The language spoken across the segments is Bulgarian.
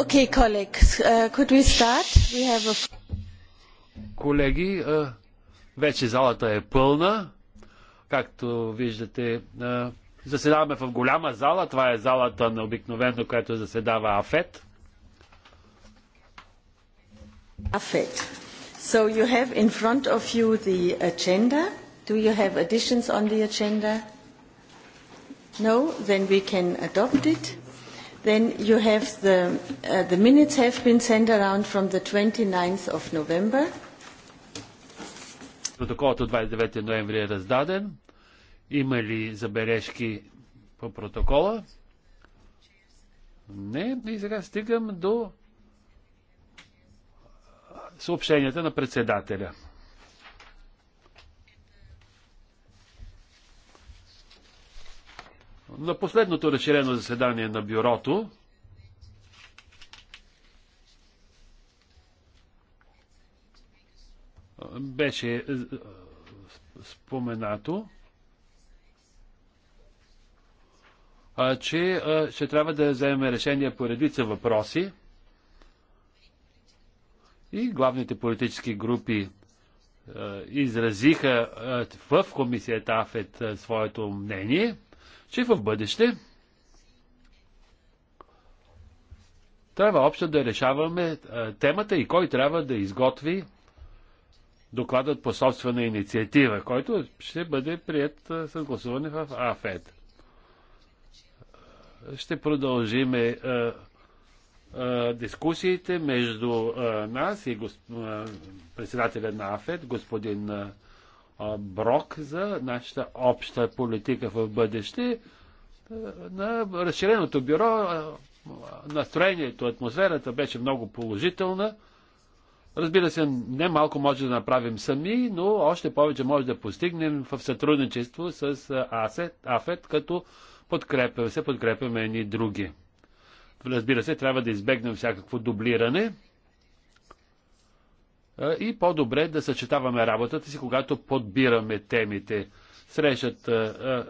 Okay, colleagues, uh, could we start? We have a... Колеги, uh, вече залата е пълна. Както виждате, uh, заседаваме в голяма зала. Това е залата на обикновено, която заседава АФЕТ. АФЕТ. So you have in front of you the agenda. Do you have additions on the agenda? No? Then we can adopt it. Then you have the, uh, the minutes have been sent around from the 29th of November. Протоколът от 29 ноември е раздаден. Има ли забележки по протокола? Не. И сега стигам до съобщенията на председателя. На последното разширено заседание на бюрото беше е, споменато, че ще трябва да вземем решение по редица въпроси и главните политически групи е, изразиха е, в комисията АФЕТ своето мнение че в бъдеще трябва общо да решаваме е, темата и кой трябва да изготви докладът по собствена инициатива, който ще бъде прият е, с гласуване в АФЕД. Ще продължиме е, дискусиите между нас и госп... председателя на АФЕД, господин брок за нашата обща политика в бъдеще. На разширеното бюро настроението, атмосферата беше много положителна. Разбира се, не малко може да направим сами, но още повече може да постигнем в сътрудничество с АСЕТ, АФЕТ, като подкрепяме, се подкрепяме едни други. Разбира се, трябва да избегнем всякакво дублиране и по-добре да съчетаваме работата си, когато подбираме темите. Срещата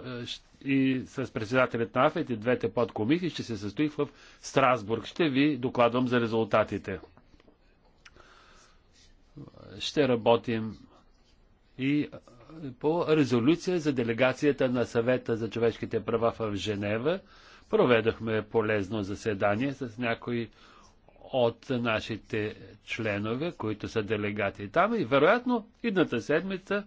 и с председателят на АФЕТ и двете подкомисии ще се състои в Страсбург. Ще ви докладвам за резултатите. Ще работим и по резолюция за делегацията на съвета за човешките права в Женева. Проведахме полезно заседание с някои от нашите членове, които са делегати там и вероятно идната седмица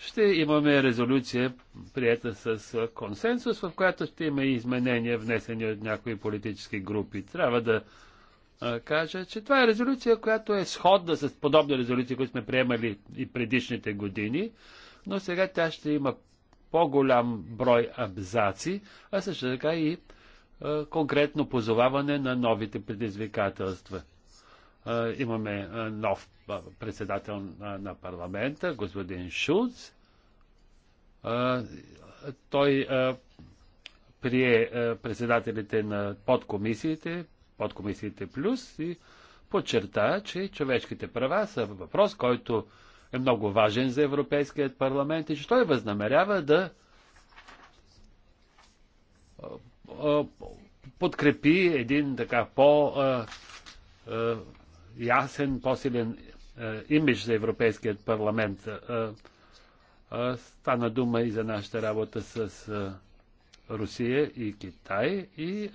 ще имаме резолюция, прията с консенсус, в която ще има и изменения, внесени от някои политически групи. Трябва да кажа, че това е резолюция, която е сходна с подобни резолюции, които сме приемали и предишните години, но сега тя ще има по-голям брой абзаци, а също така и конкретно позоваване на новите предизвикателства. Имаме нов председател на парламента, господин Шулц. Той прие председателите на подкомисиите, подкомисиите Плюс и подчерта, че човешките права са въпрос, който е много важен за Европейският парламент и че той възнамерява да подкрепи един така по-ясен, по-силен имидж за Европейският парламент. Стана дума и за нашата работа с Русия и Китай и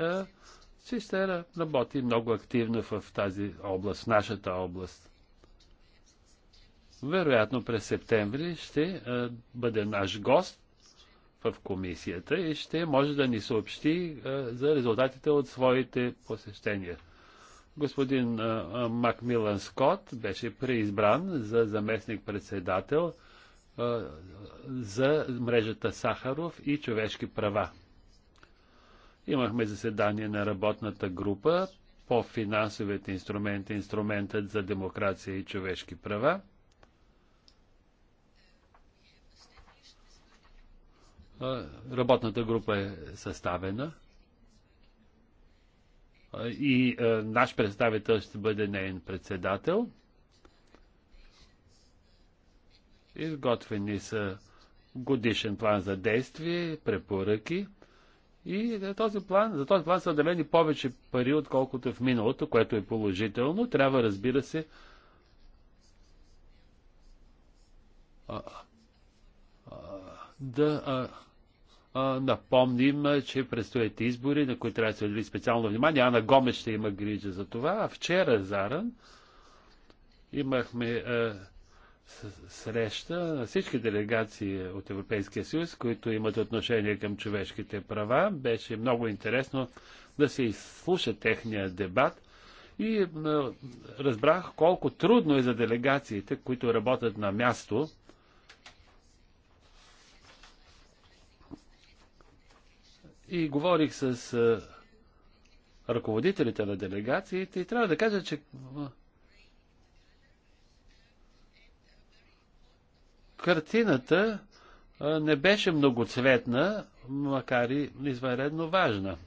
си ще работи много активно в тази област, в нашата област. Вероятно през септември ще бъде наш гост в комисията и ще може да ни съобщи е, за резултатите от своите посещения. Господин е, е, Макмилан Скот беше преизбран за заместник-председател за мрежата Сахаров и човешки права. Имахме заседание на работната група по финансовите инструменти, инструментът за демокрация и човешки права. Работната група е съставена и наш представител ще бъде нейен председател. Изготвени са годишен план за действие, препоръки. И за този план, за този план са отделени повече пари, отколкото в миналото, което е положително. Трябва, разбира се, а, а, да а, напомним, че предстоят избори, на които трябва да се отдели специално внимание. Ана Гомес ще има грижа за това. А вчера, Заран, имахме а, среща на всички делегации от Европейския съюз, които имат отношение към човешките права. Беше много интересно да се изслуша техния дебат. И а, разбрах колко трудно е за делегациите, които работят на място, и говорих с ръководителите на делегациите и трябва да кажа, че картината не беше многоцветна, макар и извънредно важна.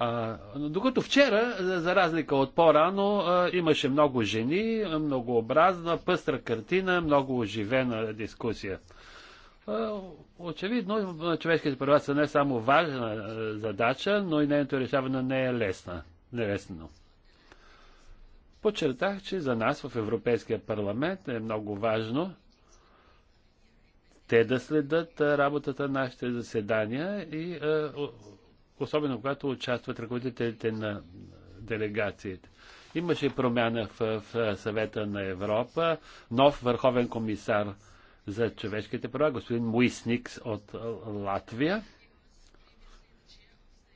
А, докато вчера, за, за разлика от по-рано, имаше много жени, многообразна, пъстра картина, много оживена дискусия. Е, очевидно, човешките права са не само важна е, задача, но и нейното решаване не е лесна. Нелесно. Е Подчертах, че за нас в Европейския парламент е много важно те да следат работата на нашите заседания и особено когато участват ръководителите на делегациите. Имаше промяна в, в съвета на Европа, нов върховен комисар за човешките права, господин Муисникс от Латвия,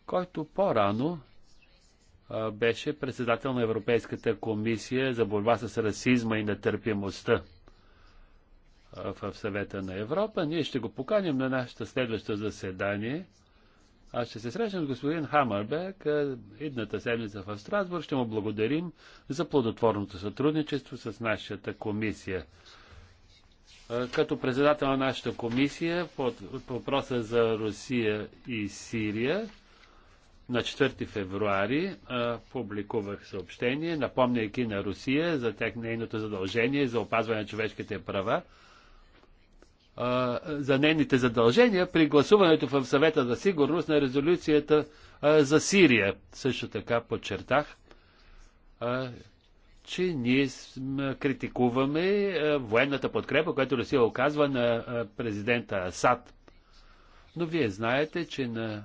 който по-рано беше председател на Европейската комисия за борба с расизма и нетърпимостта в съвета на Европа. Ние ще го поканим на нашето следващо заседание. Аз ще се срещам с господин Хамърбек едната седмица в Страсбург. Ще му благодарим за плодотворното сътрудничество с нашата комисия като председател на нашата комисия по въпроса за Русия и Сирия на 4 февруари а, публикувах съобщение, напомняйки на Русия за тях нейното задължение за опазване на човешките права, а, за нейните задължения при гласуването в съвета за сигурност на резолюцията а, за Сирия. Също така подчертах, че ние критикуваме военната подкрепа, която Русия оказва на президента Асад. Но вие знаете, че на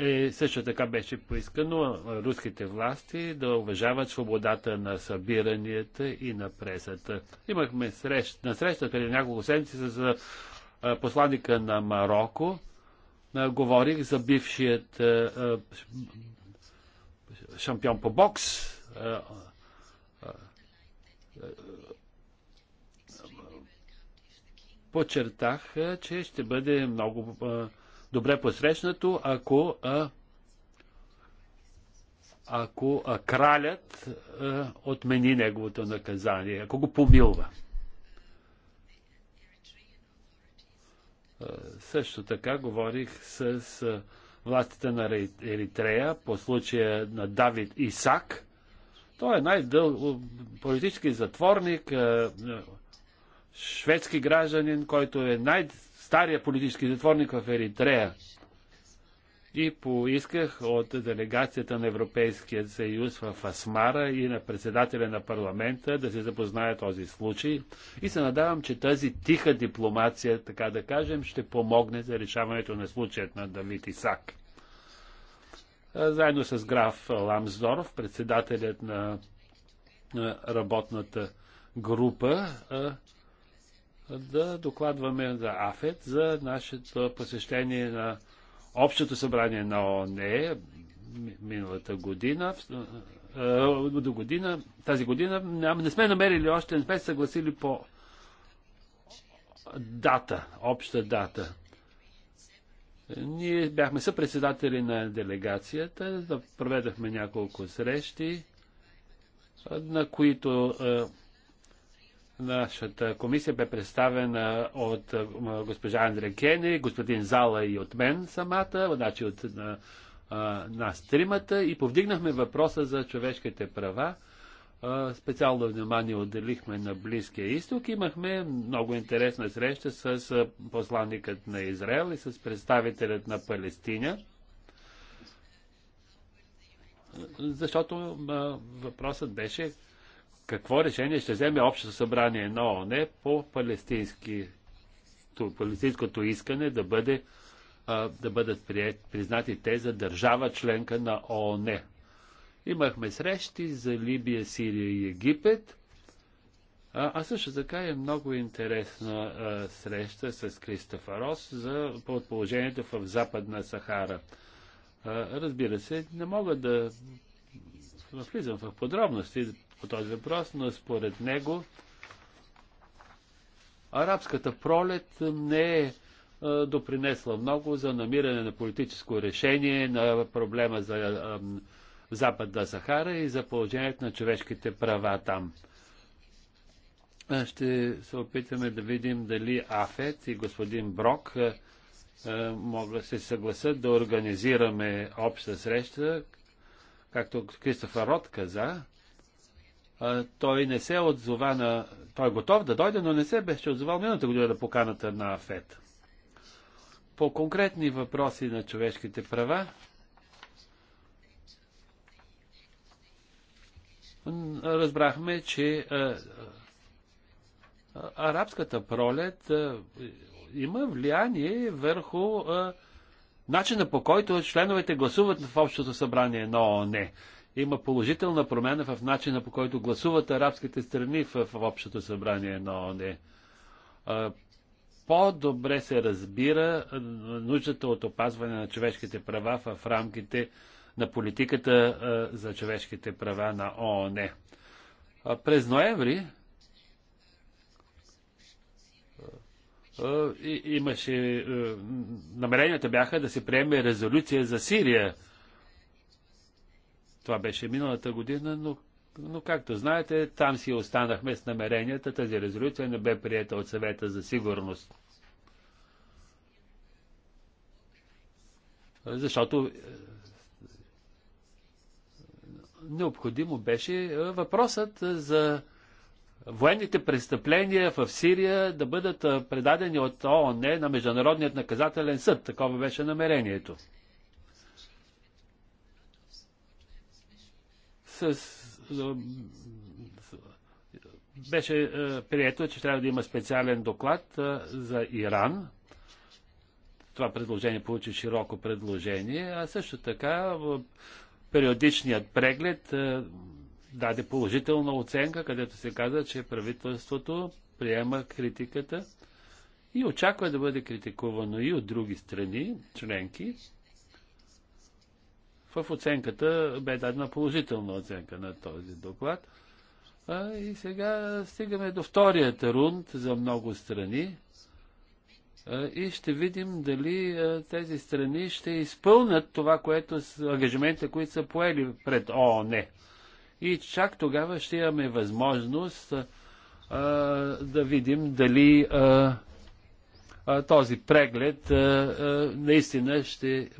е, също така беше поискано руските власти да уважават свободата на събиранията и на пресата. Имахме срещ, на среща преди няколко седмици с посланника на Марокко. Говорих за бившият шампион по бокс. Почертах, че ще бъде много добре посрещнато, ако ако кралят отмени неговото наказание, ако го помилва. Също така говорих с властите на Еритрея по случая на Давид Исак. Той е най-дълго политически затворник, е, е, шведски гражданин, който е най-стария политически затворник в Еритрея и поисках от делегацията на Европейския съюз в Асмара и на председателя на парламента да се запознае този случай и се надавам, че тази тиха дипломация, така да кажем, ще помогне за решаването на случаят на Давид Исак. Заедно с граф Ламсдорф, председателят на работната група, да докладваме за АФЕТ за нашето посещение на Общото събрание на ООН е миналата година, е, до година, тази година, не сме намерили още, не сме съгласили по дата, обща дата. Ние бяхме съпредседатели на делегацията, проведахме няколко срещи, на които е, Нашата комисия бе представена от госпожа Андре Кене, господин Зала и от мен самата, значи от на, а, нас тримата и повдигнахме въпроса за човешките права. А, специално внимание отделихме на Близкия изток. Имахме много интересна среща с посланникът на Израел и с представителят на Палестина защото а, въпросът беше какво решение ще вземе Общото събрание на ОНЕ по палестинското искане да, бъде, да бъдат признати те за държава членка на ООН. Имахме срещи за Либия, Сирия и Египет. А, а също така е много интересна а, среща с Кристофа Рос за положението в Западна Сахара. А, разбира се, не мога да влизам в подробности по този въпрос, но според него арабската пролет не е допринесла много за намиране на политическо решение на проблема за Западна Сахара и за положението на човешките права там. Ще се опитаме да видим дали Афет и господин Брок могат да се съгласат да организираме обща среща, както Кристофър Рот каза, той не се е отзова на... Той е готов да дойде, но не се беше отзовал миналата година да поканата на ФЕТ. По конкретни въпроси на човешките права, разбрахме, че арабската пролет има влияние върху начина по който членовете гласуват в Общото събрание на ООН има положителна промяна в начина по който гласуват арабските страни в, в Общото събрание на ОНЕ. По-добре се разбира нуждата от опазване на човешките права в рамките на политиката за човешките права на ООН. През ноември имаше намеренията бяха да се приеме резолюция за Сирия – това беше миналата година, но, но както знаете, там си останахме с намеренията. Тази резолюция не бе приета от съвета за сигурност. Защото е, необходимо беше е, въпросът за военните престъпления в Сирия да бъдат е, предадени от ООН на Международният наказателен съд. Такова беше намерението. с, беше е, прието, че трябва да има специален доклад е, за Иран. Това предложение получи широко предложение, а също така в периодичният преглед е, даде положителна оценка, където се каза, че правителството приема критиката и очаква да бъде критикувано и от други страни, членки, в оценката бе дадена положителна оценка на този доклад. А, и сега стигаме до вторият рунд за много страни а, и ще видим дали а, тези страни ще изпълнят това, което с ангажиментите, които са поели пред ООН. И чак тогава ще имаме възможност а, да видим дали а, а, този преглед а, а, наистина ще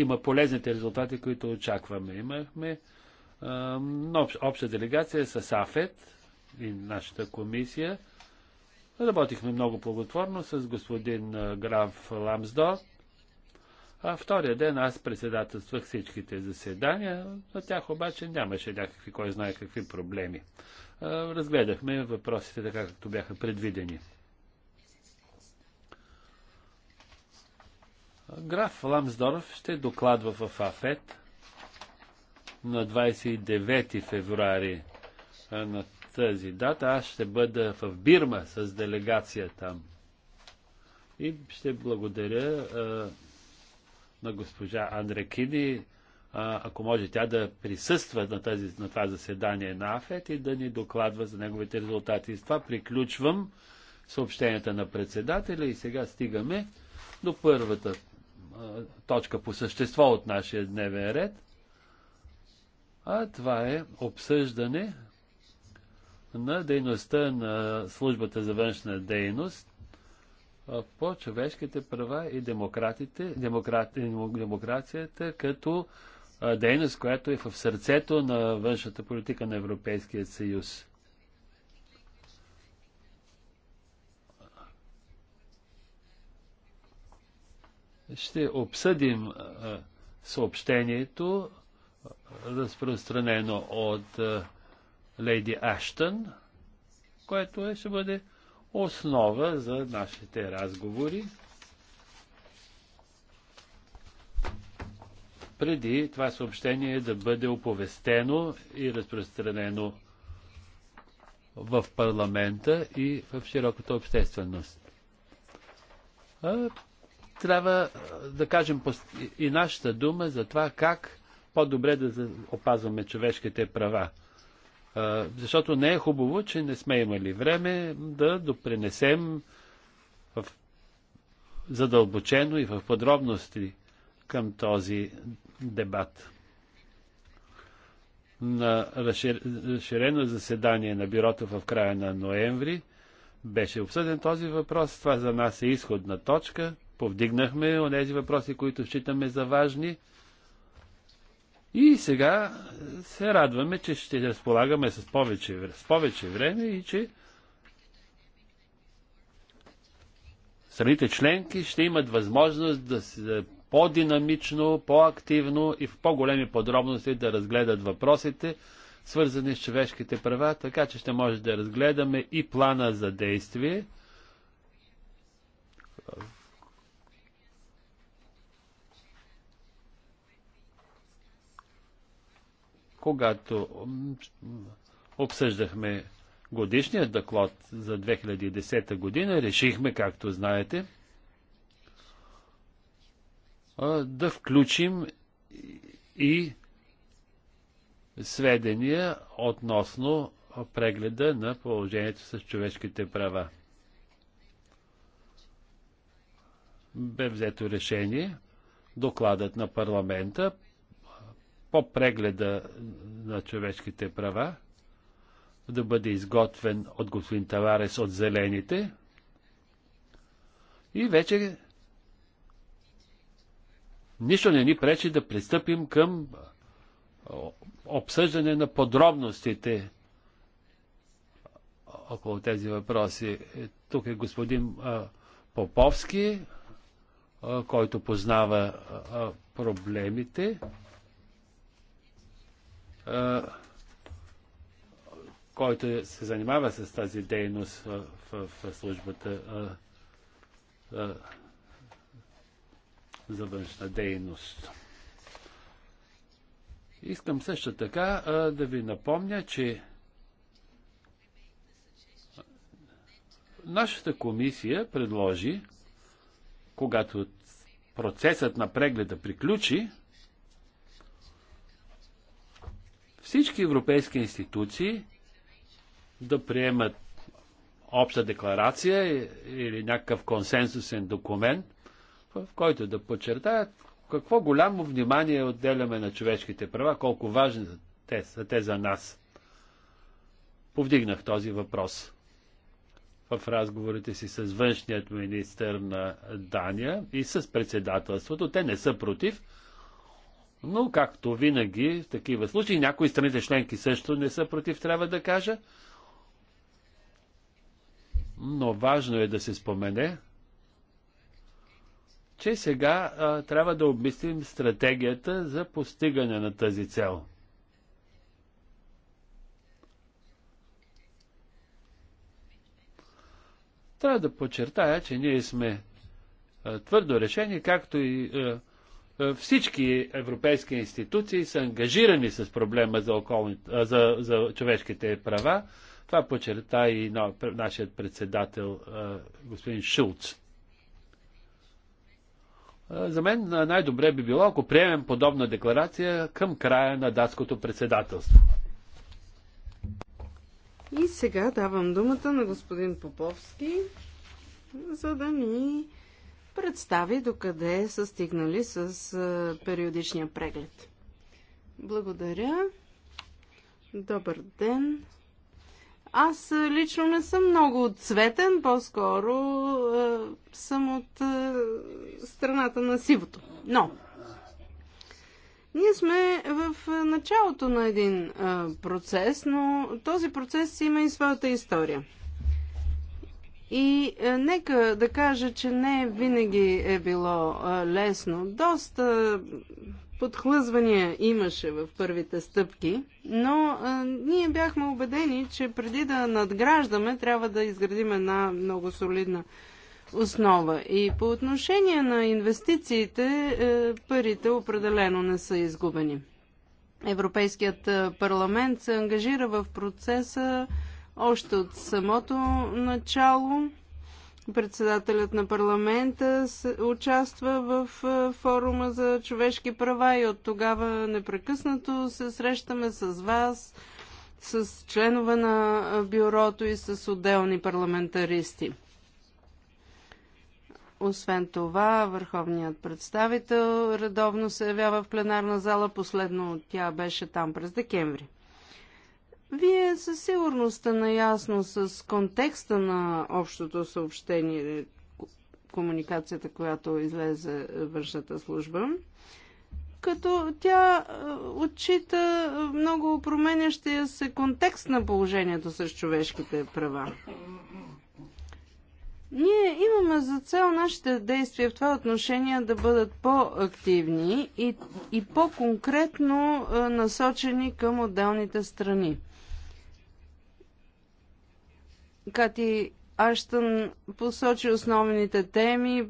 има полезните резултати, които очакваме. Имахме общ, обща делегация с АФЕТ и нашата комисия. Работихме много благотворно с господин граф Ламсдо. А втория ден аз председателствах всичките заседания, на тях обаче нямаше някакви, кой знае какви проблеми. Разгледахме въпросите така, както бяха предвидени. Граф Ламсдорф ще докладва в АФЕТ на 29 февруари на тази дата. Аз ще бъда в Бирма с делегация там. И ще благодаря а, на госпожа Андре Кини, а, ако може тя да присъства на, тази, на това заседание на АФЕТ и да ни докладва за неговите резултати. И с това приключвам съобщенията на председателя и сега стигаме до първата точка по същество от нашия дневен ред, а това е обсъждане на дейността на службата за външна дейност по човешките права и демократите, демократи, демокрацията като дейност, която е в сърцето на външната политика на Европейския съюз. ще обсъдим съобщението, разпространено от Лейди Аштън, което е, ще бъде основа за нашите разговори. Преди това съобщение да бъде оповестено и разпространено в парламента и в широката общественост трябва да кажем и нашата дума за това как по-добре да опазваме човешките права. Защото не е хубаво, че не сме имали време да допринесем в задълбочено и в подробности към този дебат. На разширено заседание на бюрото в края на ноември беше обсъден този въпрос. Това за нас е изходна точка – Повдигнахме онези въпроси, които считаме за важни. И сега се радваме, че ще разполагаме с повече, с повече време и че страните членки ще имат възможност да се по-динамично, по-активно и в по-големи подробности да разгледат въпросите, свързани с човешките права, така че ще може да разгледаме и плана за действие, когато обсъждахме годишния доклад за 2010 година, решихме, както знаете, да включим и сведения относно прегледа на положението с човешките права. Бе взето решение докладът на парламента по прегледа на човешките права да бъде изготвен от господин Таварес от Зелените. И вече нищо не ни пречи да пристъпим към обсъждане на подробностите около тези въпроси. Е, тук е господин Поповски, който познава проблемите който се занимава с тази дейност в, в, в службата за външна дейност. Искам също така а, да ви напомня, че нашата комисия предложи, когато процесът на прегледа приключи, всички европейски институции да приемат обща декларация или някакъв консенсусен документ, в който да подчертаят какво голямо внимание отделяме на човешките права, колко важни са те, са те за нас. Повдигнах този въпрос в разговорите си с външният министр на Дания и с председателството. Те не са против, но, както винаги, в такива случаи, някои страните членки също не са против, трябва да кажа. Но важно е да се спомене, че сега а, трябва да обмислим стратегията за постигане на тази цел. Трябва да подчертая, че ние сме а, твърдо решени, както и а, е, всички европейски институции са ангажирани с проблема за, околните, за, за човешките права. Това почерта и нашият председател е, господин Шулц. Е, за мен най-добре би било, ако приемем подобна декларация към края на датското председателство. И сега давам думата на господин Поповски, за да ни представи докъде са стигнали с периодичния преглед. Благодаря. Добър ден. Аз лично не съм много цветен, по-скоро е, съм от е, страната на сивото. Но, ние сме в началото на един е, процес, но този процес има и своята история. И е, нека да кажа, че не винаги е било е, лесно. Доста е, подхлъзвания имаше в първите стъпки, но е, ние бяхме убедени, че преди да надграждаме, трябва да изградим една много солидна основа. И по отношение на инвестициите, е, парите определено не са изгубени. Европейският е, парламент се ангажира в процеса още от самото начало председателят на парламента участва в форума за човешки права и от тогава непрекъснато се срещаме с вас, с членове на бюрото и с отделни парламентаристи. Освен това, върховният представител редовно се явява в пленарна зала. Последно тя беше там през декември. Вие със сигурност сте наясно с контекста на общото съобщение, комуникацията, която излезе е, външната служба, като тя е, отчита е, много променящия се контекст на положението с човешките права. Ние имаме за цел нашите действия в това отношение да бъдат по-активни и, и по-конкретно насочени към отделните страни. Кати Аштън посочи основните теми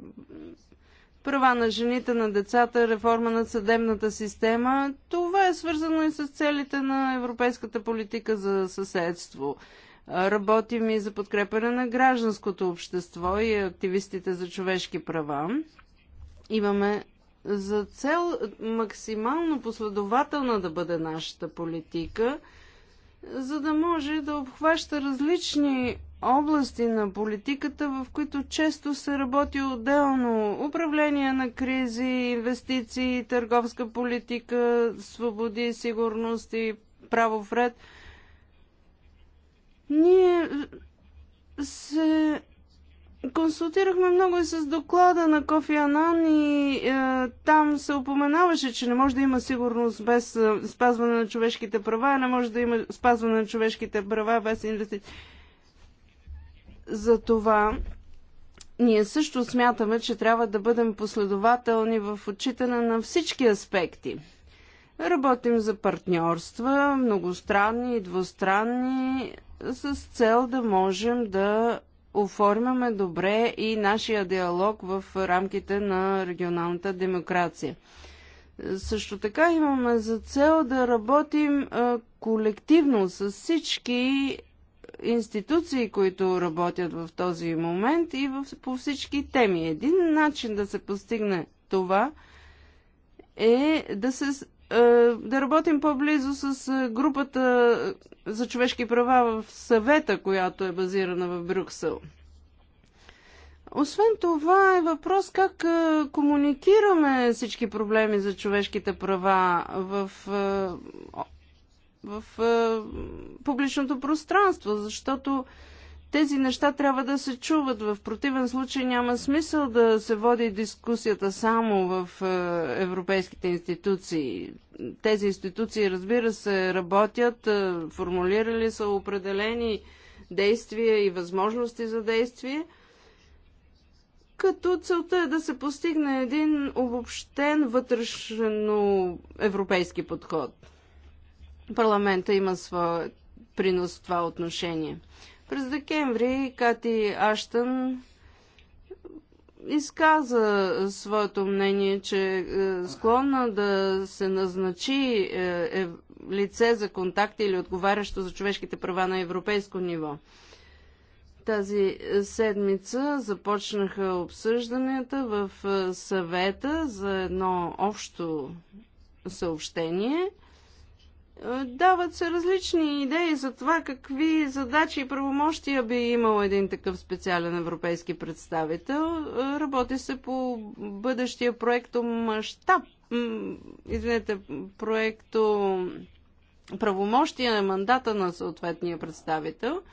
права на жените, на децата, реформа на съдебната система. Това е свързано и с целите на европейската политика за съседство. Работим и за подкрепане на гражданското общество и активистите за човешки права. Имаме за цел максимално последователна да бъде нашата политика – за да може да обхваща различни области на политиката, в които често се работи отделно. Управление на кризи, инвестиции, търговска политика, свободи, сигурност и правов ред. Ние се Консултирахме много и с доклада на Кофи Анан и е, там се упоменаваше, че не може да има сигурност без е, спазване на човешките права, не може да има спазване на човешките права без инвестиции. Затова ние също смятаме, че трябва да бъдем последователни в отчитане на всички аспекти. Работим за партньорства, многостранни и двустранни, с цел да можем да оформяме добре и нашия диалог в рамките на регионалната демокрация. Също така имаме за цел да работим колективно с всички институции, които работят в този момент и в, по всички теми. Един начин да се постигне това е да се е, да работим по-близо с е, групата е, за човешки права в съвета, която е базирана в Брюксел. Освен това е въпрос как комуникираме всички проблеми за човешките права в, в, в публичното пространство, защото тези неща трябва да се чуват. В противен случай няма смисъл да се води дискусията само в е, европейските институции. Тези институции, разбира се, работят, е, формулирали са определени действия и възможности за действие – като целта е да се постигне един обобщен вътрешно европейски подход. Парламента има своя принос в това отношение. През декември Кати Аштън изказа своето мнение, че е склонна да се назначи е, е, лице за контакт или отговарящо за човешките права на европейско ниво. Тази седмица започнаха обсъжданията в е, съвета за едно общо съобщение – е, дават се различни идеи за това какви задачи и правомощия би имал един такъв специален европейски представител. Е, работи се по бъдещия проекто мащаб, извинете, проекто правомощия на мандата на съответния представител –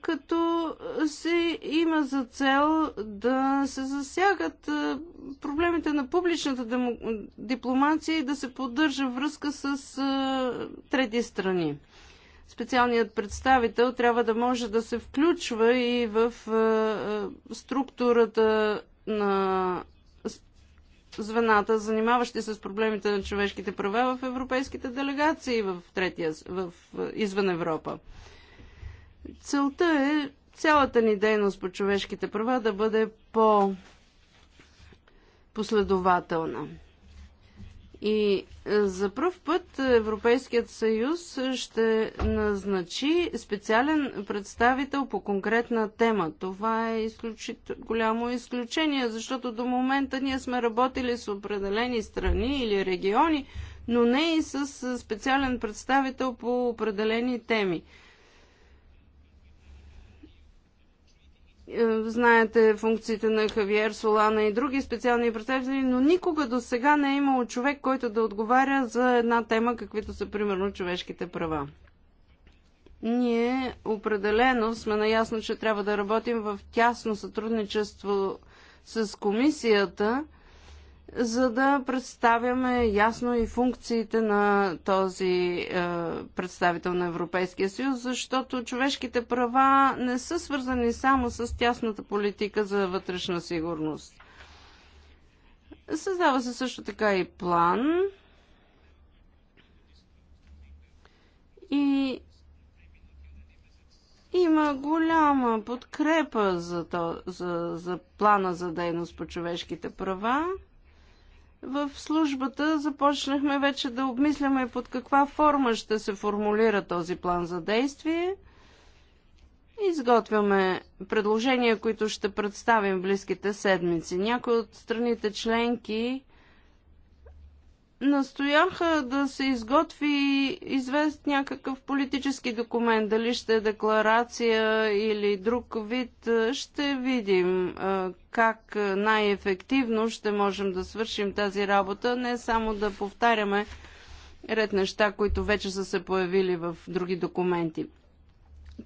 като се има за цел да се засягат проблемите на публичната дипломация и да се поддържа връзка с трети страни. Специалният представител трябва да може да се включва и в структурата на звената, занимаващи се с проблемите на човешките права в европейските делегации в третия, в, извън Европа. Целта е цялата ни дейност по човешките права да бъде по-последователна. И е, за първ път Европейският съюз ще назначи специален представител по конкретна тема. Това е изключител... голямо изключение, защото до момента ние сме работили с определени страни или региони, но не и с специален представител по определени теми. Е, знаете функциите на Хавиер Солана и други специални представители, но никога до сега не е имало човек, който да отговаря за една тема, каквито са примерно човешките права. Ние определено сме наясно, че трябва да работим в тясно сътрудничество с комисията – за да представяме ясно и функциите на този е, представител на Европейския съюз, защото човешките права не са свързани само с тясната политика за вътрешна сигурност. Създава се също така и план и има голяма подкрепа за, то, за, за плана за дейност по човешките права в службата започнахме вече да обмисляме под каква форма ще се формулира този план за действие. Изготвяме предложения, които ще представим близките седмици. Някои от страните членки настояха да се изготви извест някакъв политически документ, дали ще е декларация или друг вид. Ще видим как най-ефективно ще можем да свършим тази работа, не само да повтаряме ред неща, които вече са се появили в други документи.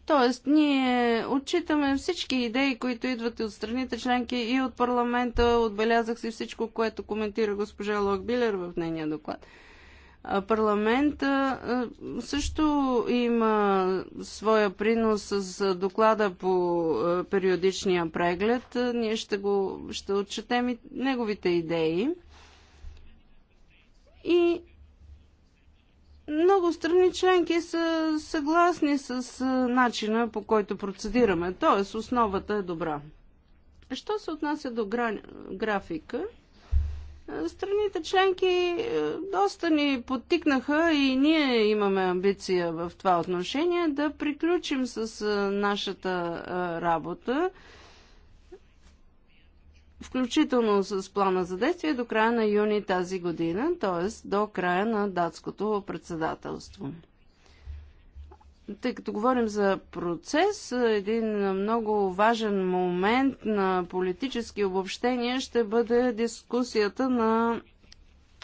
Тоест, ние отчитаме всички идеи, които идват и от страните членки и от парламента. Отбелязах си всичко, което коментира госпожа Локбилер в нейния доклад. Парламента също има своя принос с доклада по периодичния преглед. Ние ще, го, ще отчетем и неговите идеи. И много страни членки са съгласни с начина по който процедираме, т.е. основата е добра. Що се отнася до гра... графика, страните членки доста ни подтикнаха и ние имаме амбиция в това отношение да приключим с нашата работа включително с плана за действие до края на юни тази година, т.е. до края на датското председателство. Тъй като говорим за процес, един много важен момент на политически обобщения ще бъде дискусията на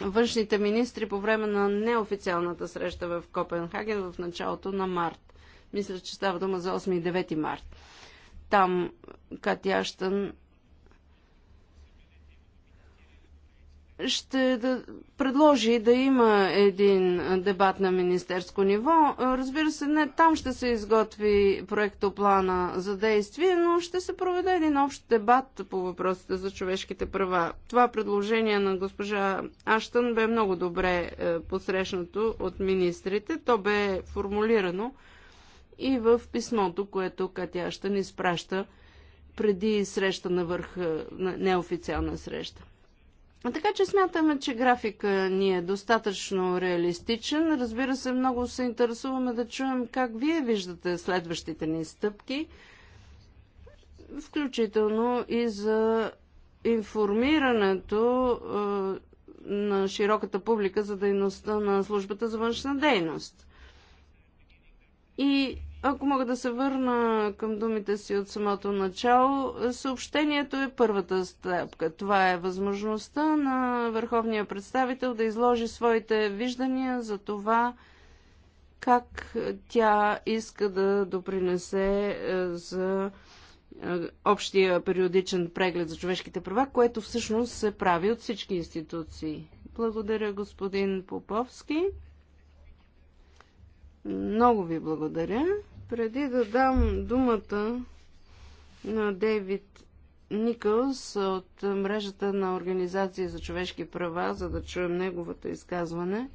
външните министри по време на неофициалната среща в Копенхаген в началото на март. Мисля, че става дума за 8 и 9 март. Там Катя Аштън ще да предложи да има един дебат на министерско ниво. Разбира се, не там ще се изготви проектоплана за действие, но ще се проведе един общ дебат по въпросите за човешките права. Това предложение на госпожа Аштън бе много добре е, посрещнато от министрите. То бе формулирано и в писмото, което Катя Аштън изпраща преди среща на върха, неофициална среща. Така че смятаме, че графика ни е достатъчно реалистичен. Разбира се, много се интересуваме да чуем как вие виждате следващите ни стъпки, включително и за информирането е, на широката публика за дейността на службата за външна дейност. И ако мога да се върна към думите си от самото начало, съобщението е първата стъпка. Това е възможността на върховния представител да изложи своите виждания за това как тя иска да допринесе е, за е, общия периодичен преглед за човешките права, което всъщност се прави от всички институции. Благодаря, господин Поповски. Много ви благодаря. Преди да дам думата на Дейвид Никълс от мрежата на Организация за човешки права, за да чуем неговото изказване,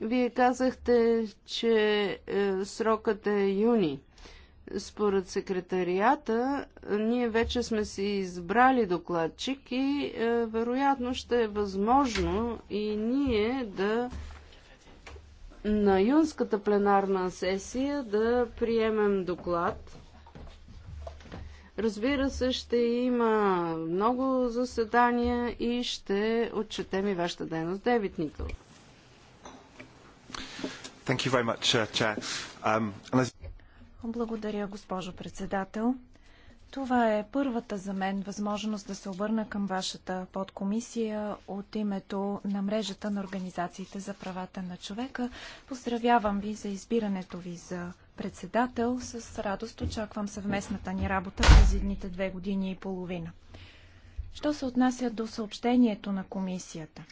вие казахте, че е, срокът е юни. Според секретарията, ние вече сме си избрали докладчик и е, вероятно ще е възможно и ние да на юнската пленарна сесия да приемем доклад. Разбира се, ще има много заседания и ще отчетем и вашата дейност. Девит Никол. Uh, um, Благодаря, госпожо председател. Това е първата за мен възможност да се обърна към вашата подкомисия от името на мрежата на Организациите за правата на човека. Поздравявам ви за избирането ви за председател. С радост очаквам съвместната ни работа през едните две години и половина. Що се отнася до съобщението на комисията?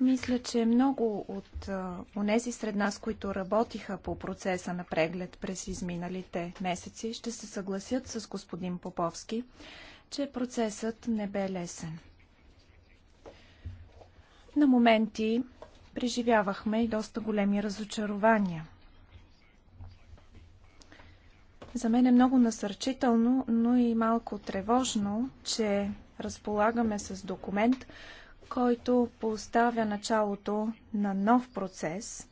Мисля, че много от онези сред нас, които работиха по процеса на преглед през изминалите месеци, ще се съгласят с господин Поповски, че процесът не бе лесен. На моменти преживявахме и доста големи разочарования. За мен е много насърчително, но и малко тревожно, че разполагаме с документ, който поставя началото на нов процес,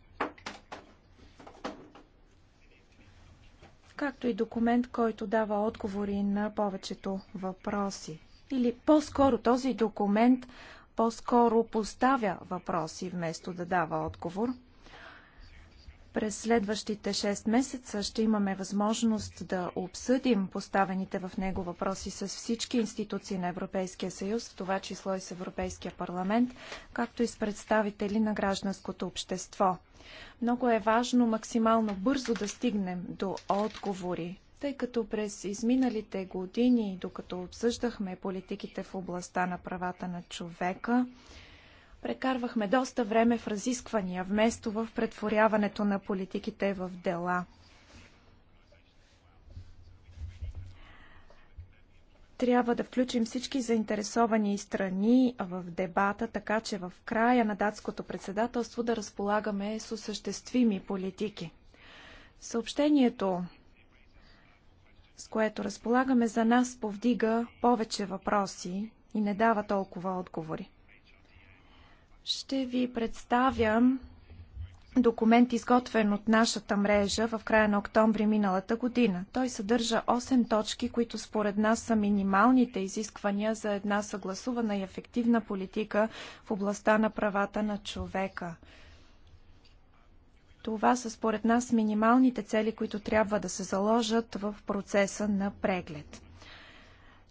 както и документ, който дава отговори на повечето въпроси. Или по-скоро този документ по-скоро поставя въпроси, вместо да дава отговор – през следващите 6 месеца ще имаме възможност да обсъдим поставените в него въпроси с всички институции на Европейския съюз, в това число и с Европейския парламент, както и с представители на гражданското общество. Много е важно максимално бързо да стигнем до отговори, тъй като през изминалите години, докато обсъждахме политиките в областта на правата на човека, Прекарвахме доста време в разисквания, вместо в претворяването на политиките в дела. трябва да включим всички заинтересовани страни в дебата, така че в края на датското председателство да разполагаме с осъществими политики. Съобщението, с което разполагаме за нас, повдига повече въпроси и не дава толкова отговори. Ще ви представя документ, изготвен от нашата мрежа в края на октомври миналата година. Той съдържа 8 точки, които според нас са минималните изисквания за една съгласувана и ефективна политика в областта на правата на човека. Това са според нас минималните цели, които трябва да се заложат в процеса на преглед.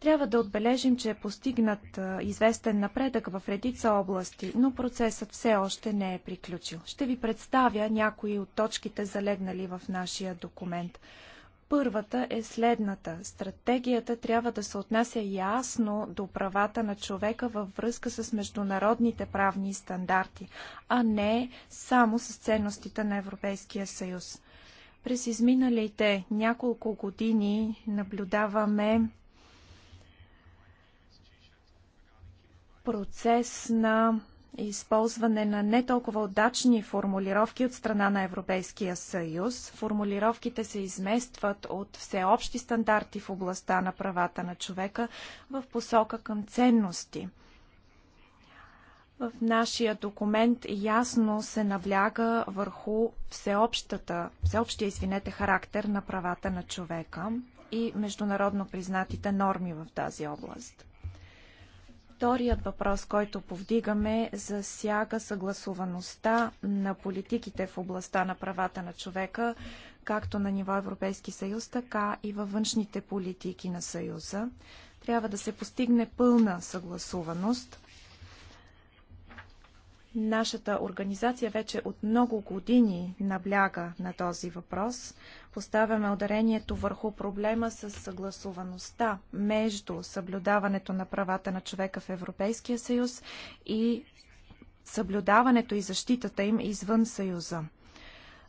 Трябва да отбележим, че е постигнат известен напредък в редица области, но процесът все още не е приключил. Ще ви представя някои от точките залегнали в нашия документ. Първата е следната. Стратегията трябва да се отнася ясно до правата на човека във връзка с международните правни стандарти, а не само с ценностите на Европейския съюз. През изминалите няколко години наблюдаваме процес на използване на не толкова удачни формулировки от страна на Европейския съюз. Формулировките се изместват от всеобщи стандарти в областта на правата на човека в посока към ценности. В нашия документ ясно се набляга върху всеобщата, всеобщия извинете, характер на правата на човека и международно признатите норми в тази област. Вторият въпрос, който повдигаме, засяга съгласуваността на политиките в областта на правата на човека, както на ниво Европейски съюз, така и във външните политики на съюза. Трябва да се постигне пълна съгласуваност. Нашата организация вече от много години набляга на този въпрос. Поставяме ударението върху проблема с съгласуваността между съблюдаването на правата на човека в Европейския съюз и съблюдаването и защитата им извън Съюза.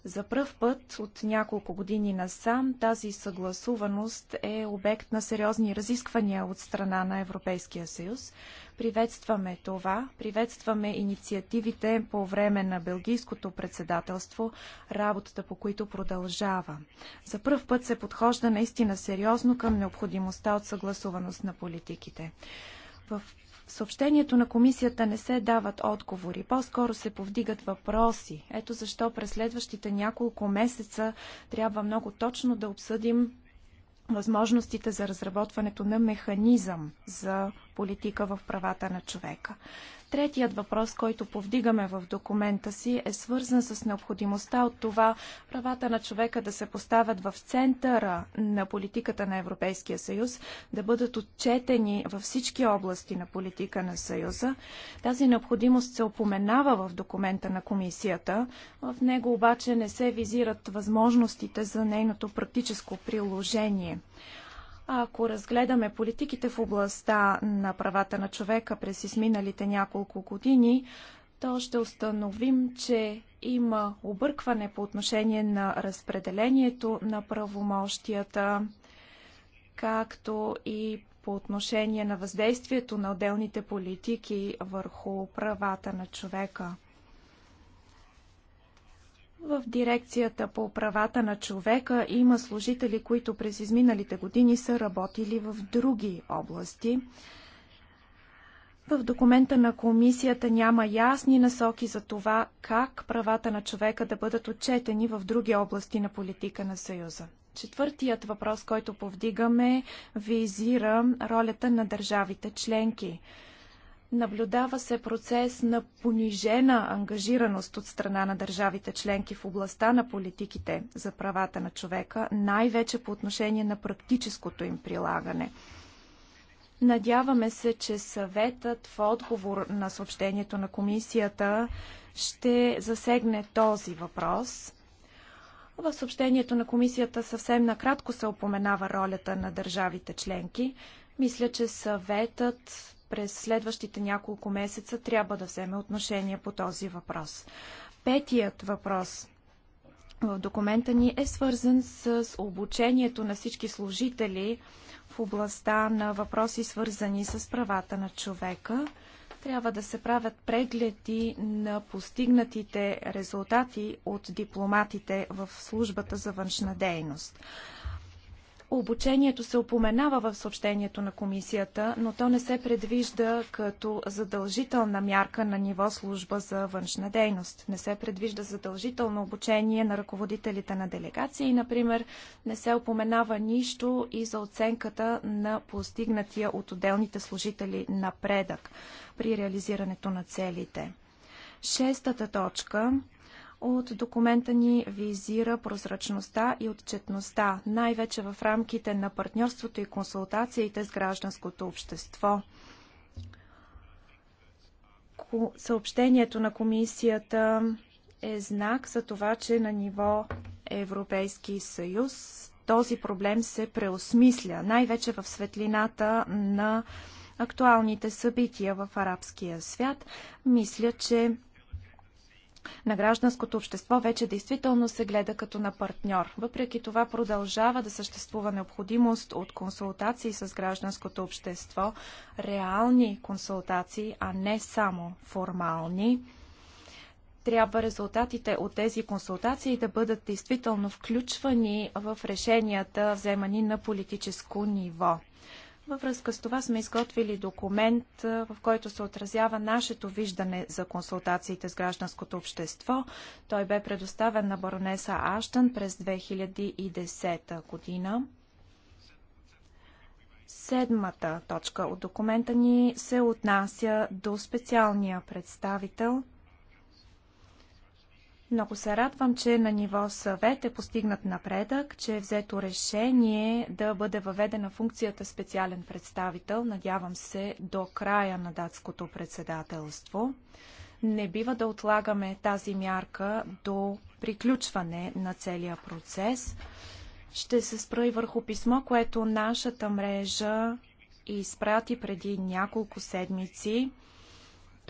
За пръв път от няколко години насам тази съгласуваност е обект на сериозни разисквания от страна на Европейския съюз. Приветстваме това, приветстваме инициативите по време на Белгийското председателство, работата по които продължава. За пръв път се подхожда наистина сериозно към необходимостта от съгласуваност на политиките. В в съобщението на комисията не се дават отговори, по-скоро се повдигат въпроси. Ето защо през следващите няколко месеца трябва много точно да обсъдим възможностите за разработването на механизъм за политика в правата на човека. Третият въпрос, който повдигаме в документа си, е свързан с необходимостта от това правата на човека да се поставят в центъра на политиката на Европейския съюз, да бъдат отчетени във всички области на политика на съюза. Тази необходимост се опоменава в документа на комисията. В него обаче не се визират възможностите за нейното практическо приложение. Ако разгледаме политиките в областта на правата на човека през изминалите няколко години, то ще установим, че има объркване по отношение на разпределението на правомощията, както и по отношение на въздействието на отделните политики върху правата на човека. В дирекцията по правата на човека има служители, които през изминалите години са работили в други области. В документа на комисията няма ясни насоки за това как правата на човека да бъдат отчетени в други области на политика на Съюза. Четвъртият въпрос, който повдигаме, визира ролята на държавите членки. Наблюдава се процес на понижена ангажираност от страна на държавите членки в областта на политиките за правата на човека, най-вече по отношение на практическото им прилагане. Надяваме се, че съветът в отговор на съобщението на комисията ще засегне този въпрос. В съобщението на комисията съвсем накратко се опоменава ролята на държавите членки. Мисля, че съветът през следващите няколко месеца трябва да вземе отношение по този въпрос. Петият въпрос в документа ни е свързан с обучението на всички служители в областта на въпроси, свързани с правата на човека. Трябва да се правят прегледи на постигнатите резултати от дипломатите в службата за външна дейност. Обучението се опоменава в съобщението на комисията, но то не се предвижда като задължителна мярка на ниво служба за външна дейност. Не се предвижда задължително обучение на ръководителите на делегации, например, не се опоменава нищо и за оценката на постигнатия от отделните служители напредък при реализирането на целите. Шестата точка от документа ни визира прозрачността и отчетността, най-вече в рамките на партньорството и консултациите с гражданското общество. Съобщението на комисията е знак за това, че на ниво Европейски съюз този проблем се преосмисля, най-вече в светлината на актуалните събития в арабския свят. Мисля, че на гражданското общество вече действително се гледа като на партньор. Въпреки това продължава да съществува необходимост от консултации с гражданското общество, реални консултации, а не само формални. Трябва резултатите от тези консултации да бъдат действително включвани в решенията, вземани на политическо ниво. Във връзка с това сме изготвили документ, в който се отразява нашето виждане за консултациите с гражданското общество. Той бе предоставен на баронеса Аштън през 2010 година. Седмата точка от документа ни се отнася до специалния представител много се радвам, че на ниво съвет е постигнат напредък, че е взето решение да бъде въведена функцията специален представител, надявам се, до края на датското председателство. Не бива да отлагаме тази мярка до приключване на целия процес. Ще се спра и върху писмо, което нашата мрежа изпрати преди няколко седмици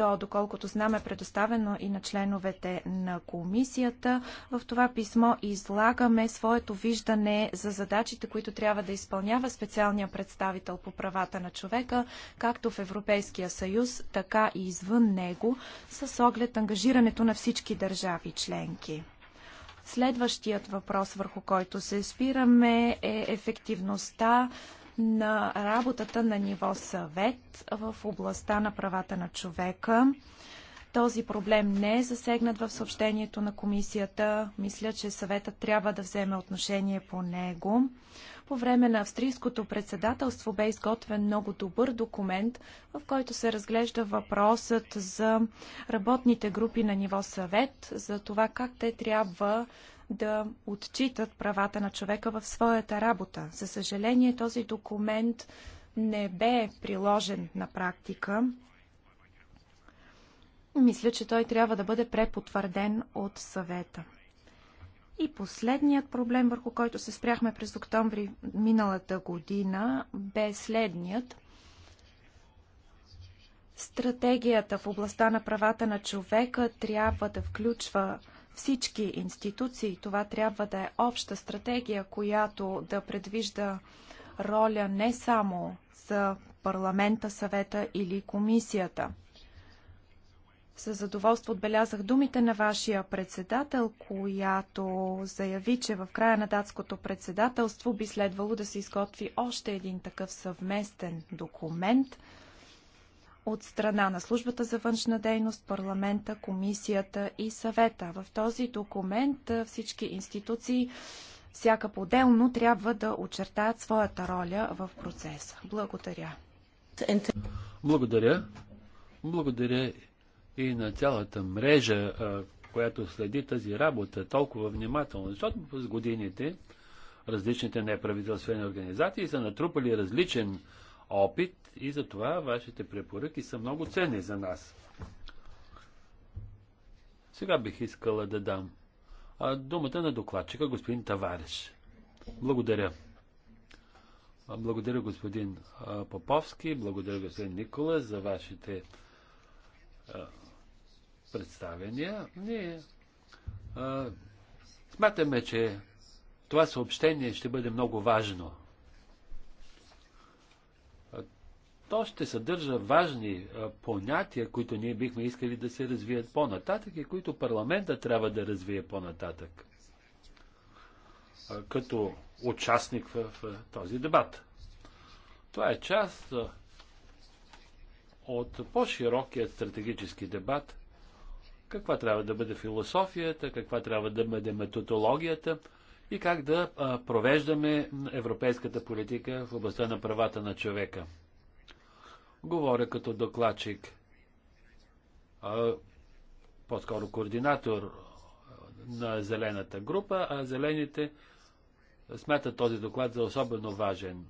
то, доколкото знам, е предоставено и на членовете на комисията. В това писмо излагаме своето виждане за задачите, които трябва да изпълнява специалния представител по правата на човека, както в Европейския съюз, така и извън него, с оглед ангажирането на всички държави членки. Следващият въпрос, върху който се спираме, е ефективността на работата на ниво съвет в областта на правата на човека. Този проблем не е засегнат в съобщението на комисията. Мисля, че съветът трябва да вземе отношение по него. По време на австрийското председателство бе изготвен много добър документ, в който се разглежда въпросът за работните групи на ниво съвет, за това как те трябва да отчитат правата на човека в своята работа. За съжаление, този документ не бе приложен на практика. Мисля, че той трябва да бъде препотвърден от съвета. И последният проблем, върху който се спряхме през октомври миналата година, бе следният. Стратегията в областта на правата на човека трябва да включва всички институции. Това трябва да е обща стратегия, която да предвижда роля не само за парламента, съвета или комисията. Със задоволство отбелязах думите на вашия председател, която заяви, че в края на датското председателство би следвало да се изготви още един такъв съвместен документ – от страна на Службата за външна дейност, парламента, комисията и съвета. В този документ всички институции всяка по делно трябва да очертаят своята роля в процеса. Благодаря. Благодаря. Благодаря и на цялата мрежа, която следи тази работа толкова внимателно, защото с годините различните неправителствени организации са натрупали различен опит и за това вашите препоръки са много ценни за нас. Сега бих искала да дам а думата на докладчика, господин Тавареш. Благодаря. Благодаря господин Поповски, благодаря господин Никола за вашите а, представения. Ние а, смятаме, че това съобщение ще бъде много важно. то ще съдържа важни понятия, които ние бихме искали да се развият по-нататък и които парламента трябва да развие по-нататък като участник в, този дебат. Това е част от по-широкият стратегически дебат. Каква трябва да бъде философията, каква трябва да бъде методологията и как да провеждаме европейската политика в областта на правата на човека. Говоря като докладчик, по-скоро координатор на зелената група, а зелените смятат този доклад за особено важен.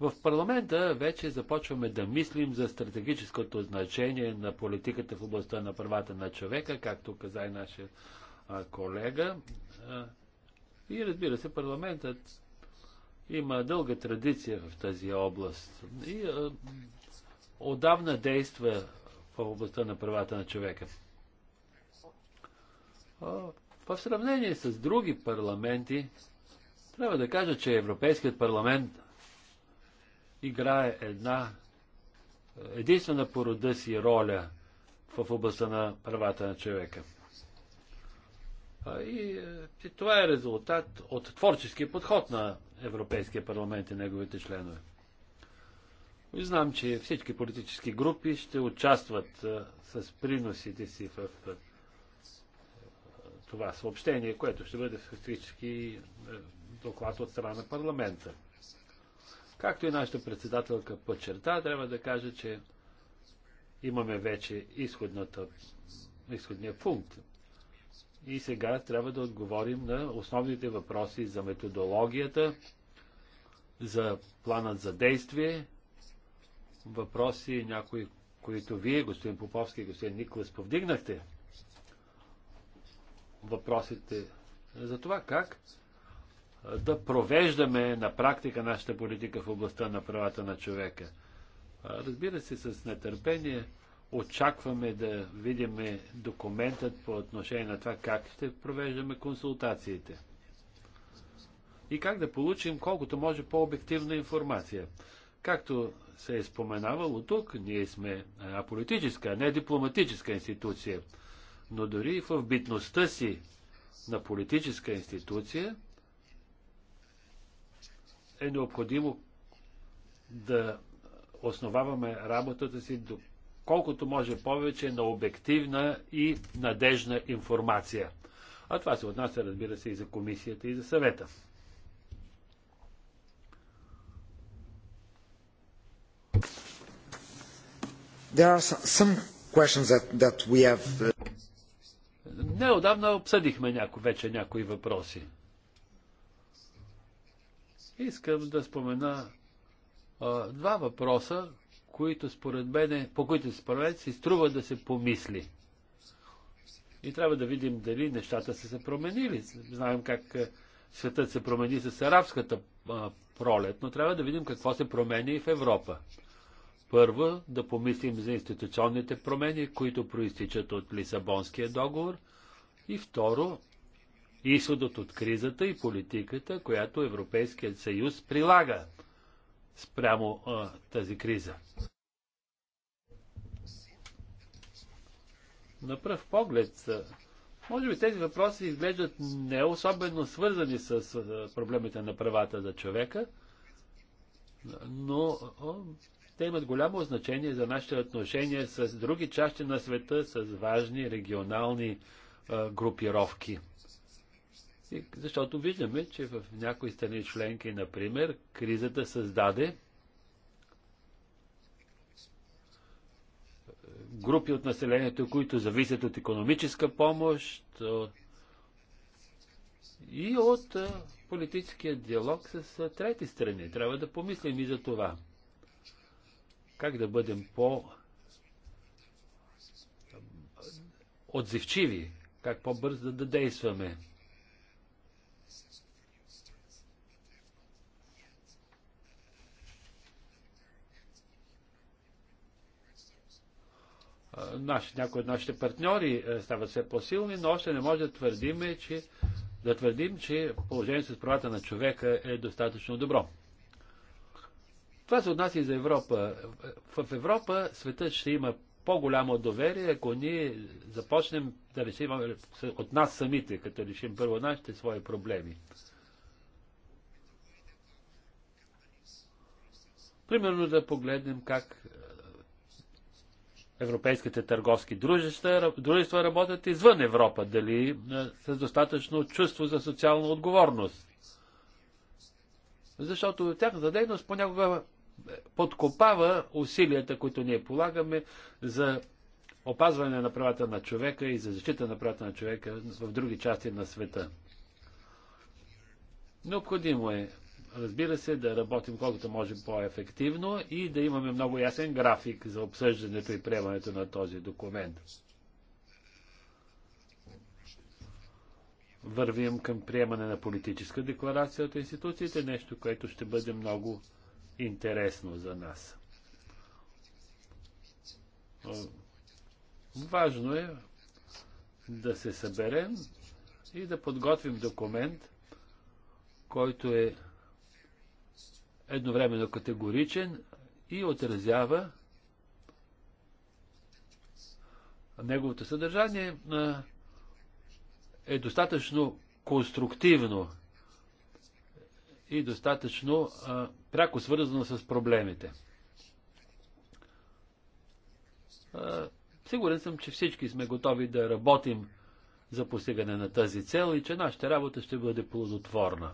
В парламента вече започваме да мислим за стратегическото значение на политиката в областта на правата на човека, както каза и нашия колега. И разбира се, парламентът има дълга традиция в тази област. И отдавна действа в областта на правата на човека. В сравнение с други парламенти, трябва да кажа, че Европейският парламент играе една единствена по рода си роля в областта на правата на човека. И, е, и това е резултат от творческия подход на Европейския парламент и неговите членове. И знам, че всички политически групи ще участват а, с приносите си в а, това съобщение, което ще бъде фактически е, доклад от страна на парламента. Както и нашата председателка подчерта, трябва да кажа, че имаме вече изходния пункт. И сега трябва да отговорим на основните въпроси за методологията, за планът за действие въпроси, някои, които вие, господин Поповски и господин Николас, повдигнахте. Въпросите за това как да провеждаме на практика нашата политика в областта на правата на човека. Разбира се, с нетърпение очакваме да видим документът по отношение на това как ще провеждаме консултациите и как да получим колкото може по-обективна информация. Както се е споменавало тук, ние сме политическа, не дипломатическа институция. Но дори в битността си на политическа институция е необходимо да основаваме работата си до колкото може повече на обективна и надежна информация. А това се отнася, разбира се, и за комисията, и за съвета. There are some questions that, that we have... Uh, Неодавна обсъдихме вече някои въпроси. Искам да спомена а, два въпроса, които според мен, по които според мен си струва да се помисли. И трябва да видим дали нещата са се променили. Знаем как светът се промени с арабската а, пролет, но трябва да видим какво се промени и в Европа. Първо, да помислим за институционните промени, които проистичат от Лисабонския договор. И второ, изходът от кризата и политиката, която Европейският съюз прилага спрямо а, тази криза. На пръв поглед, може би тези въпроси изглеждат не особено свързани с проблемите на правата за човека, но те имат голямо значение за нашите отношения с други части на света, с важни регионални а, групировки. И, защото виждаме, че в някои страни членки, например, кризата създаде групи от населението, които зависят от економическа помощ и от политическия диалог с трети страни. Трябва да помислим и за това как да бъдем по отзивчиви, как по-бързо да, действаме. Наш, някои от нашите партньори е, стават все по-силни, но още не може да твърдим, че, да твърдим, че положението с правата на човека е достатъчно добро. Това се отнася и за Европа. В Европа светът ще има по-голямо доверие, ако ние започнем да решим от нас самите, като решим първо нашите свои проблеми. Примерно да погледнем как е, европейските търговски дружества, дружества работят извън Европа, дали е, с достатъчно чувство за социална отговорност. Защото тяхната дейност понякога подкопава усилията, които ние полагаме за опазване на правата на човека и за защита на правата на човека в други части на света. Необходимо е, разбира се, да работим колкото може по-ефективно и да имаме много ясен график за обсъждането и приемането на този документ. Вървим към приемане на политическа декларация от институциите, нещо, което ще бъде много интересно за нас. Важно е да се съберем и да подготвим документ, който е едновременно категоричен и отразява неговото съдържание е достатъчно конструктивно и достатъчно пряко свързано с проблемите. Сигурен съм, че всички сме готови да работим за постигане на тази цел и че нашата работа ще бъде плодотворна.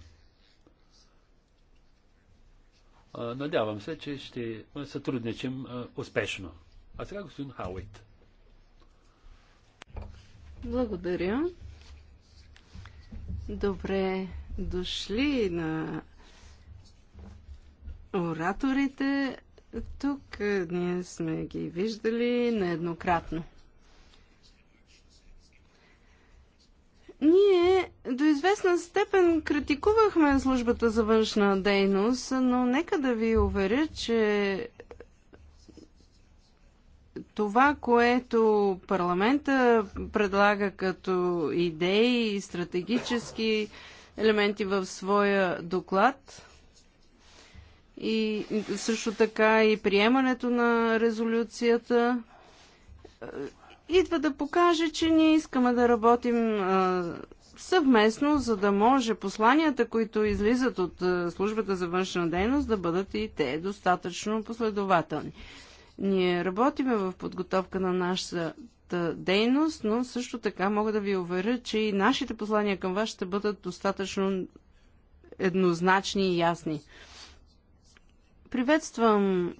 Надявам се, че ще сътрудничим успешно. А сега господин Хауит. Благодаря. Добре дошли на ораторите. Тук е, ние сме ги виждали нееднократно. Ние до известна степен критикувахме службата за външна дейност, но нека да ви уверя, че това, което парламента предлага като идеи и стратегически елементи в своя доклад, и също така и приемането на резолюцията идва да покаже, че ние искаме да работим съвместно, за да може посланията, които излизат от службата за външна дейност, да бъдат и те достатъчно последователни. Ние работиме в подготовка на нашата дейност, но също така мога да ви уверя, че и нашите послания към вас ще бъдат достатъчно еднозначни и ясни. Приветствам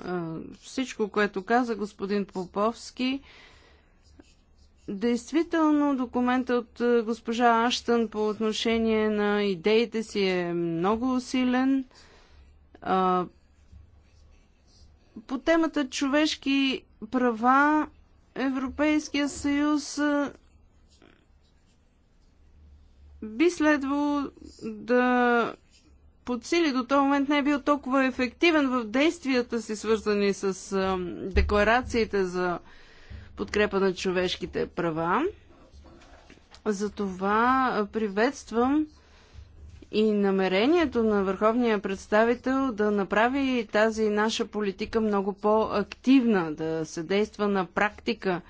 всичко, което каза господин Поповски. Действително, документът от госпожа Аштън по отношение на идеите си е много усилен. По темата човешки права Европейския съюз би следвало да под сили до този момент не е бил толкова ефективен в действията си, свързани с декларациите за подкрепа на човешките права. Затова приветствам и намерението на върховния представител да направи тази наша политика много по-активна, да се действа на практика,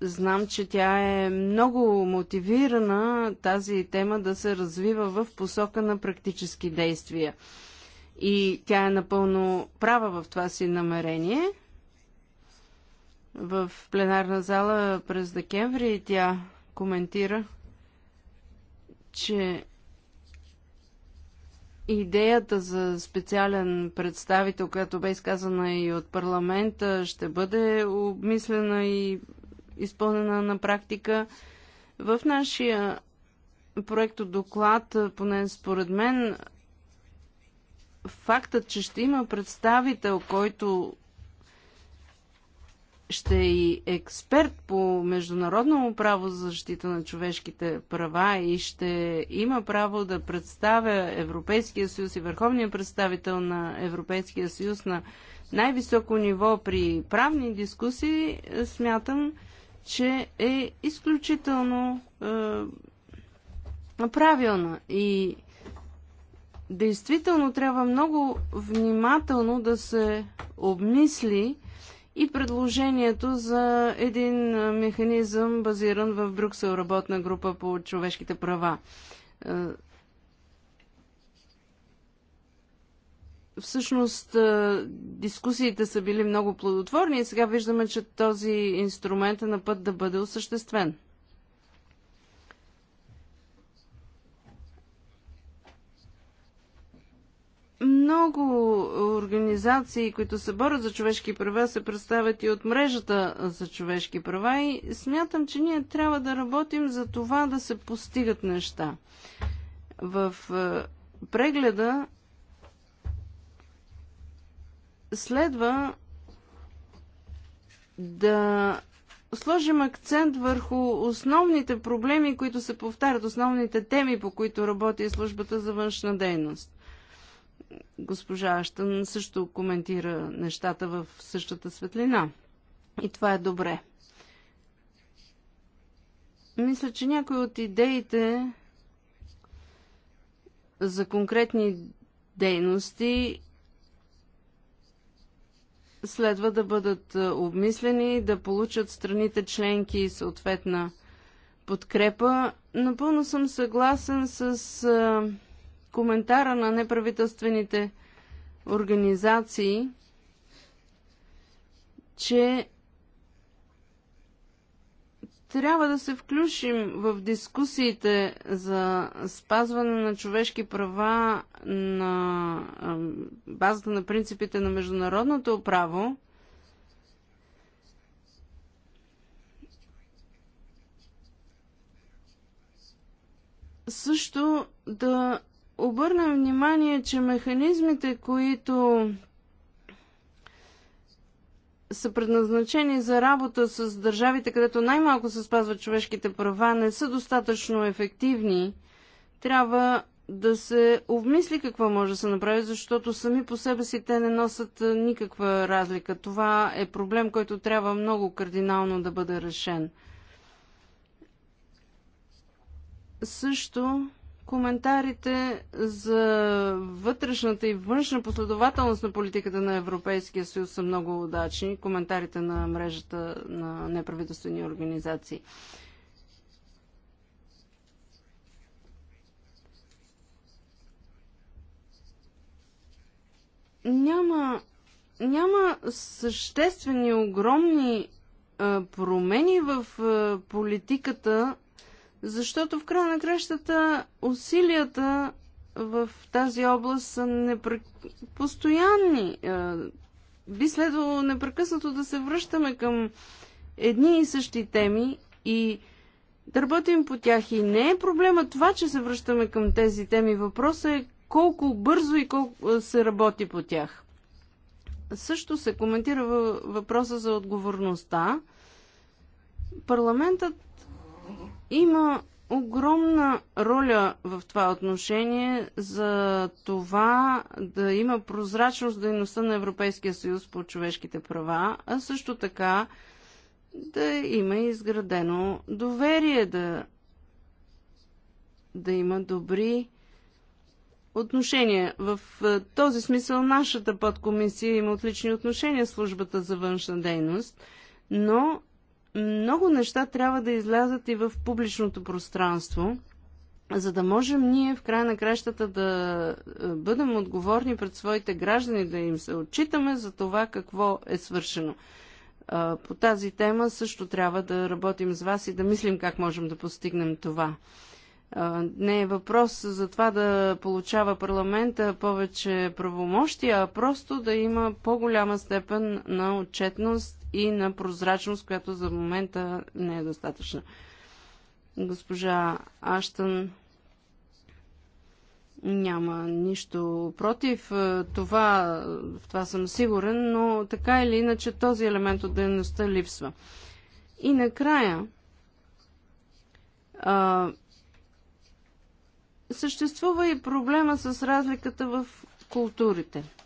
Знам, че тя е много мотивирана тази тема да се развива в посока на практически действия. И тя е напълно права в това си намерение. В пленарна зала през декември тя коментира, че идеята за специален представител, която бе изказана и от парламента, ще бъде обмислена и изпълнена на практика. В нашия проекто доклад, поне според мен, фактът, че ще има представител, който ще е и експерт по международно право за защита на човешките права и ще има право да представя Европейския съюз и върховния представител на Европейския съюз на най-високо ниво при правни дискусии, смятам, че е изключително е, правилна и действително трябва много внимателно да се обмисли и предложението за един механизъм базиран в Брюксел работна група по човешките права. Е, Всъщност дискусиите са били много плодотворни и сега виждаме, че този инструмент е на път да бъде осъществен. много организации, които се борят за човешки права, се представят и от мрежата за човешки права и смятам, че ние трябва да работим за това да се постигат неща. В прегледа следва да сложим акцент върху основните проблеми, които се повтарят, основните теми, по които работи службата за външна дейност. Госпожа Аштън също коментира нещата в същата светлина. И това е добре. Мисля, че някои от идеите за конкретни дейности следва да бъдат е, обмислени, да получат страните членки и съответна подкрепа. Напълно съм съгласен с е, коментара на неправителствените организации, че трябва да се включим в дискусиите за спазване на човешки права на базата на принципите на международното право. Също да обърнем внимание, че механизмите, които са предназначени за работа с държавите, където най-малко се спазват човешките права, не са достатъчно ефективни, трябва да се обмисли какво може да се направи, защото сами по себе си те не носят никаква разлика. Това е проблем, който трябва много кардинално да бъде решен. Също коментарите за вътрешната и външна последователност на политиката на Европейския съюз са много удачни. Коментарите на мрежата на неправителствени организации. Няма, няма съществени, огромни промени в политиката защото в края на кращата усилията в тази област са непрек... постоянни. Е, би следвало непрекъснато да се връщаме към едни и същи теми и да работим по тях. И не е проблема това, че се връщаме към тези теми. Въпросът е колко бързо и колко е, се работи по тях. Също се коментира въпроса за отговорността. Парламентът има огромна роля в това отношение за това да има прозрачност дейността на Европейския съюз по човешките права, а също така да има изградено доверие, да, да има добри отношения. В този смисъл нашата подкомисия има отлични отношения с службата за външна дейност, но много неща трябва да излязат и в публичното пространство, за да можем ние в края на кращата да е, бъдем отговорни пред своите граждани, да им се отчитаме за това какво е свършено. Е, по тази тема също трябва да работим с вас и да мислим как можем да постигнем това. Е, не е въпрос за това да получава парламента повече правомощия, а просто да има по-голяма степен на отчетност и на прозрачност, която за момента не е достатъчна. Госпожа Аштън няма нищо против. Е, това, в това съм сигурен, но така или иначе този елемент от дейността липсва. И накрая, а, съществува и проблема с разликата в културите –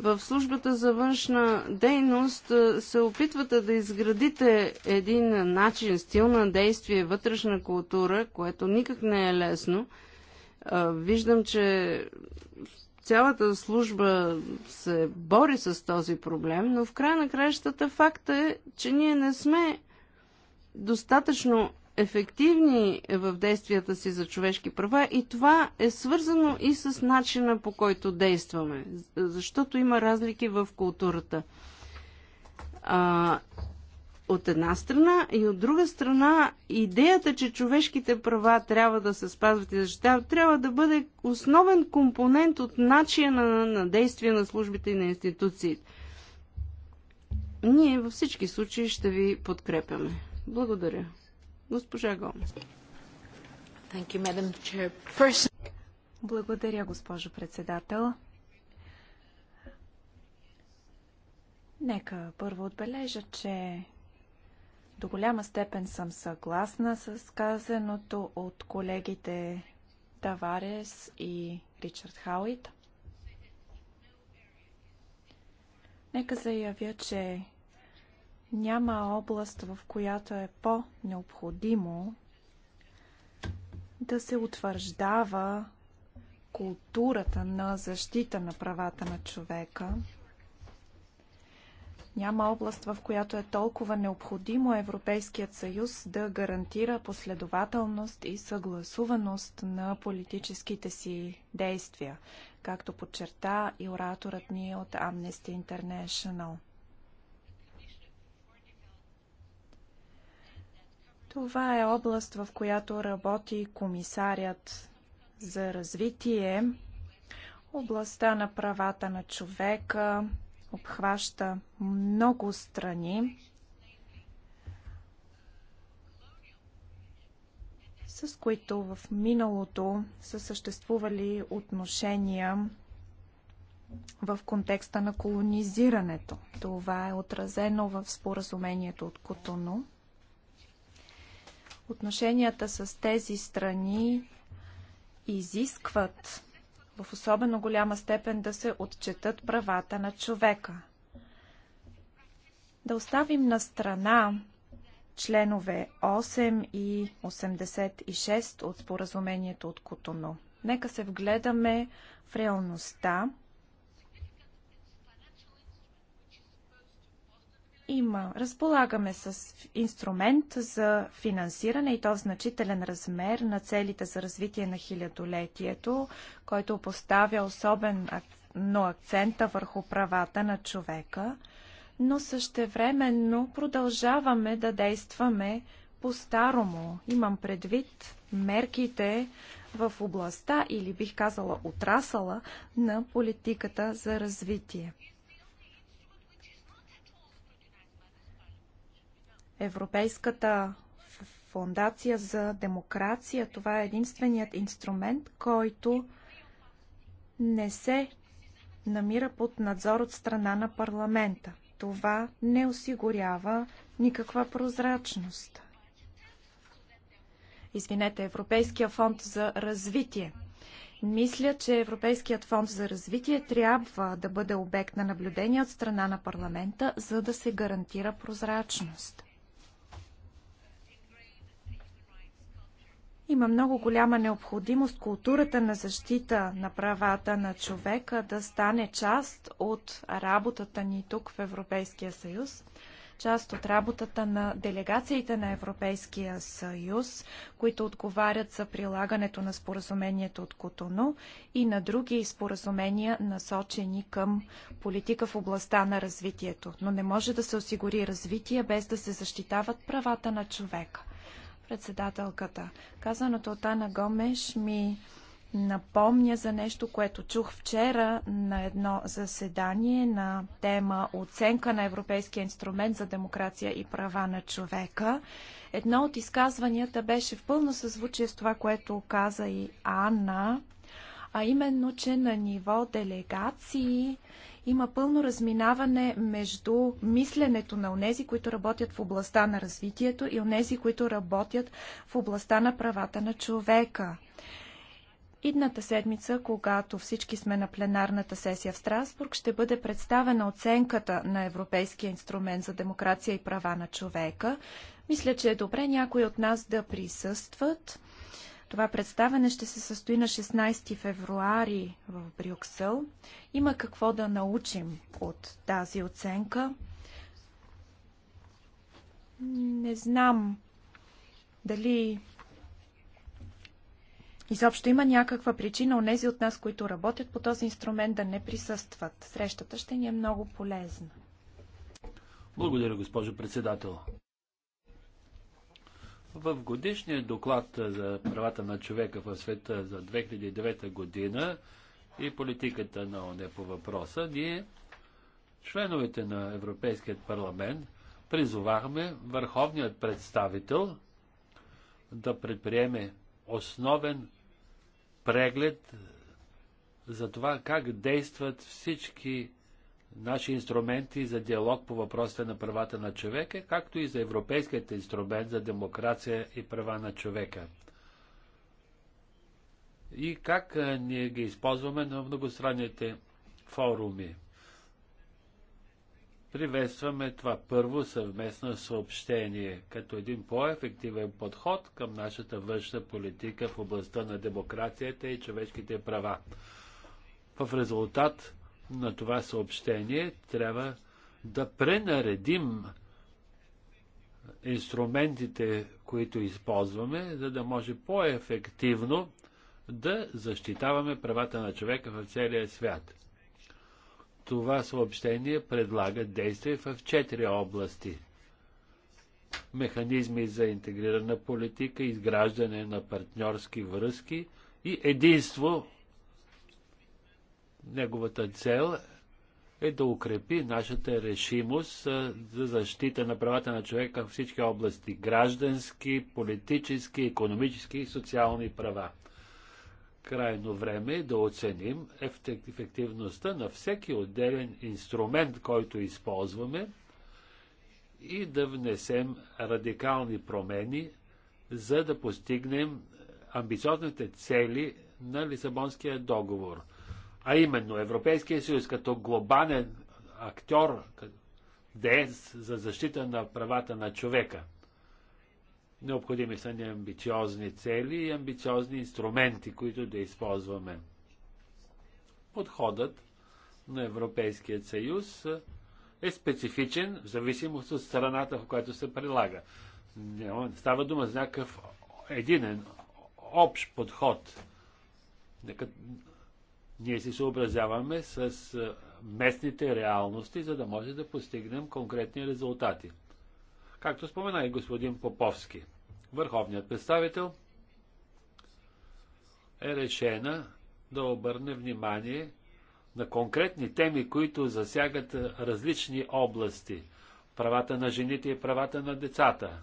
в службата за външна дейност се опитвате да изградите един начин, стил на действие, вътрешна култура, което никак не е лесно. Виждам, че цялата служба се бори с този проблем, но в края на краищата факта е, че ние не сме достатъчно ефективни в действията си за човешки права и това е свързано и с начина по който действаме, защото има разлики в културата. А, от една страна и от друга страна идеята, че човешките права трябва да се спазват и защитават, трябва да бъде основен компонент от начина на, на действие на службите и на институциите. Ние във всички случаи ще ви подкрепяме. Благодаря. Госпожа Гомес. Благодаря, госпожо председател. Нека първо отбележа, че до голяма степен съм съгласна с казаното от колегите Таварес и Ричард Хауит. Нека заявя, че няма област, в която е по-необходимо да се утвърждава културата на защита на правата на човека. Няма област, в която е толкова необходимо Европейският съюз да гарантира последователност и съгласуваност на политическите си действия, както подчерта и ораторът ни от Amnesty International – Това е област, в която работи комисарят за развитие. Областта на правата на човека обхваща много страни, с които в миналото са съществували отношения в контекста на колонизирането. Това е отразено в споразумението от Котоно. Отношенията с тези страни изискват в особено голяма степен да се отчетат правата на човека. Да оставим на страна членове 8 и 86 от споразумението от Котоно. Нека се вгледаме в реалността има. Разполагаме с инструмент за финансиране и то в значителен размер на целите за развитие на хилядолетието, който поставя особен но акцента върху правата на човека, но същевременно продължаваме да действаме по-старому. Имам предвид мерките в областта или бих казала отрасъла на политиката за развитие. Европейската фундация за демокрация. Това е единственият инструмент, който не се намира под надзор от страна на парламента. Това не осигурява никаква прозрачност. Извинете, Европейския фонд за развитие. Мисля, че Европейският фонд за развитие трябва да бъде обект на наблюдение от страна на парламента, за да се гарантира прозрачност. Има много голяма необходимост културата на защита на правата на човека да стане част от работата ни тук в Европейския съюз, част от работата на делегациите на Европейския съюз, които отговарят за прилагането на споразумението от Котоно и на други споразумения, насочени към политика в областта на развитието. Но не може да се осигури развитие без да се защитават правата на човека. Председателката, казаното от Ана Гомеш ми напомня за нещо, което чух вчера на едно заседание на тема оценка на Европейския инструмент за демокрация и права на човека. Едно от изказванията беше в пълно съзвучие с това, което каза и Анна, а именно, че на ниво делегации има пълно разминаване между мисленето на онези, които работят в областта на развитието и онези, които работят в областта на правата на човека. Идната седмица, когато всички сме на пленарната сесия в Страсбург, ще бъде представена оценката на Европейския инструмент за демокрация и права на човека. Мисля, че е добре някои от нас да присъстват. Това представене ще се състои на 16 февруари в Брюксел. Има какво да научим от тази оценка. Не знам дали изобщо има някаква причина у нези от нас, които работят по този инструмент, да не присъстват. Срещата ще ни е много полезна. Благодаря, госпожо председател. В годишния доклад за правата на човека в света за 2009 година и политиката на ОНЕ по въпроса, ние, членовете на Европейският парламент, призовахме върховният представител да предприеме основен преглед за това как действат всички наши инструменти за диалог по въпросите на правата на човека, както и за Европейският инструмент за демокрация и права на човека. И как ние ги използваме на многостранните форуми. Приветстваме това първо съвместно съобщение като един по-ефективен подход към нашата външна политика в областта на демокрацията и човешките права. В резултат на това съобщение трябва да пренаредим инструментите, които използваме, за да може по-ефективно да защитаваме правата на човека в целия свят. Това съобщение предлага действия в четири области. Механизми за интегрирана политика, изграждане на партньорски връзки и единство Неговата цел е да укрепи нашата решимост за защита на правата на човека в всички области граждански, политически, економически и социални права. Крайно време е да оценим ефективността на всеки отделен инструмент, който използваме и да внесем радикални промени, за да постигнем амбициозните цели на Лисабонския договор – а именно Европейския съюз като глобален актьор, деец за защита на правата на човека. Необходими са ни амбициозни цели и амбициозни инструменти, които да използваме. Подходът на Европейския съюз е специфичен в зависимост от страната, в която се прилага. Не, става дума за някакъв единен, общ подход. Ние се съобразяваме с местните реалности, за да може да постигнем конкретни резултати. Както спомена и господин Поповски, върховният представител е решена да обърне внимание на конкретни теми, които засягат различни области. Правата на жените и правата на децата,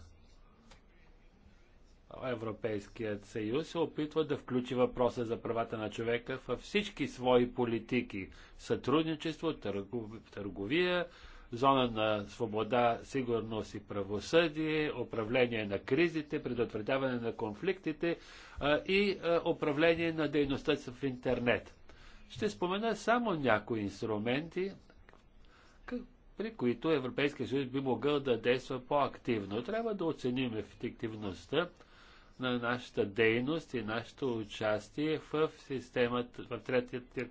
Европейският съюз се опитва да включи въпроса за правата на човека във всички свои политики. Сътрудничество, търгов, търговия, зона на свобода, сигурност и правосъдие, управление на кризите, предотвратяване на конфликтите а, и а, управление на дейността в интернет. Ще спомена само някои инструменти, при които Европейския съюз би могъл да действа по-активно. Трябва да оценим ефективността на нашата дейност и нашето участие в системата, в третата,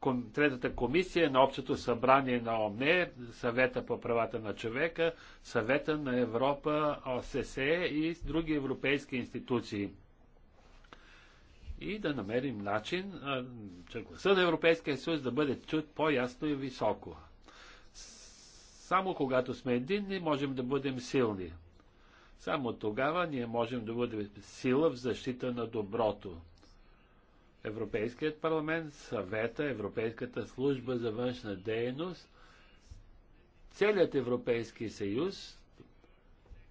ком, третата комисия на Общото събрание на ОМЕ, Съвета по правата на човека, Съвета на Европа, ОССЕ и други европейски институции. И да намерим начин, че гласа на Европейския съюз да бъде чут по-ясно и високо. Само когато сме единни, можем да бъдем силни. Само тогава ние можем да бъдем сила в защита на доброто. Европейският парламент, съвета, Европейската служба за външна дейност, целият Европейски съюз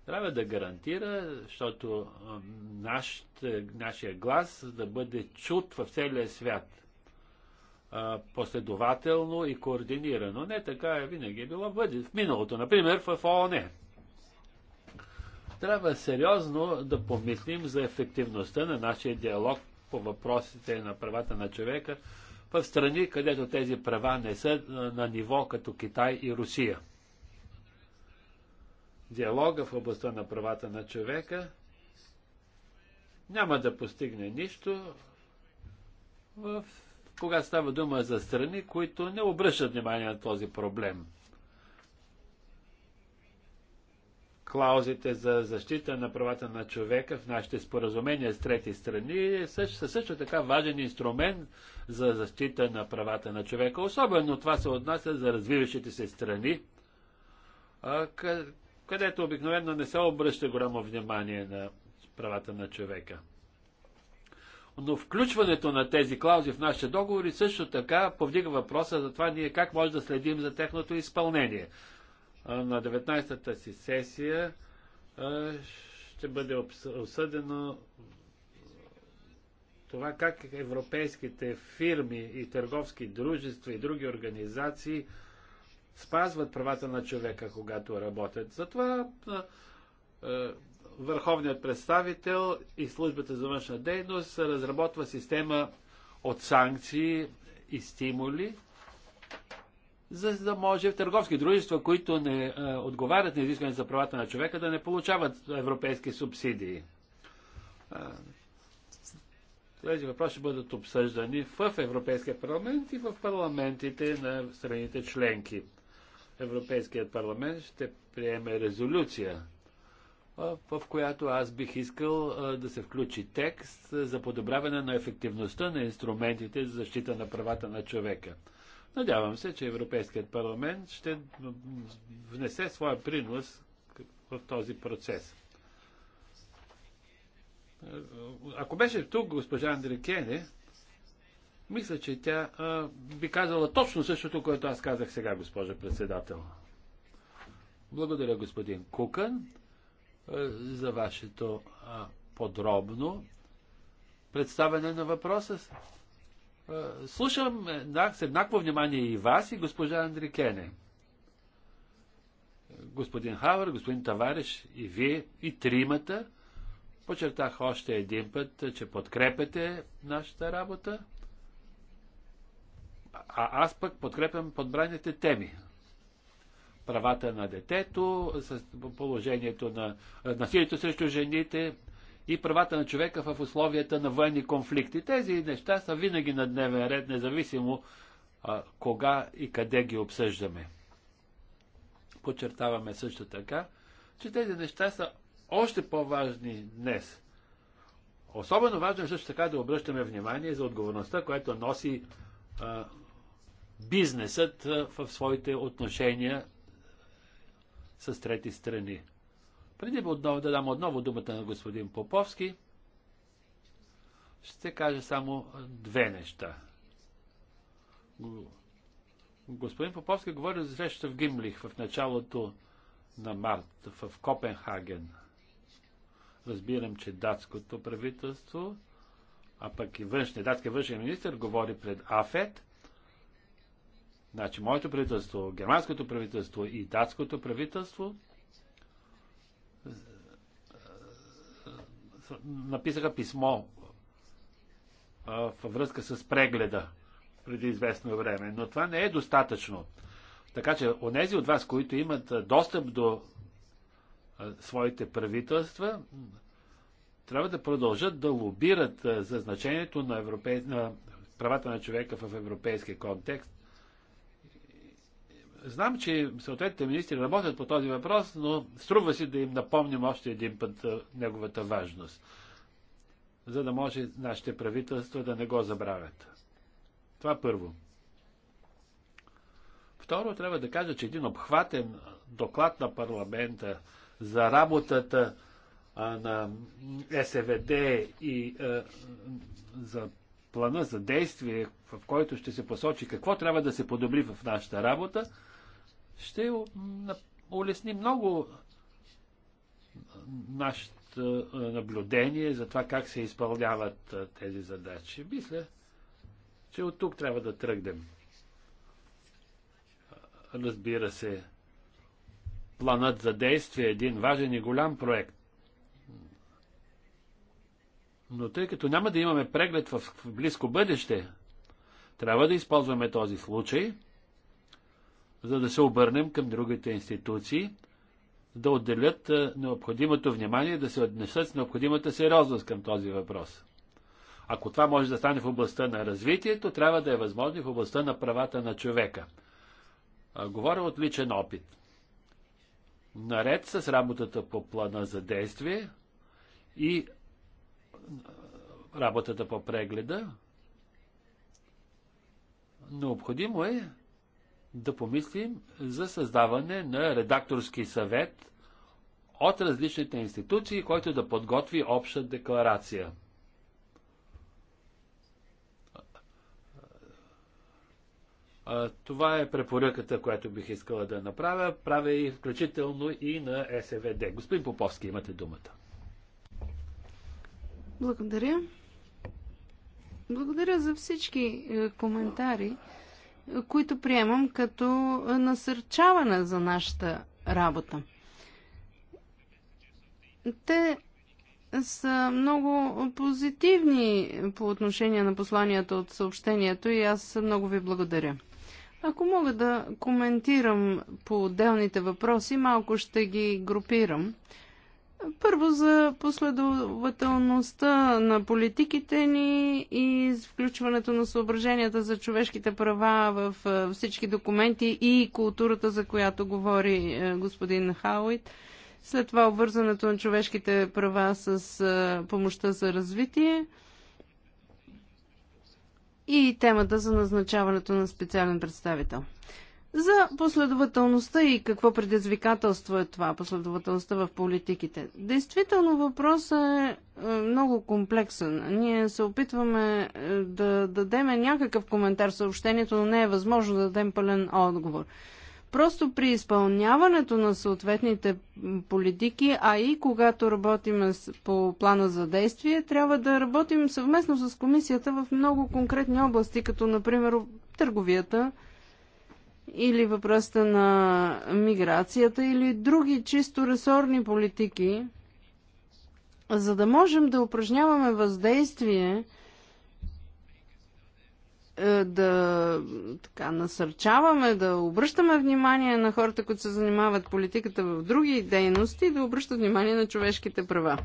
трябва да гарантира, защото наш, нашия глас да бъде чут в целия свят последователно и координирано. Не така е винаги е било в миналото, например в ООН трябва сериозно да помислим за ефективността на нашия диалог по въпросите на правата на човека в страни, където тези права не са на ниво като Китай и Русия. Диалога в областта на правата на човека няма да постигне нищо, в... когато става дума за страни, които не обръщат внимание на този проблем. клаузите за защита на правата на човека в нашите споразумения с трети страни е са също, така важен инструмент за защита на правата на човека. Особено това се отнася за развиващите се страни, където обикновено не се обръща голямо внимание на правата на човека. Но включването на тези клаузи в нашите договори също така повдига въпроса за това ние как може да следим за техното изпълнение на 19-та си сесия ще бъде осъдено това как европейските фирми и търговски дружества и други организации спазват правата на човека, когато работят. Затова върховният представител и службата за външна дейност разработва система от санкции и стимули, за да може в търговски дружества, които не а, е, отговарят на изискване за правата на човека, да не получават европейски субсидии. А, е, тези въпроси ще бъдат обсъждани в Европейския парламент и в парламентите на страните членки. Европейският парламент ще приеме резолюция, е, в която аз бих искал да се включи текст за подобряване на ефективността на инструментите за защита на правата на човека. Надявам се, че Европейският парламент ще внесе своя принос в този процес. Ако беше тук госпожа Андрекене, мисля, че тя а, би казала точно същото, което аз казах сега, госпожа председател. Благодаря, господин Кукън, а, за вашето а, подробно представяне на въпроса. Слушам е, с еднакво внимание и вас, и госпожа Андрикене. Господин Хавър, господин Тавариш, и вие, и тримата. Почертах още един път, че подкрепяте нашата работа. А аз пък подкрепям подбраните теми. Правата на детето, положението на насилието срещу жените, и правата на човека в условията на военни конфликти. Тези неща са винаги на дневен ред, независимо а, кога и къде ги обсъждаме. Подчертаваме също така, че тези неща са още по-важни днес. Особено важно е също така да обръщаме внимание за отговорността, която носи а, бизнесът а, в своите отношения с трети страни. Преди да дам отново думата на господин Поповски, ще кажа само две неща. Господин Поповски говори за среща в Гимлих в началото на март в Копенхаген. Разбирам, че датското правителство, а пък и външния, датския външен министр говори пред АФЕТ. Значи моето правителство, германското правителство и датското правителство написаха писмо във връзка с прегледа преди известно време, но това не е достатъчно. Така че онези от вас, които имат достъп до своите правителства, трябва да продължат да лобират за значението на, европей... на правата на човека в европейския контекст Знам, че съответните министри работят по този въпрос, но струва си да им напомним още един път неговата важност, за да може нашите правителства да не го забравят. Това първо. Второ, трябва да кажа, че един обхватен доклад на парламента за работата а, на СВД и а, за плана за действие, в който ще се посочи какво трябва да се подобри в нашата работа, ще улесни много нашето е, наблюдение за това как се изпълняват е, тези задачи. Мисля, че от тук трябва да тръгнем. Разбира се, планът за действие е един важен и голям проект. Но тъй като няма да имаме преглед в близко бъдеще, трябва да използваме този случай – за да се обърнем към другите институции, да отделят необходимото внимание, да се отнесат с необходимата сериозност към този въпрос. Ако това може да стане в областта на развитието, трябва да е възможно и в областта на правата на човека. Говоря от личен опит. Наред с работата по плана за действие и работата по прегледа, необходимо е да помислим за създаване на редакторски съвет от различните институции, който да подготви обща декларация. Това е препоръката, която бих искала да направя. Правя и включително и на СВД. Господин Поповски, имате думата. Благодаря. Благодаря за всички е, коментари които приемам като насърчаване за нашата работа. Те са много позитивни по отношение на посланията от съобщението и аз много ви благодаря. Ако мога да коментирам по отделните въпроси, малко ще ги групирам. Първо за последователността на политиките ни и включването на съображенията за човешките права в е, всички документи и културата, за която говори е, господин Хауит. След това обвързането на човешките права с е, помощта за развитие и темата за назначаването на специален представител за последователността и какво предизвикателство е това, последователността в политиките. Действително въпросът е, е много комплексен. Ние се опитваме е, да дадем някакъв коментар в съобщението, но не е възможно да дадем пълен отговор. Просто при изпълняването на съответните политики, а и когато работим по плана за действие, трябва да работим съвместно с комисията в много конкретни области, като например търговията, или въпросите на миграцията, или други чисто ресорни политики, за да можем да упражняваме въздействие, е, да така, насърчаваме, да обръщаме внимание на хората, които се занимават политиката в други дейности, да обръщат внимание на човешките права.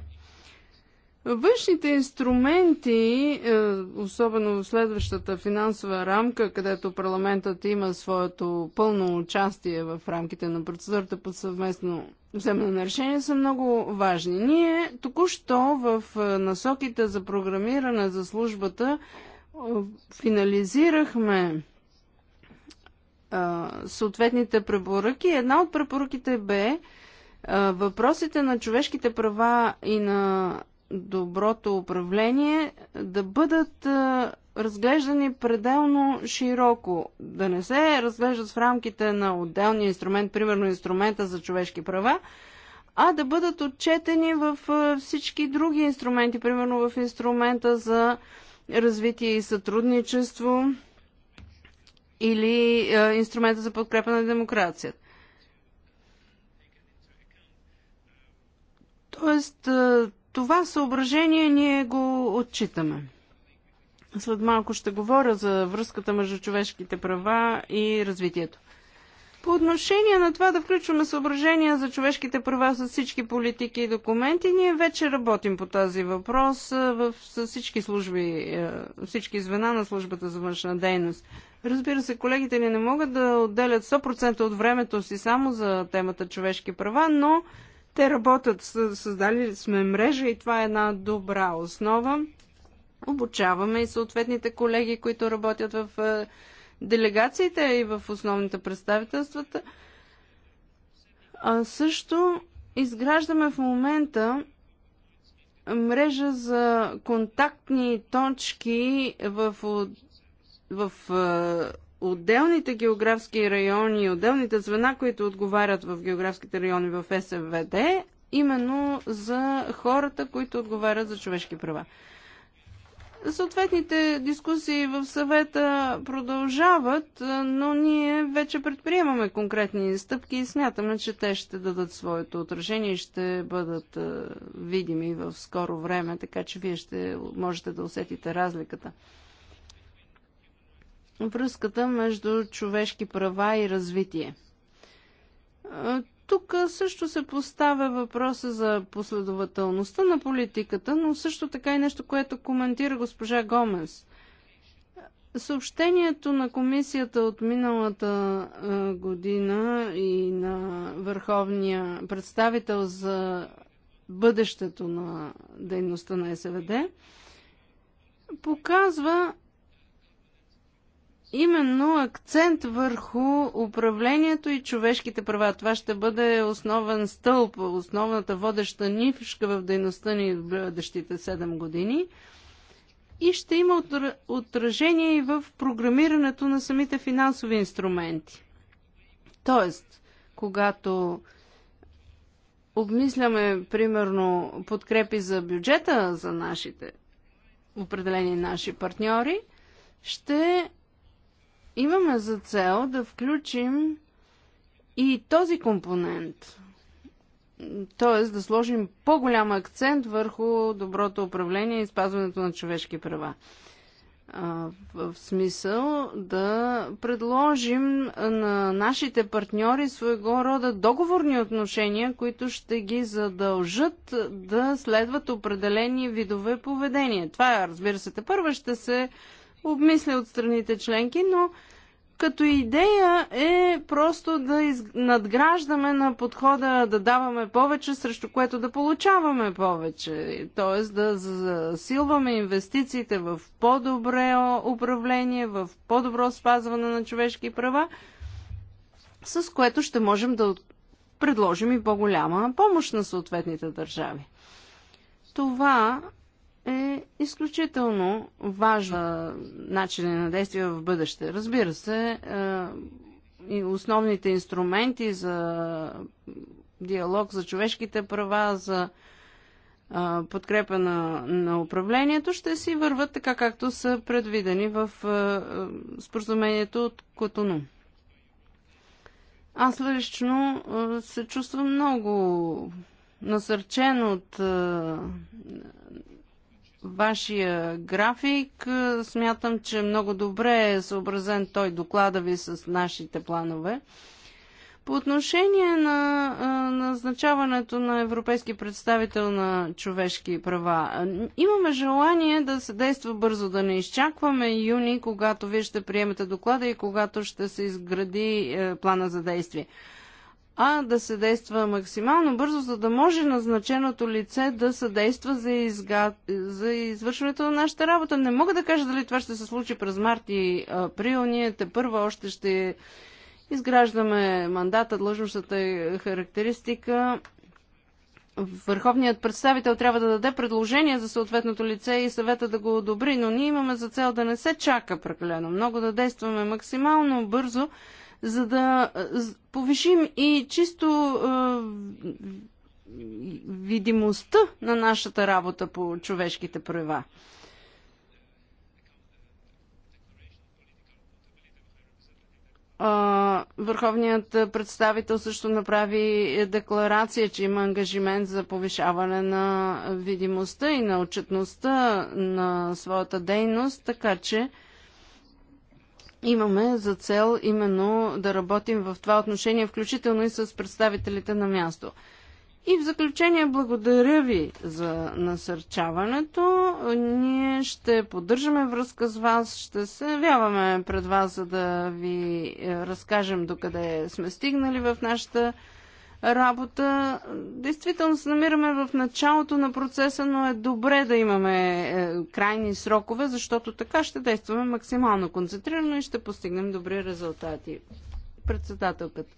Външните инструменти, е, особено в следващата финансова рамка, където парламентът има своето пълно участие в рамките на процедурата под съвместно вземане на решение, са много важни. Ние току-що в е, насоките за програмиране за службата е, финализирахме съответните препоръки. Една от препоръките бе въпросите на човешките права и на доброто управление да бъдат разглеждани пределно широко. Да не се разглеждат в рамките на отделния инструмент, примерно инструмента за човешки права, а да бъдат отчетени в всички други инструменти, примерно в инструмента за развитие и сътрудничество или инструмента за подкрепа на демокрацията. Тоест, това съображение ние го отчитаме. След малко ще говоря за връзката между човешките права и развитието. По отношение на това да включваме съображения за човешките права с всички политики и документи, ние вече работим по тази въпрос в, с всички служби, всички звена на службата за външна дейност. Разбира се, колегите ни не могат да отделят 100% от времето си само за темата човешки права, но те работят, създали сме мрежа и това е една добра основа. Обучаваме и съответните колеги, които работят в е, делегациите и в основните представителствата. А също изграждаме в момента мрежа за контактни точки в, в, в е, отделните географски райони, отделните звена, които отговарят в географските райони в СВД, именно за хората, които отговарят за човешки права. Съответните дискусии в съвета продължават, но ние вече предприемаме конкретни стъпки и смятаме, че те ще дадат своето отражение и ще бъдат е, видими в скоро време, така че вие ще можете да усетите разликата връзката между човешки права и развитие. Тук също се поставя въпроса за последователността на политиката, но също така и нещо, което коментира госпожа Гомес. Съобщението на комисията от миналата година и на върховния представител за бъдещето на дейността на СВД показва именно акцент върху управлението и човешките права. Това ще бъде основен стълб, основната водеща нишка в дейността ни в бъдещите 7 години. И ще има отражение и в програмирането на самите финансови инструменти. Тоест, когато обмисляме, примерно, подкрепи за бюджета за нашите определени наши партньори, ще имаме за цел да включим и този компонент. Тоест да сложим по-голям акцент върху доброто управление и спазването на човешки права. В смисъл да предложим на нашите партньори своего рода договорни отношения, които ще ги задължат да следват определени видове поведение. Това, разбира се, първо първа ще се обмисля от страните членки, но като идея е просто да из... надграждаме на подхода да даваме повече, срещу което да получаваме повече. Тоест да засилваме инвестициите в по-добре управление, в по-добро спазване на човешки права, с което ще можем да предложим и по-голяма помощ на съответните държави. Това е изключително важен начин на действие в бъдеще. Разбира се, и основните инструменти за диалог за човешките права, за подкрепа на, на управлението, ще си върват така, както са предвидени в споразумението от Котону. Аз лично се чувствам много насърчен от вашия график. Е, смятам, че много добре е съобразен той доклада ви с нашите планове. По отношение на е, назначаването на европейски представител на човешки права, е, имаме желание да се действа бързо, да не изчакваме юни, когато вие ще приемете доклада и когато ще се изгради плана за действие а да се действа максимално бързо, за да може назначеното лице да съдейства за, изга... за извършването на нашата работа. Не мога да кажа дали това ще се случи през март и април. Ние те първа още ще изграждаме мандата, длъжностната характеристика. Върховният представител трябва да даде предложение за съответното лице и съвета да го одобри, но ние имаме за цел да не се чака прекалено много, да действаме максимално бързо, за да повишим и чисто видимостта на нашата работа по човешките права. Върховният представител също направи декларация, че има ангажимент за повишаване на видимостта и на отчетността на своята дейност, така че имаме за цел именно да работим в това отношение, включително и с представителите на място. И в заключение благодаря ви за насърчаването. Ние ще поддържаме връзка с вас, ще се явяваме пред вас, за да ви е, разкажем докъде сме стигнали в нашата работа. Действително се намираме в началото на процеса, но е добре да имаме е, крайни срокове, защото така ще действаме максимално концентрирано и ще постигнем добри резултати. Председателката.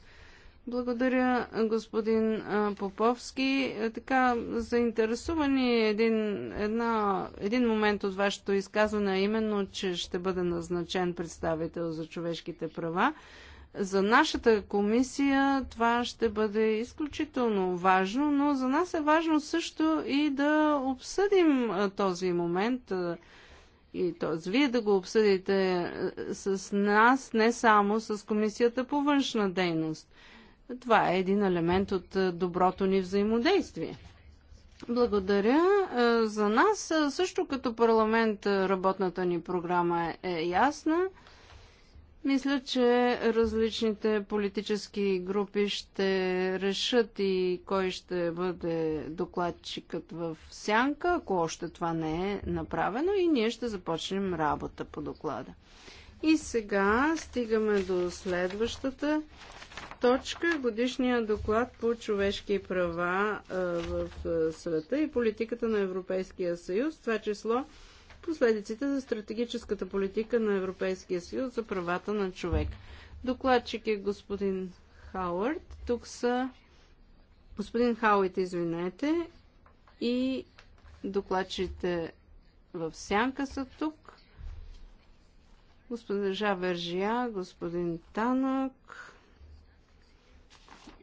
Благодаря, господин Поповски. Е, така, заинтересувани един, една, един момент от вашето изказване, именно, че ще бъде назначен представител за човешките права. За нашата комисия това ще бъде изключително важно, но за нас е важно също и да обсъдим този момент и т.е. вие да го обсъдите с нас, не само с Комисията по външна дейност. Това е един елемент от доброто ни взаимодействие. Благодаря. За нас също като парламент работната ни програма е, е ясна. Мисля, че различните политически групи ще решат и кой ще бъде докладчикът в сянка, ако още това не е направено и ние ще започнем работа по доклада. И сега стигаме до следващата точка годишния доклад по човешки права в света и политиката на Европейския съюз, това число последиците за стратегическата политика на Европейския съюз за правата на човек. Докладчик е господин Хауърд. Тук са господин Хауит, извинете, и докладчите в сянка са тук. Господин Жавержия, господин Танък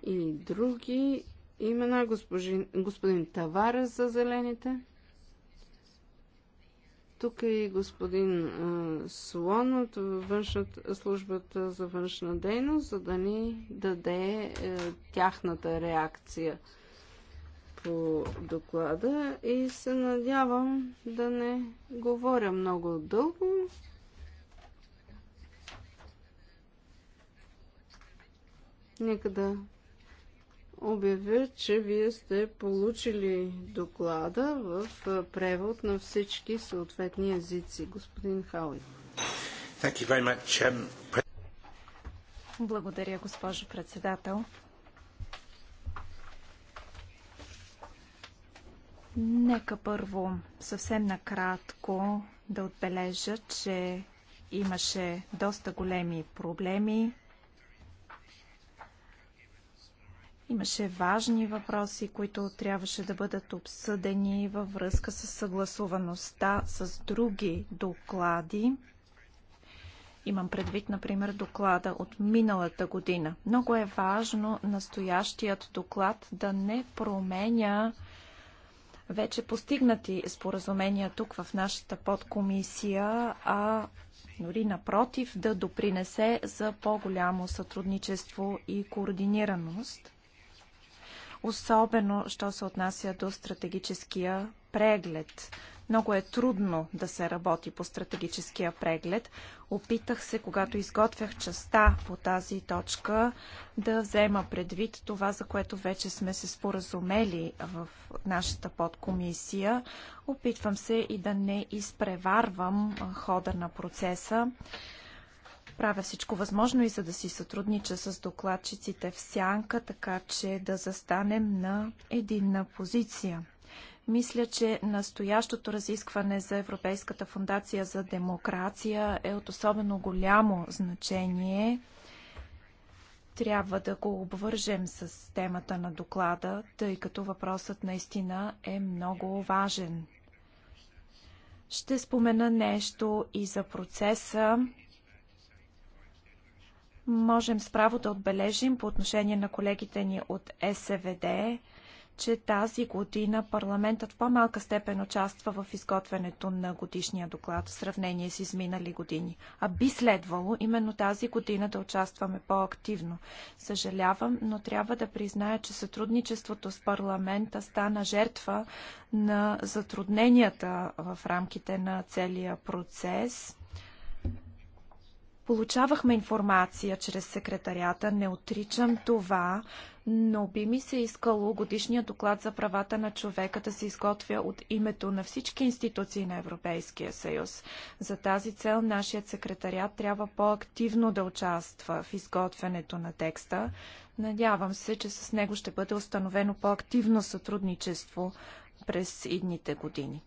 и други имена. Господин, господин Таварес за зелените. Тук е и господин Слон от външната, службата за външна дейност, за да ни даде е, тяхната реакция по доклада и се надявам да не говоря много дълго. Нека да обявя, че вие сте получили доклада в превод на всички съответни езици. Господин Хауи. Um, Благодаря, госпожо председател. Нека първо съвсем накратко да отбележа, че имаше доста големи проблеми Имаше важни въпроси, които трябваше да бъдат обсъдени във връзка с съгласуваността с други доклади. Имам предвид, например, доклада от миналата година. Много е важно настоящият доклад да не променя вече постигнати споразумения тук в нашата подкомисия, а дори напротив да допринесе за по-голямо сътрудничество и координираност особено що се отнася до стратегическия преглед. Много е трудно да се работи по стратегическия преглед. Опитах се, когато изготвях частта по тази точка, да взема предвид това, за което вече сме се споразумели в нашата подкомисия. Опитвам се и да не изпреварвам хода на процеса Правя всичко възможно и за да си сътруднича с докладчиците в сянка, така че да застанем на единна позиция. Мисля, че настоящото разискване за Европейската фундация за демокрация е от особено голямо значение. Трябва да го обвържем с темата на доклада, тъй като въпросът наистина е много важен. Ще спомена нещо и за процеса, Можем справо да отбележим по отношение на колегите ни от СВД, че тази година парламентът в по-малка степен участва в изготвянето на годишния доклад в сравнение с изминали години. А би следвало именно тази година да участваме по-активно. Съжалявам, но трябва да призная, че сътрудничеството с парламента стана жертва на затрудненията в рамките на целия процес. Получавахме информация чрез секретарията, не отричам това, но би ми се искало годишния доклад за правата на човека да се изготвя от името на всички институции на Европейския съюз. За тази цел нашият секретариат трябва по-активно да участва в изготвянето на текста. Надявам се, че с него ще бъде установено по-активно сътрудничество през идните години.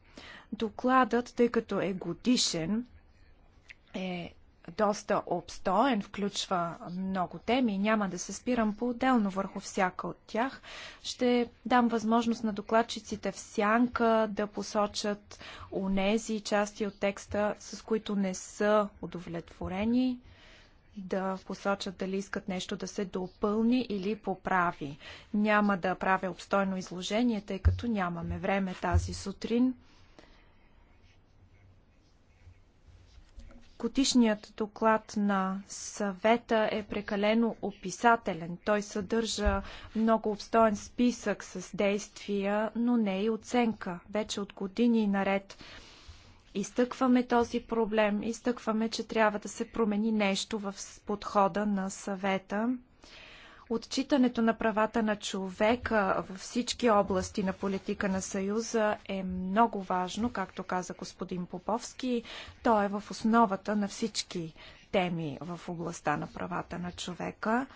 Докладът, тъй като е годишен, е доста обстоен, включва много теми. Няма да се спирам по-отделно върху всяка от тях. Ще дам възможност на докладчиците в сянка да посочат онези части от текста, с които не са удовлетворени, да посочат дали искат нещо да се допълни или поправи. Няма да правя обстойно изложение, тъй като нямаме време тази сутрин. Котишният доклад на съвета е прекалено описателен. Той съдържа много обстоен списък с действия, но не и оценка. Вече от години наред изтъкваме този проблем, изтъкваме, че трябва да се промени нещо в подхода на съвета. Отчитането на правата на човека във всички области на политика на Съюза е много важно, както каза господин Поповски. То е в основата на всички теми в областта на правата на човека.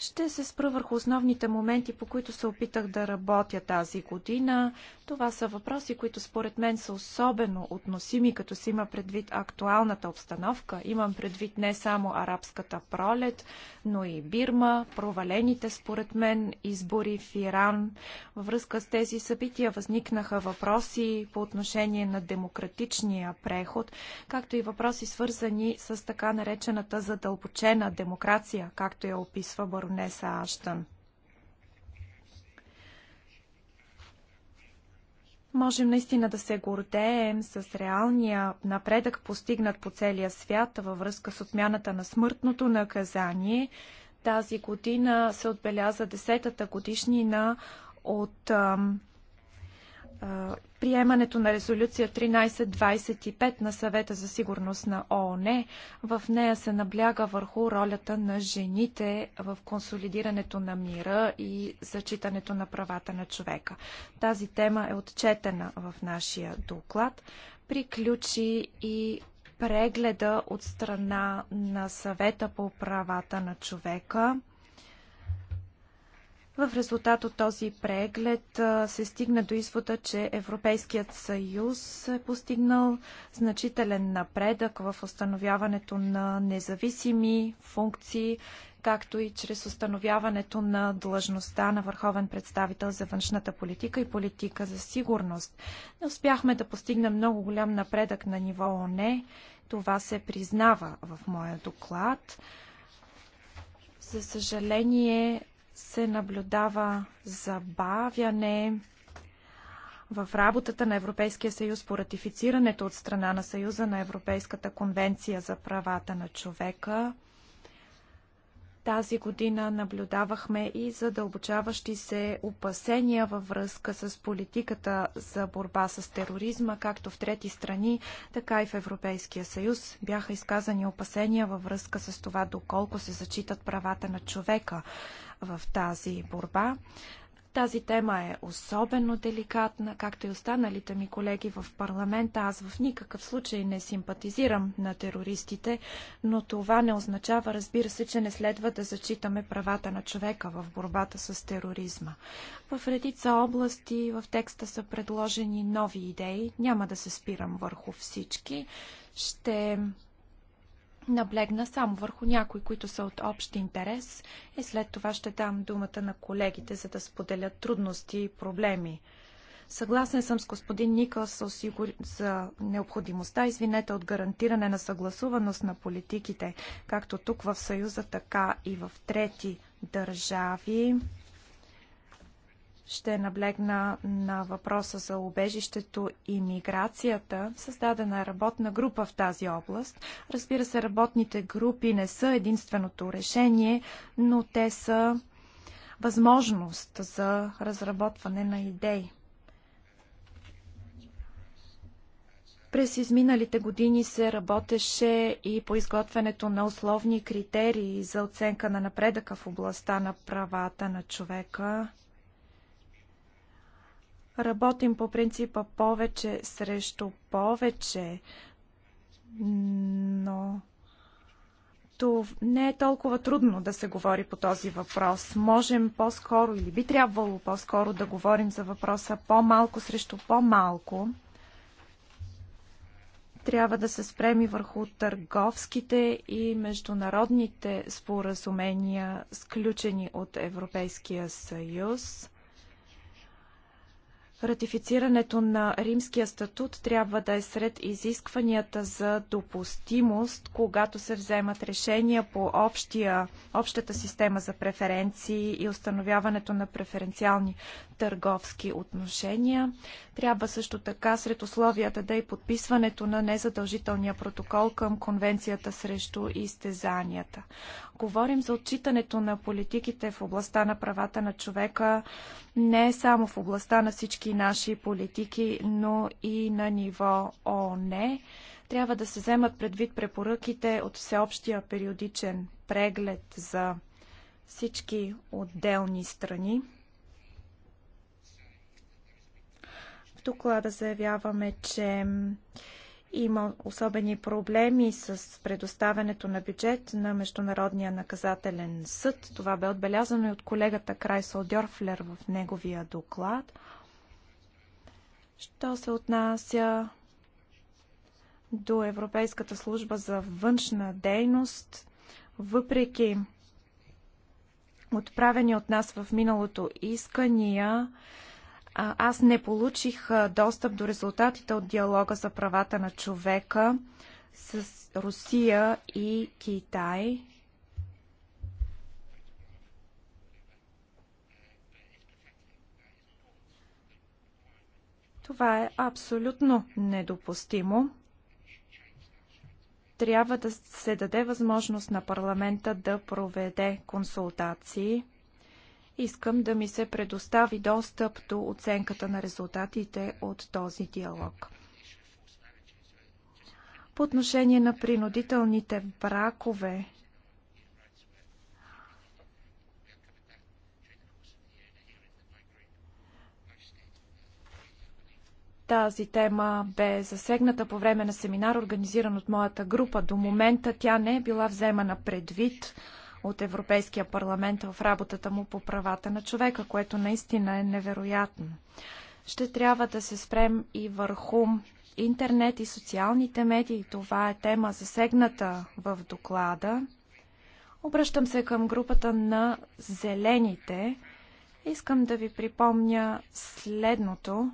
Ще се спра върху основните моменти, по които се опитах да работя тази година. Това са въпроси, които според мен са особено относими, като се има предвид актуалната обстановка. Имам предвид не само арабската пролет, но и Бирма, провалените според мен избори в Иран. Във връзка с тези събития възникнаха въпроси по отношение на демократичния преход, както и въпроси свързани с така наречената задълбочена демокрация, както я описва Баро баронеса Аштън. Можем наистина да се гордеем с реалния напредък, постигнат по целия свят във връзка с отмяната на смъртното наказание. Тази година се отбеляза 10-та годишнина от ам, приемането на резолюция 1325 на съвета за сигурност на ООН. В нея се набляга върху ролята на жените в консолидирането на мира и зачитането на правата на човека. Тази тема е отчетена в нашия доклад. Приключи и прегледа от страна на съвета по правата на човека – в резултат от този преглед се стигна до извода, че Европейският съюз е постигнал значителен напредък в установяването на независими функции, както и чрез установяването на длъжността на върховен представител за външната политика и политика за сигурност. Не успяхме да постигнем много голям напредък на ниво ОНЕ. Това се признава в моя доклад. За съжаление, се наблюдава забавяне в работата на Европейския съюз по ратифицирането от страна на Съюза на Европейската конвенция за правата на човека. Тази година наблюдавахме и задълбочаващи се опасения във връзка с политиката за борба с тероризма, както в трети страни, така и в Европейския съюз. Бяха изказани опасения във връзка с това доколко се зачитат правата на човека в тази борба. Тази тема е особено деликатна, както и останалите ми колеги в парламента. Аз в никакъв случай не симпатизирам на терористите, но това не означава, разбира се, че не следва да зачитаме правата на човека в борбата с тероризма. В редица области в текста са предложени нови идеи. Няма да се спирам върху всички. Ще наблегна само върху някои, които са от общ интерес и след това ще дам думата на колегите, за да споделят трудности и проблеми. Съгласен съм с господин Никълс за необходимостта, извинете, от гарантиране на съгласуваност на политиките, както тук в Съюза, така и в трети държави ще наблегна на въпроса за убежището и миграцията. Създадена е работна група в тази област. Разбира се, работните групи не са единственото решение, но те са възможност за разработване на идеи. През изминалите години се работеше и по изготвянето на условни критерии за оценка на напредъка в областта на правата на човека Работим по принципа повече срещу повече, но то не е толкова трудно да се говори по този въпрос. Можем по-скоро или би трябвало по-скоро да говорим за въпроса по-малко срещу по-малко. Трябва да се спреми върху търговските и международните споразумения, сключени от Европейския съюз. Ратифицирането на Римския статут трябва да е сред изискванията за допустимост, когато се вземат решения по общия, общата система за преференции и установяването на преференциални търговски отношения. Трябва също така сред условията да е подписването на незадължителния протокол към Конвенцията срещу изтезанията. Говорим за отчитането на политиките в областта на правата на човека не само в областта на всички всички наши политики, но и на ниво ООН. Трябва да се вземат предвид препоръките от всеобщия периодичен преглед за всички отделни страни. В доклада заявяваме, че има особени проблеми с предоставянето на бюджет на Международния наказателен съд. Това бе отбелязано и от колегата Крайсол Дьорфлер в неговия доклад. Що се отнася до Европейската служба за външна дейност, въпреки отправени от нас в миналото искания, аз не получих достъп до резултатите от диалога за правата на човека с Русия и Китай. Това е абсолютно недопустимо. Трябва да се даде възможност на парламента да проведе консултации. Искам да ми се предостави достъп до оценката на резултатите от този диалог. По отношение на принудителните бракове Тази тема бе засегната по време на семинар, организиран от моята група. До момента тя не е била вземана предвид от Европейския парламент в работата му по правата на човека, което наистина е невероятно. Ще трябва да се спрем и върху интернет и социалните медии. Това е тема засегната в доклада. Обръщам се към групата на зелените. Искам да ви припомня следното.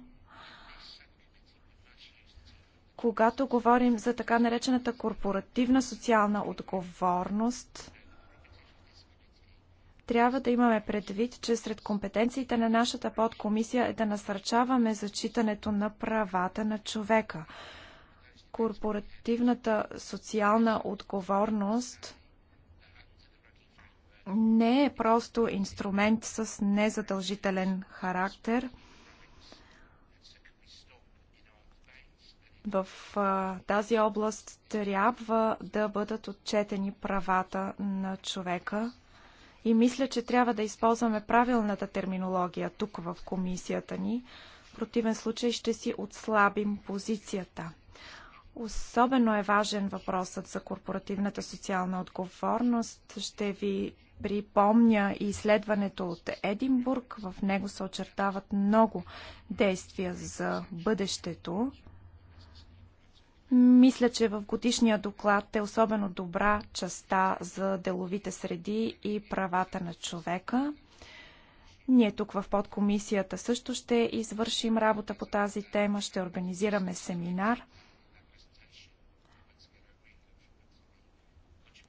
Когато говорим за така наречената корпоративна социална отговорност, трябва да имаме предвид, че сред компетенциите на нашата подкомисия е да насърчаваме зачитането на правата на човека. Корпоративната социална отговорност не е просто инструмент с незадължителен характер – В а, тази област трябва да бъдат отчетени правата на човека и мисля, че трябва да използваме правилната терминология тук в комисията ни. В противен случай ще си отслабим позицията. Особено е важен въпросът за корпоративната социална отговорност. Ще ви припомня и изследването от Единбург. В него се очертават много действия за бъдещето. Мисля, че в годишния доклад е особено добра частта за деловите среди и правата на човека. Ние тук в подкомисията също ще извършим работа по тази тема, ще организираме семинар.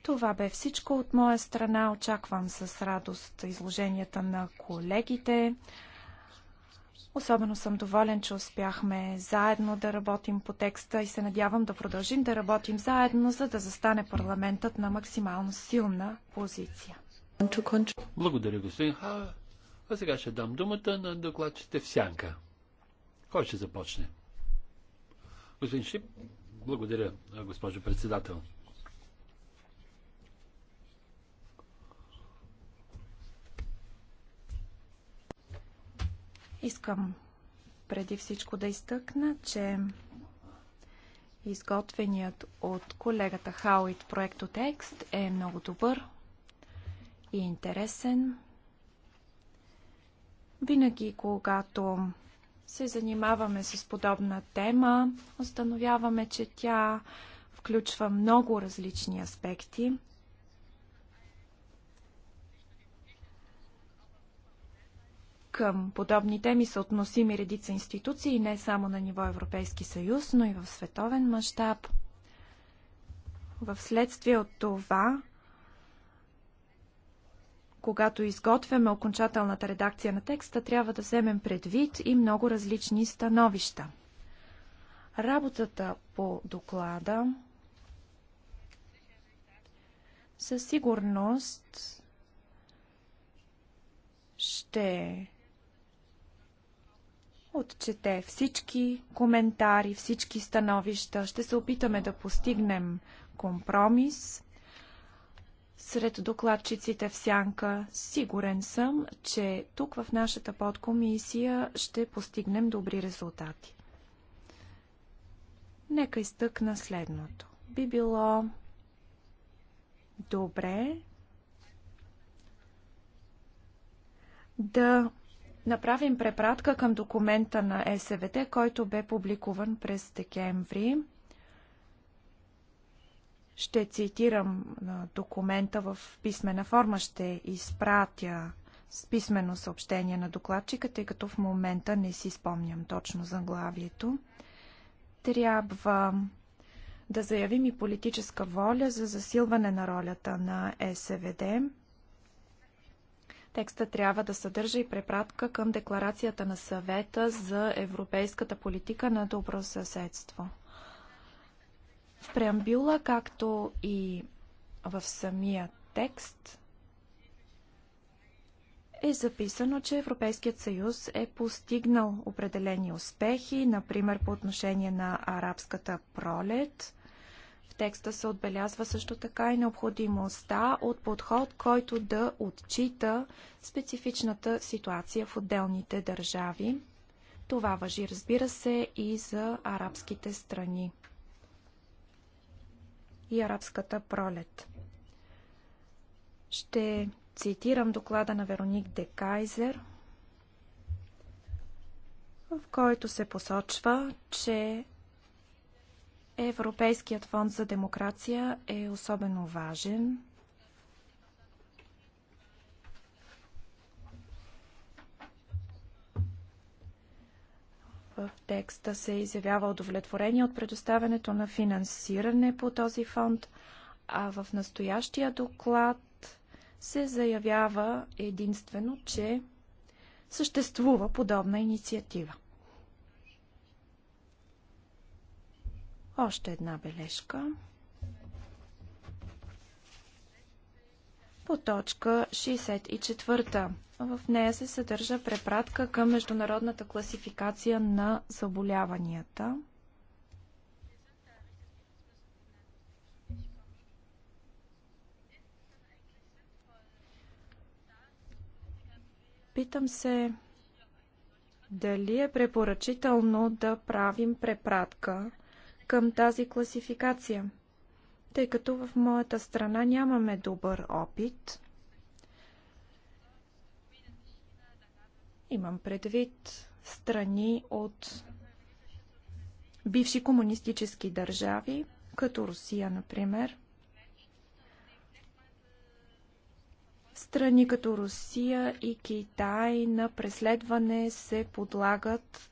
Това бе всичко от моя страна. Очаквам с радост изложенията на колегите. Особено съм доволен, че успяхме заедно да работим по текста и се надявам да продължим да работим заедно, за да застане парламентът на максимално силна позиция. Благодаря, господин Ха. А сега ще дам думата на докладчите в сянка. Кой ще започне? Господин Шип, благодаря, госпожо председател. Искам преди всичко да изтъкна, че изготвеният от колегата Хауит текст е много добър и интересен. Винаги, когато се занимаваме с подобна тема, установяваме, че тя включва много различни аспекти. Към подобни теми са относими редица институции, не само на ниво Европейски съюз, но и в световен мащаб. В следствие от това, когато изготвяме окончателната редакция на текста, трябва да вземем предвид и много различни становища. Работата по доклада със сигурност ще отчете всички коментари, всички становища. Ще се опитаме да постигнем компромис. Сред докладчиците в Сянка сигурен съм, че тук в нашата подкомисия ще постигнем добри резултати. Нека изтъкна следното. Би било добре да направим препратка към документа на СВТ, който бе публикуван през декември. Ще цитирам документа в писмена форма, ще изпратя с писмено съобщение на докладчика, тъй като в момента не си спомням точно заглавието. Трябва да заявим и политическа воля за засилване на ролята на СВД Текста трябва да съдържа и препратка към декларацията на съвета за европейската политика на добро съседство. В преамбюла, както и в самия текст, е записано, че Европейският съюз е постигнал определени успехи, например по отношение на арабската пролет – текста се отбелязва също така и необходимостта от подход, който да отчита специфичната ситуация в отделните държави. Това въжи, разбира се, и за арабските страни и арабската пролет. Ще цитирам доклада на Вероник Де Кайзер, в който се посочва, че Европейският фонд за демокрация е особено важен. В текста се изявява удовлетворение от предоставянето на финансиране по този фонд, а в настоящия доклад се заявява единствено, че съществува подобна инициатива. Още една бележка. По точка 64. В нея се съдържа препратка към международната класификация на заболяванията. Питам се дали е препоръчително да правим препратка към тази класификация, тъй като в моята страна нямаме добър опит. Имам предвид страни от бивши комунистически държави, като Русия, например. Страни като Русия и Китай на преследване се подлагат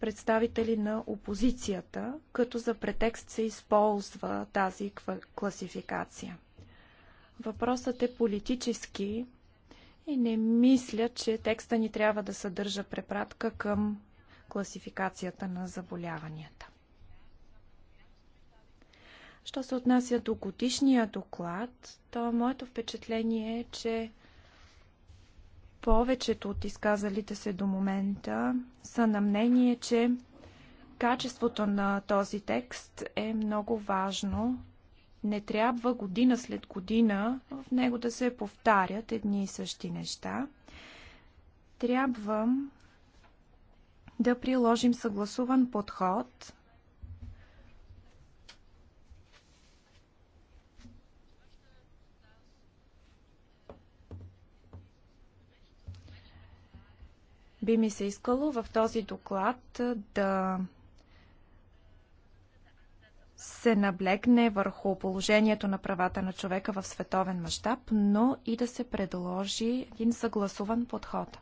представители на опозицията, като за претекст се използва тази класификация. Въпросът е политически и не мисля, че текста ни трябва да съдържа препратка към класификацията на заболяванията. Що се отнася до годишния доклад, то моето впечатление е, че повечето от изказалите се до момента са на мнение, че качеството на този текст е много важно. Не трябва година след година в него да се повтарят едни и същи неща. Трябва да приложим съгласуван подход Би ми се искало в този доклад да се наблегне върху положението на правата на човека в световен мащаб, но и да се предложи един съгласуван подход.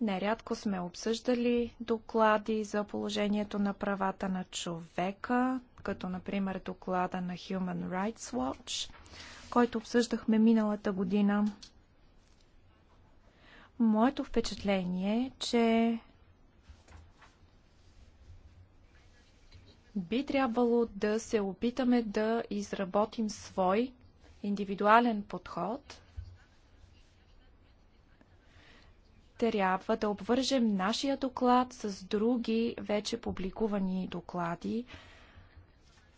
Нерядко сме обсъждали доклади за положението на правата на човека, като например доклада на Human Rights Watch, който обсъждахме миналата година. Моето впечатление е, че би трябвало да се опитаме да изработим свой индивидуален подход трябва да обвържем нашия доклад с други вече публикувани доклади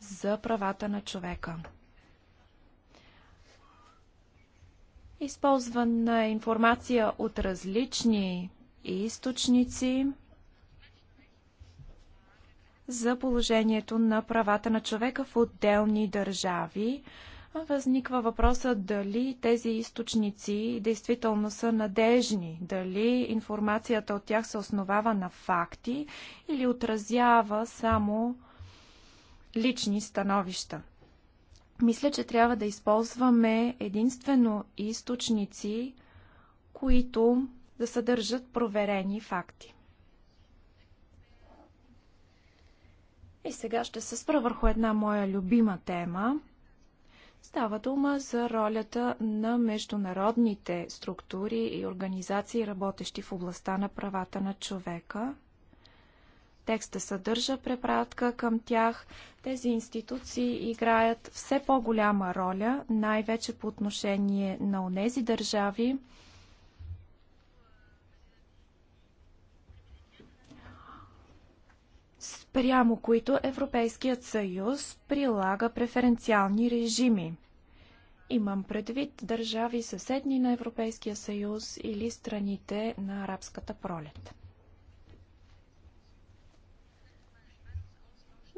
за правата на човека. Използвана е информация от различни източници за положението на правата на човека в отделни държави. Възниква въпроса дали тези източници действително са надежни, дали информацията от тях се основава на факти или отразява само лични становища. Мисля, че трябва да използваме единствено източници, които да съдържат проверени факти. И сега ще се спра върху една моя любима тема Става дума за ролята на международните структури и организации, работещи в областта на правата на човека. Текста съдържа препратка към тях. Тези институции играят все по-голяма роля, най-вече по отношение на онези държави, спрямо които Европейският съюз прилага преференциални режими. Имам предвид държави съседни на Европейския съюз или страните на арабската пролет.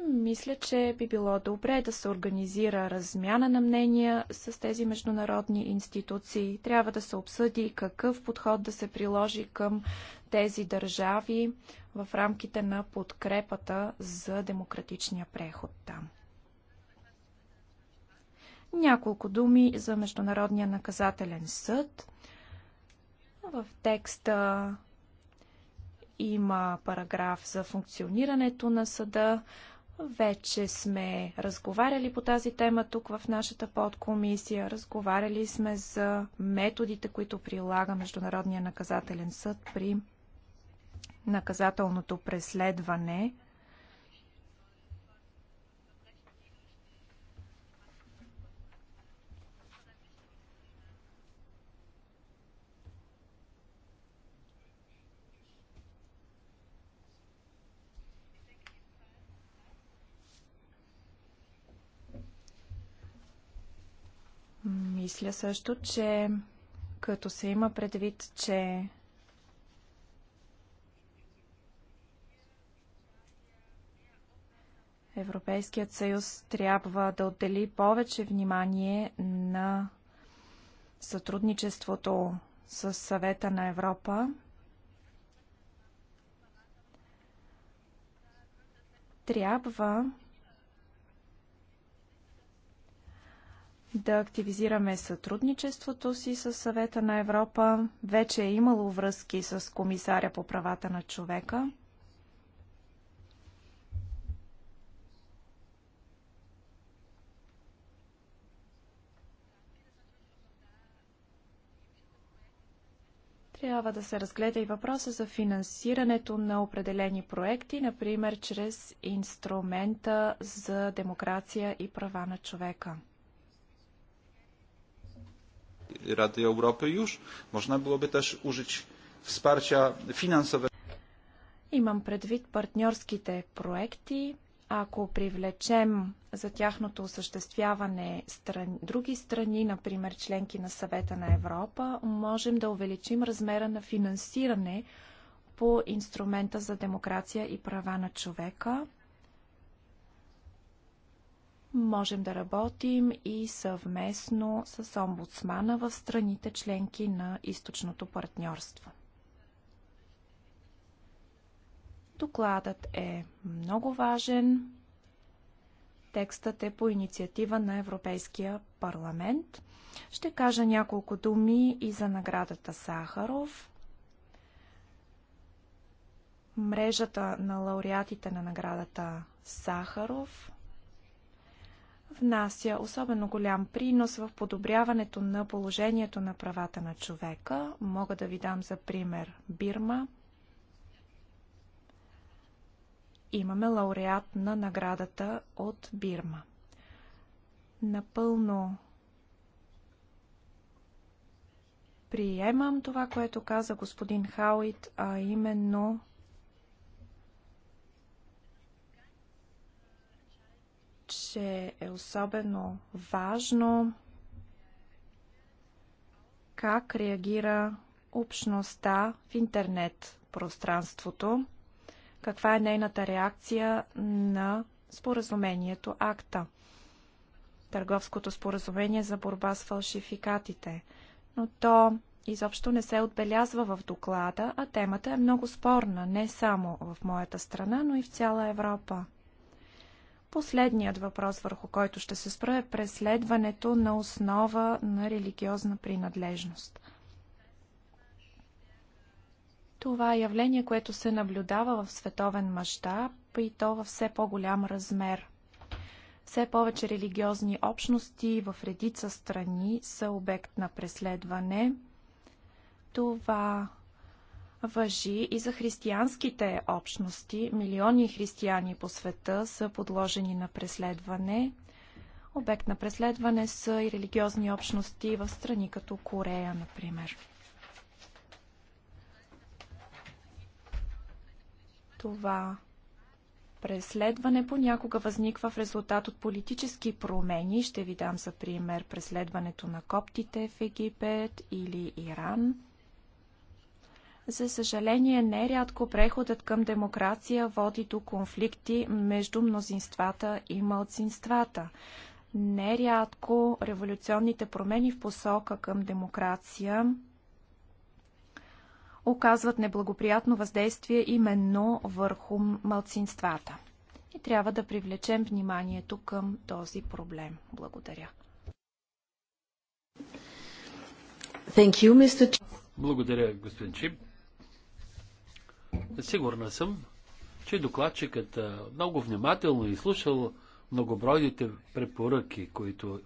Мисля, че би било добре да се организира размяна на мнения с тези международни институции. Трябва да се обсъди какъв подход да се приложи към тези държави в рамките на подкрепата за демократичния преход там. Няколко думи за Международния наказателен съд. В текста има параграф за функционирането на съда. Вече сме разговаряли по тази тема тук в нашата подкомисия. Разговаряли сме за методите, които прилага Международния наказателен съд при наказателното преследване. Мисля също, че като се има предвид, че Европейският съюз трябва да отдели повече внимание на сътрудничеството с съвета на Европа. Трябва да активизираме сътрудничеството си с съвета на Европа. Вече е имало връзки с комисаря по правата на човека. трябва да се разгледа и въпроса за финансирането на определени проекти, например чрез инструмента за демокрация и права на човека. Европа Europy можна било би теж ужич вспарча финансове. Имам предвид партньорските проекти, ако привлечем за тяхното осъществяване стран... други страни, например членки на съвета на Европа, можем да увеличим размера на финансиране по инструмента за демокрация и права на човека. Можем да работим и съвместно с омбудсмана в страните членки на източното партньорство. Докладът е много важен. Текстът е по инициатива на Европейския парламент. Ще кажа няколко думи и за наградата Сахаров. Мрежата на лауреатите на наградата Сахаров внася особено голям принос в подобряването на положението на правата на човека. Мога да ви дам за пример Бирма – имаме лауреат на наградата от Бирма. Напълно приемам това, което каза господин Хауит, а именно че е особено важно как реагира общността в интернет пространството каква е нейната реакция на споразумението АКТА, търговското споразумение за борба с фалшификатите. Но то изобщо не се отбелязва в доклада, а темата е много спорна не само в моята страна, но и в цяла Европа. Последният въпрос, върху който ще се спра, е преследването на основа на религиозна принадлежност – това е явление, което се наблюдава в световен мащаб и то в все по-голям размер. Все повече религиозни общности в редица страни са обект на преследване. Това въжи и за християнските общности. Милиони християни по света са подложени на преследване. Обект на преследване са и религиозни общности в страни като Корея, например. Това преследване понякога възниква в резултат от политически промени. Ще ви дам за пример преследването на коптите в Египет или Иран. За съжаление, нерядко преходът към демокрация води до конфликти между мнозинствата и мълцинствата. Нерядко революционните промени в посока към демокрация оказват неблагоприятно въздействие именно върху малцинствата. И трябва да привлечем вниманието към този проблем. Благодаря. Thank you, Mr. Благодаря, господин Чип. Сигурна съм, че докладчикът много внимателно е слушал многобройните препоръки, които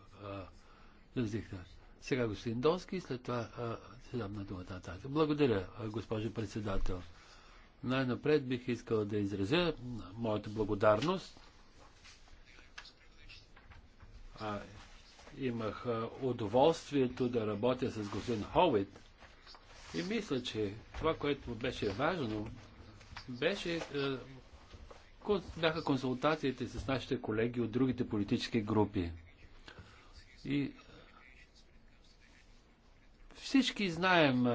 изразихте. Сега господин Донски, след това а, сега на думата нататък. Благодаря, госпожо председател. Най-напред бих искал да изразя моята благодарност. А, имах удоволствието да работя с господин Ховит и мисля, че това, което беше важно, беше, бяха консултациите с нашите колеги от другите политически групи. И всички знаем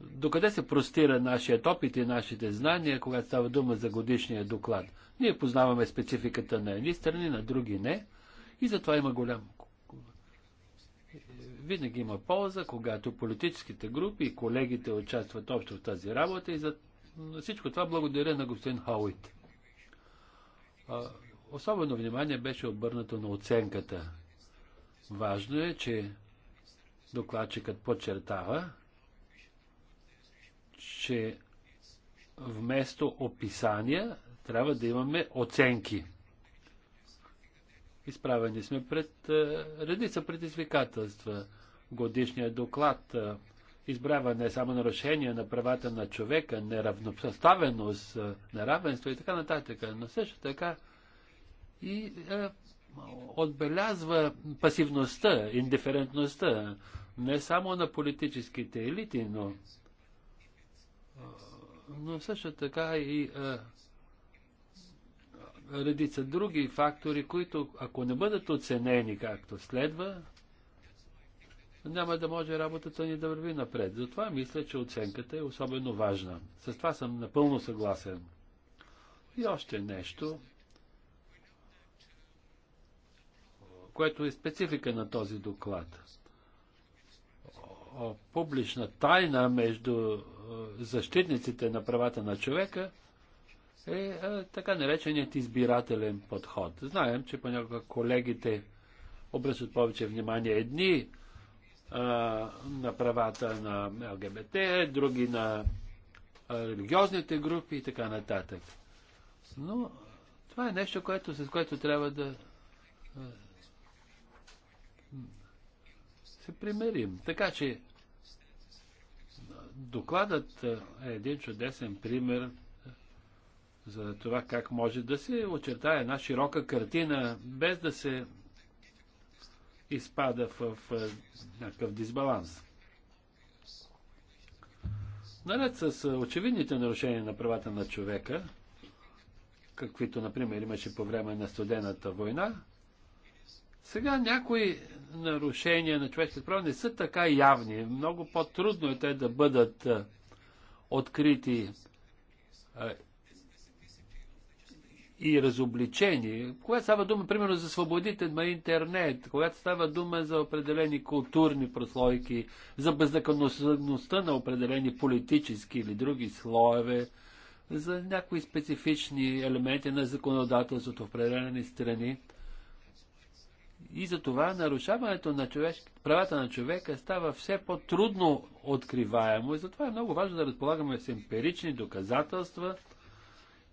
докъде се простира нашият опит и нашите знания, когато става дума за годишния доклад. Ние познаваме спецификата на едни страни, на други не. И затова има голям. Винаги има полза, когато политическите групи и колегите участват общо в тази работа и за всичко това благодаря на господин Хауит. Особено внимание беше обърнато на оценката. Важно е, че Докладчикът подчертава, че вместо описания трябва да имаме оценки. Изправени сме пред е, редица предизвикателства. Годишният доклад е, избрава не само нарушения на правата на човека, неравнопоставеност, е, неравенство и така нататък, но също така и отбелязва пасивността, индиферентността, не само на политическите елити, но, но също така и а, редица други фактори, които ако не бъдат оценени както следва, няма да може работата ни да върви напред. Затова мисля, че оценката е особено важна. С това съм напълно съгласен. И още нещо, което е специфика на този доклад публична тайна между защитниците на правата на човека е така нареченият избирателен подход. Знаем, че понякога колегите обръщат повече внимание едни а, на правата на ЛГБТ, други на религиозните групи и така нататък. Но това е нещо, което, с което трябва да се примерим. Така че докладът е, е един чудесен пример е, за това как може да се очертае една широка картина, без да се изпада в, в е, някакъв дисбаланс. Наред с очевидните нарушения на правата на човека, каквито, например, имаше по време на студената война, сега някои нарушения на човешките права не са така явни. Много по-трудно е те да бъдат открити и разобличени. Когато става дума, примерно, за свободите на интернет, когато става дума за определени културни прослойки, за беззаконността на определени политически или други слоеве, за някои специфични елементи на законодателството в определени страни, и затова нарушаването на човешки, правата на човека става все по-трудно откриваемо и затова е много важно да разполагаме с емпирични доказателства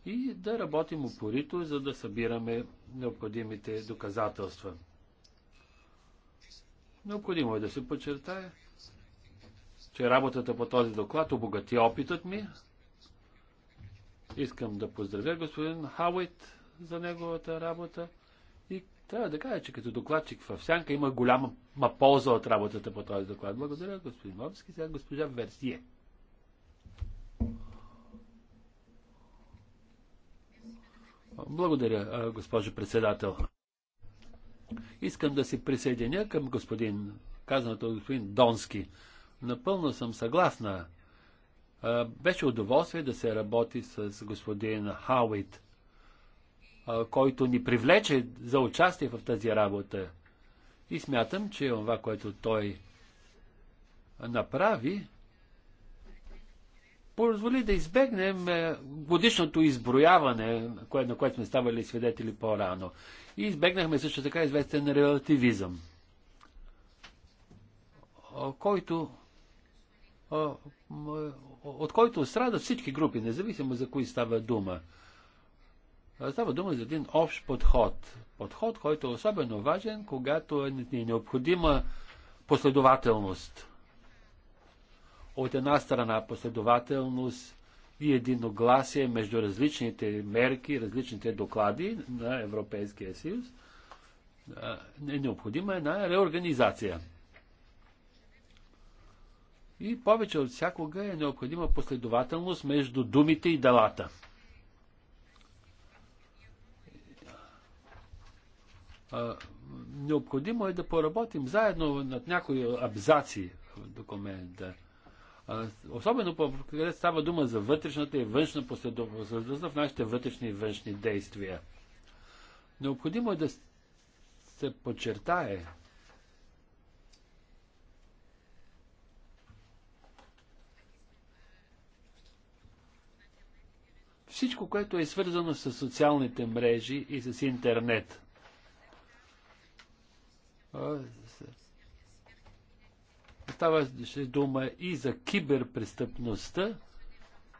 и да работим упорито, за да събираме необходимите доказателства. Необходимо е да се подчертая, че работата по този доклад обогати опитът ми. Искам да поздравя господин Хауит за неговата работа. Трябва да кажа, че като докладчик в Сянка има голяма полза от работата по този доклад. Благодаря, господин Мовски. Сега госпожа Версие. Благодаря, госпожо председател. Искам да се присъединя към господин, казаното от господин Донски. Напълно съм съгласна. Беше удоволствие да се работи с господин Хауит който ни привлече за участие в тази работа. И смятам, че това, което той направи, позволи да избегнем е, годишното изброяване, на което сме ставали свидетели по-рано. И избегнахме също така известен релативизъм, който, от който страдат всички групи, независимо за кои става дума. Става дума за един общ подход. Подход, който е особено важен, когато е необходима последователност. От една страна последователност и единогласие между различните мерки, различните доклади на Европейския съюз, е необходима една реорганизация. И повече от всякога е необходима последователност между думите и делата. необходимо е да поработим заедно над някои абзаци в документа. Особено където става дума за вътрешната и външна последователност в нашите вътрешни и външни действия. Необходимо е да се подчертае, всичко, което е свързано с социалните мрежи и с интернет ще дума и за киберпрестъпността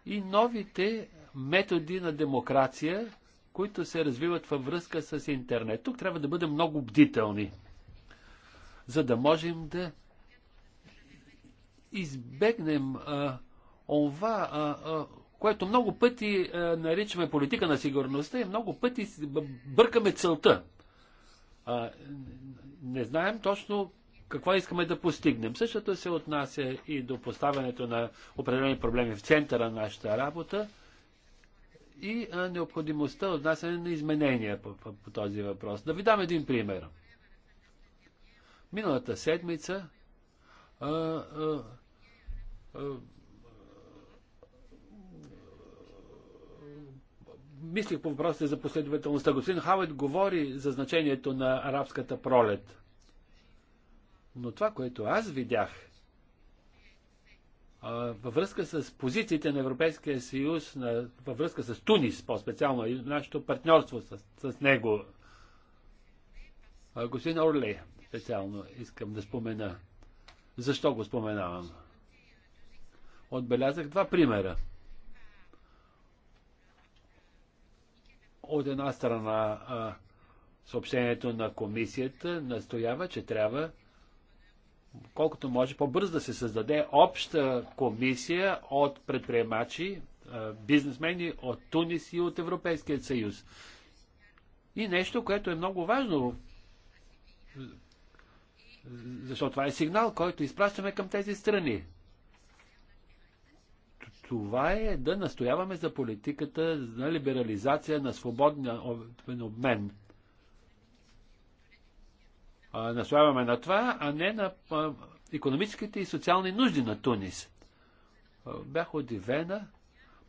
и новите методи на демокрация, които се развиват във връзка с интернет. Тук трябва да бъдем много бдителни, за да можем да избегнем а, онва, а, а, което много пъти а, наричаме политика на сигурността и много пъти бъркаме целта а, не знаем точно какво искаме да постигнем. Същото се отнася и до поставянето на определени проблеми в центъра на нашата работа и а, необходимостта от внасяне на изменения по, по, по този въпрос. Да ви дам един пример. Миналата седмица а, а, а, мислих по въпросите за последователността. Господин Хаует говори за значението на арабската пролет. Но това, което аз видях а, във връзка с позициите на Европейския съюз, на, във връзка с Тунис по-специално и нашето партньорство с, с него, а, господин Орле специално искам да спомена. Защо го споменавам? Отбелязах два примера – От една страна, а, съобщението на комисията настоява, че трябва колкото може по-бързо да се създаде обща комисия от предприемачи, бизнесмени от Тунис и от Европейския съюз. И нещо, което е много важно, защото това е сигнал, който изпращаме към тези страни това е да настояваме за политиката на либерализация на свободния обмен. настояваме на това, а не на економическите и социални нужди на Тунис. бях удивена,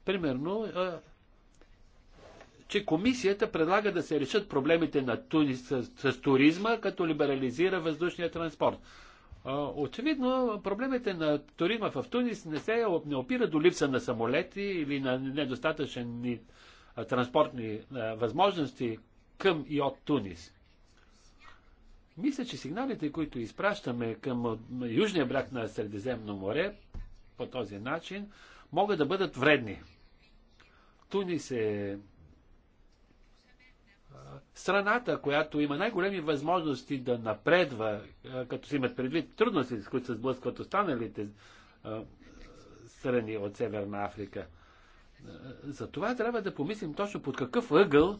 примерно, че комисията предлага да се решат проблемите на Тунис с, с туризма, като либерализира въздушния транспорт. Очевидно, проблемите на туризма в Тунис не се не опира до липса на самолети или на недостатъчни транспортни възможности към и от Тунис. Мисля, че сигналите, които изпращаме към южния бряг на Средиземно море по този начин, могат да бъдат вредни. Тунис е страната, която има най-големи възможности да напредва, е, като си имат предвид трудности, с които се сблъскват останалите е, страни от Северна Африка. Е, за това трябва да помислим точно под какъв ъгъл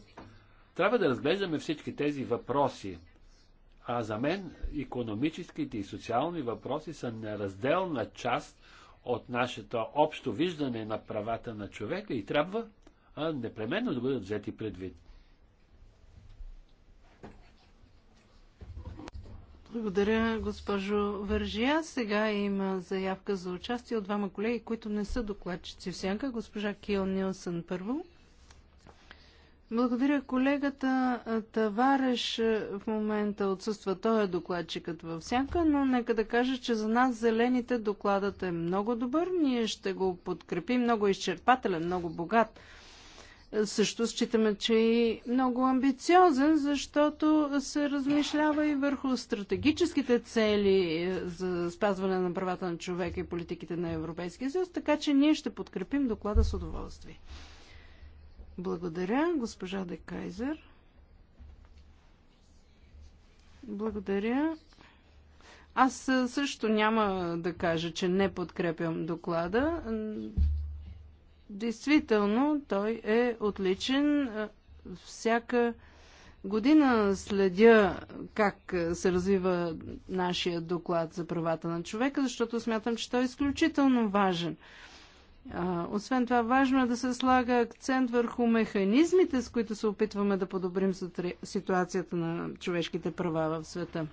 трябва да разглеждаме всички тези въпроси. А за мен економическите и социални въпроси са неразделна част от нашето общо виждане на правата на човека и трябва непременно да бъдат взети предвид. Благодаря, госпожо Вържия. Сега има заявка за участие от двама колеги, които не са докладчици в сянка. Госпожа Кил Нилсън първо. Благодаря. Колегата Тавареш в момента отсъства. Той е докладчикът в сянка, но нека да кажа, че за нас зелените докладът е много добър. Ние ще го подкрепим. Много изчерпателен, много богат. Също считаме, че е много амбициозен, защото се размишлява и върху стратегическите цели е, за спазване на правата на човека и политиките на Европейския съюз, така че ние ще подкрепим доклада с удоволствие. Благодаря, госпожа Декайзер. Благодаря. Аз е, също няма да кажа, че не подкрепям доклада. Действително, той е отличен. Е, всяка година следя как е, се развива нашия доклад за правата на човека, защото смятам, че той е изключително важен. Е, освен това, важно е да се слага акцент върху механизмите, с които се опитваме да подобрим ситуацията на човешките права в света.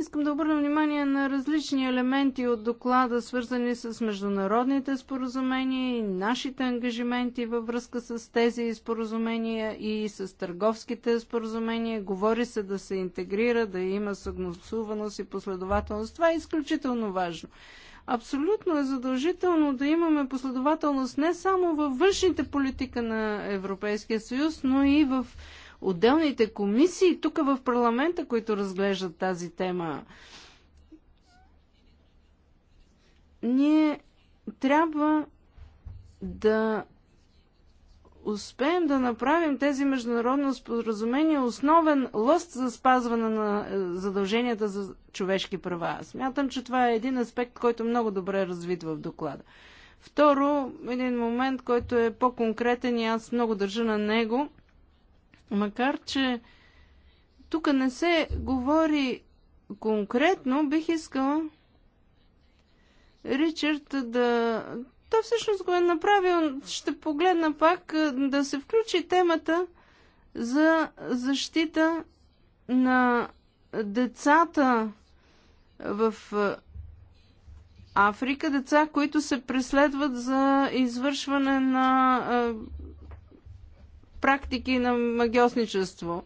Искам да обърна внимание на различни елементи от доклада, свързани с международните споразумения и нашите ангажименти във връзка с тези споразумения и с търговските споразумения. Говори се да се интегрира, да има съгласуваност и последователност. Това е изключително важно. Абсолютно е задължително да имаме последователност не само във външните политика на Европейския съюз, но и в отделните комисии тук в парламента, които разглеждат тази тема. Ние трябва да успеем да направим тези международно споразумения основен лъст за спазване на е, задълженията за човешки права. Смятам, че това е един аспект, който много добре е развит в доклада. Второ, един момент, който е по-конкретен и аз много държа на него – Макар, че тук не се говори конкретно, бих искала Ричард да... Той всъщност го е направил, ще погледна пак, е, да се включи темата за защита на децата в е, Африка, деца, които се преследват за извършване на е, практики на магиосничество.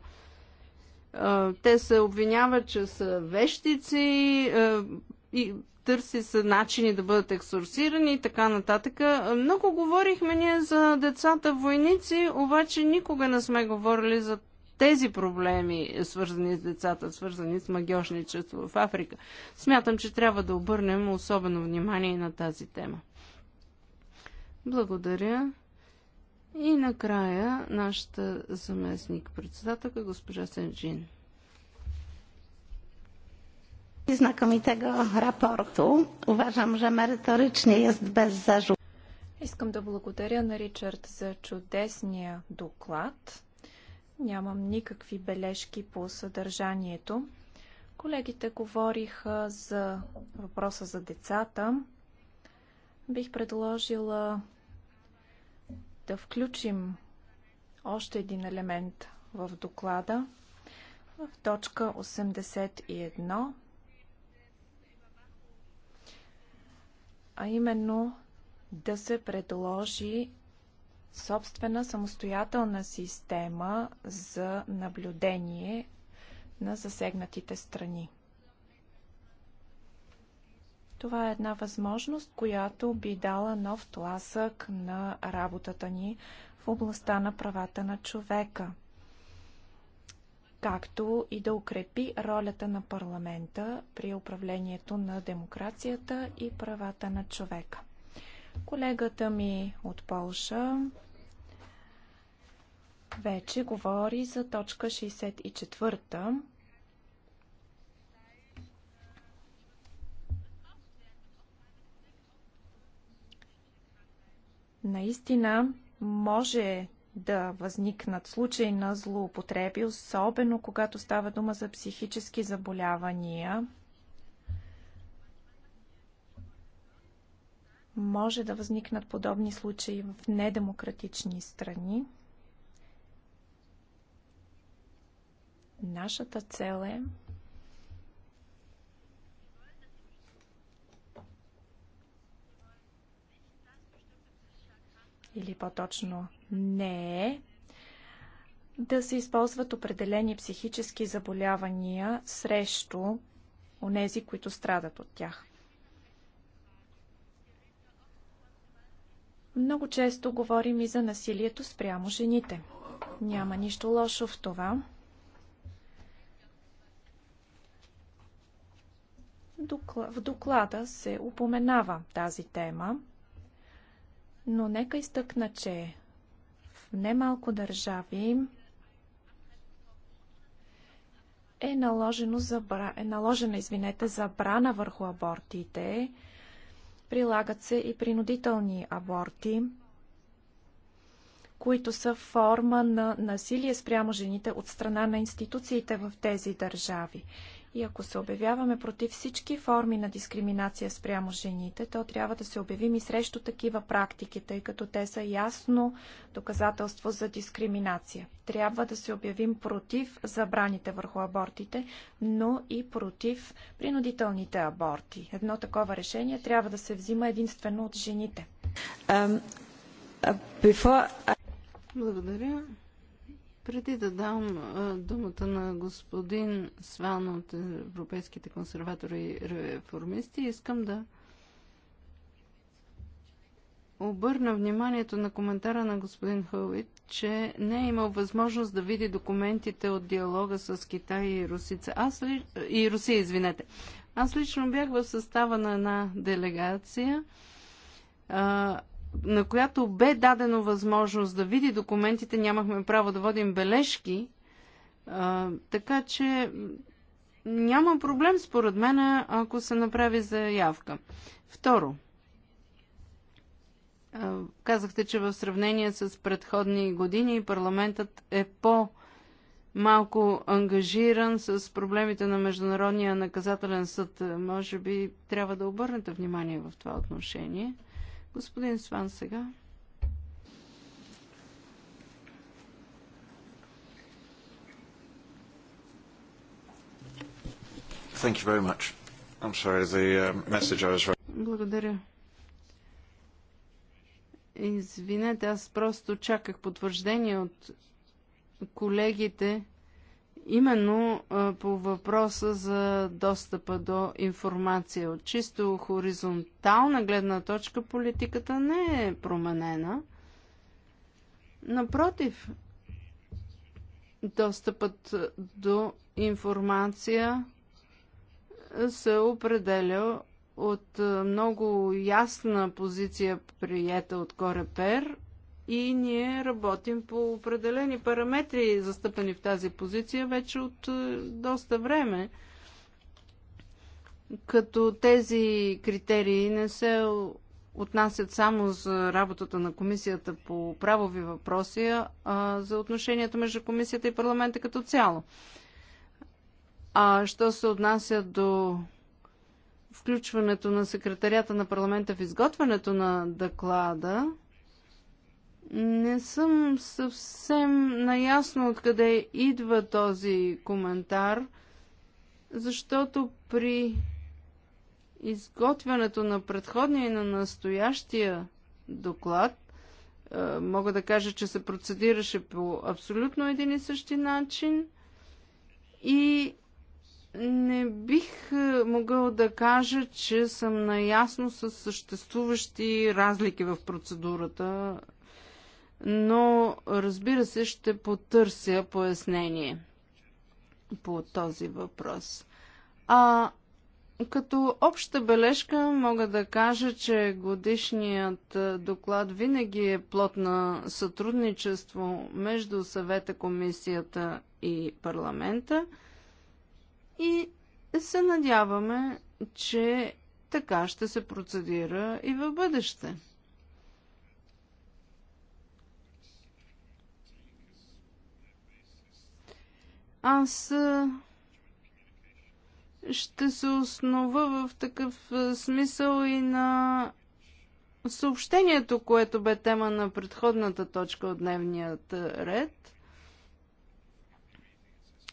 Е, те се обвиняват, че са вещици е, и търси се начини да бъдат ексорсирани и така нататък. Много говорихме ние за децата войници, обаче никога не сме говорили за тези проблеми, свързани с децата, свързани с магиошничество в Африка. Смятам, че трябва да обърнем особено внимание на тази тема. Благодаря. И накрая нашата заместник председателка госпожа Сенджин. Znakomitego raportu. Uważam, że merytorycznie jest bez zarzutu. Искам да благодаря на Ричард за чудесния доклад. Нямам никакви бележки по съдържанието. Колегите говориха за въпроса за децата. Бих предложила да включим още един елемент в доклада. В точка 81 а именно да се предложи собствена самостоятелна система за наблюдение на засегнатите страни. Това е една възможност, която би дала нов тласък на работата ни в областта на правата на човека, както и да укрепи ролята на парламента при управлението на демокрацията и правата на човека. Колегата ми от Полша вече говори за точка 64 Наистина може да възникнат случаи на злоупотреби, особено когато става дума за психически заболявания. Може да възникнат подобни случаи в недемократични страни. Нашата цел е или по-точно не е, да се използват определени психически заболявания срещу онези, които страдат от тях. Много често говорим и за насилието спрямо жените. Няма нищо лошо в това. В доклада се упоменава тази тема. Но нека изтъкна, че в немалко държави е, наложено забра... е наложена извинете, забрана върху абортите. Прилагат се и принудителни аборти, които са форма на насилие спрямо жените от страна на институциите в тези държави. И ако се обявяваме против всички форми на дискриминация спрямо жените, то трябва да се обявим и срещу такива практики, тъй като те са ясно доказателство за дискриминация. Трябва да се обявим против забраните върху абортите, но и против принудителните аборти. Едно такова решение трябва да се взима единствено от жените. Um, uh, before... Благодаря. Преди да дам думата на господин Сван от Европейските консерватори и реформисти, искам да обърна вниманието на коментара на господин Хълвит, че не е имал възможност да види документите от диалога с Китай и Русица. Аз ли... и Русия, извинете. Аз лично бях в състава на една делегация. А, на която бе дадено възможност да види документите, нямахме право да водим бележки. А, така че няма проблем, според мен, ако се направи заявка. Второ, а, казахте, че в сравнение с предходни години парламентът е по- малко ангажиран с проблемите на Международния наказателен съд. Може би трябва да обърнете внимание в това отношение. Господин Сван сега. Thank you very much. I'm sorry, the uh, message I was... Благодаря. Извинете, аз просто чаках потвърждение от колегите Именно по въпроса за достъпа до информация. От чисто хоризонтална гледна точка политиката не е променена. Напротив, достъпът до информация се определя от много ясна позиция, приета от Корепер, и ние работим по определени параметри, застъпени в тази позиция вече от е, доста време. Като тези критерии не се отнасят само за работата на комисията по правови въпроси, а за отношенията между комисията и парламента като цяло. А що се отнася до включването на секретарията на парламента в изготвянето на доклада, не съм съвсем наясно откъде идва този коментар, защото при изготвянето на предходния и на настоящия доклад е, мога да кажа, че се процедираше по абсолютно един и същи начин и не бих е, могъл да кажа, че съм наясно с съществуващи разлики в процедурата но разбира се ще потърся пояснение по този въпрос. А като обща бележка мога да кажа, че годишният доклад винаги е плод на сътрудничество между съвета, комисията и парламента и се надяваме, че така ще се процедира и в бъдеще. Аз ще се основа в такъв смисъл и на съобщението, което бе тема на предходната точка от дневният ред.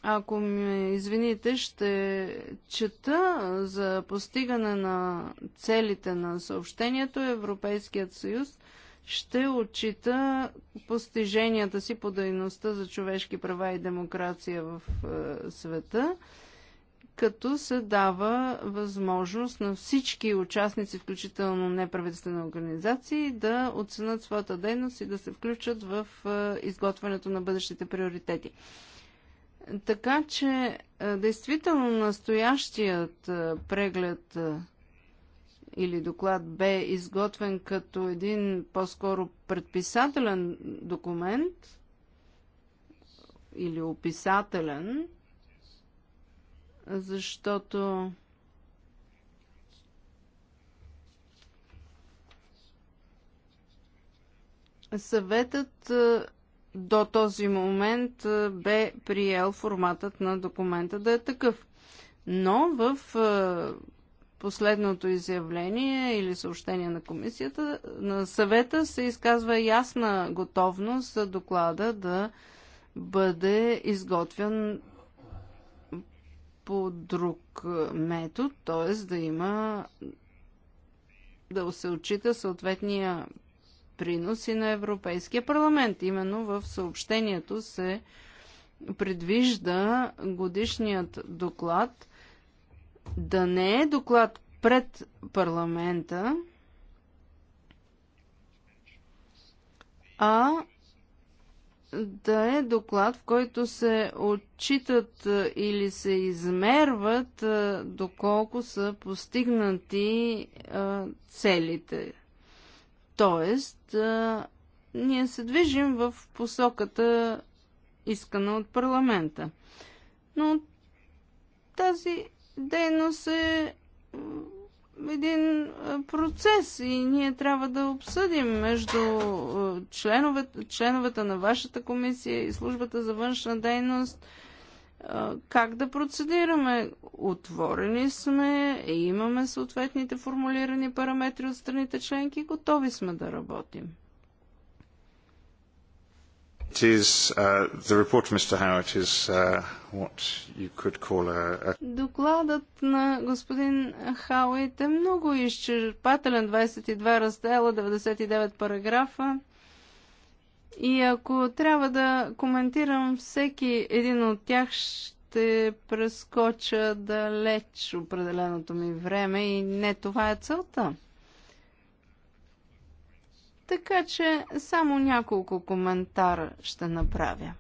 Ако ми извините, ще чета за постигане на целите на съобщението Европейският съюз ще отчита постиженията си по дейността за човешки права и демокрация в е, света, като се дава възможност на всички участници, включително неправителствени организации, да оценят своята дейност и да се включат в е, изготвянето на бъдещите приоритети. Така че, е, действително, настоящият преглед или доклад бе изготвен като един по-скоро предписателен документ или описателен, защото съветът до този момент бе приел форматът на документа да е такъв. Но в последното изявление или съобщение на комисията, на съвета се изказва ясна готовност за доклада да бъде изготвен по друг метод, т.е. да има да се отчита съответния принос и на Европейския парламент. Именно в съобщението се предвижда годишният доклад – да не е доклад пред парламента, а да е доклад, в който се отчитат или се измерват доколко са постигнати целите. Тоест, ние се движим в посоката искана от парламента. Но тази дейност е един процес и ние трябва да обсъдим между членовете, членовете на вашата комисия и службата за външна дейност как да процедираме. Отворени сме, имаме съответните формулирани параметри от страните членки, готови сме да работим. Докладът на господин Хауит е много изчерпателен, 22 раздела, 99 параграфа. И ако трябва да коментирам всеки един от тях, ще прескоча далеч определеното ми време и не това е целта. Така че само няколко коментара ще направя.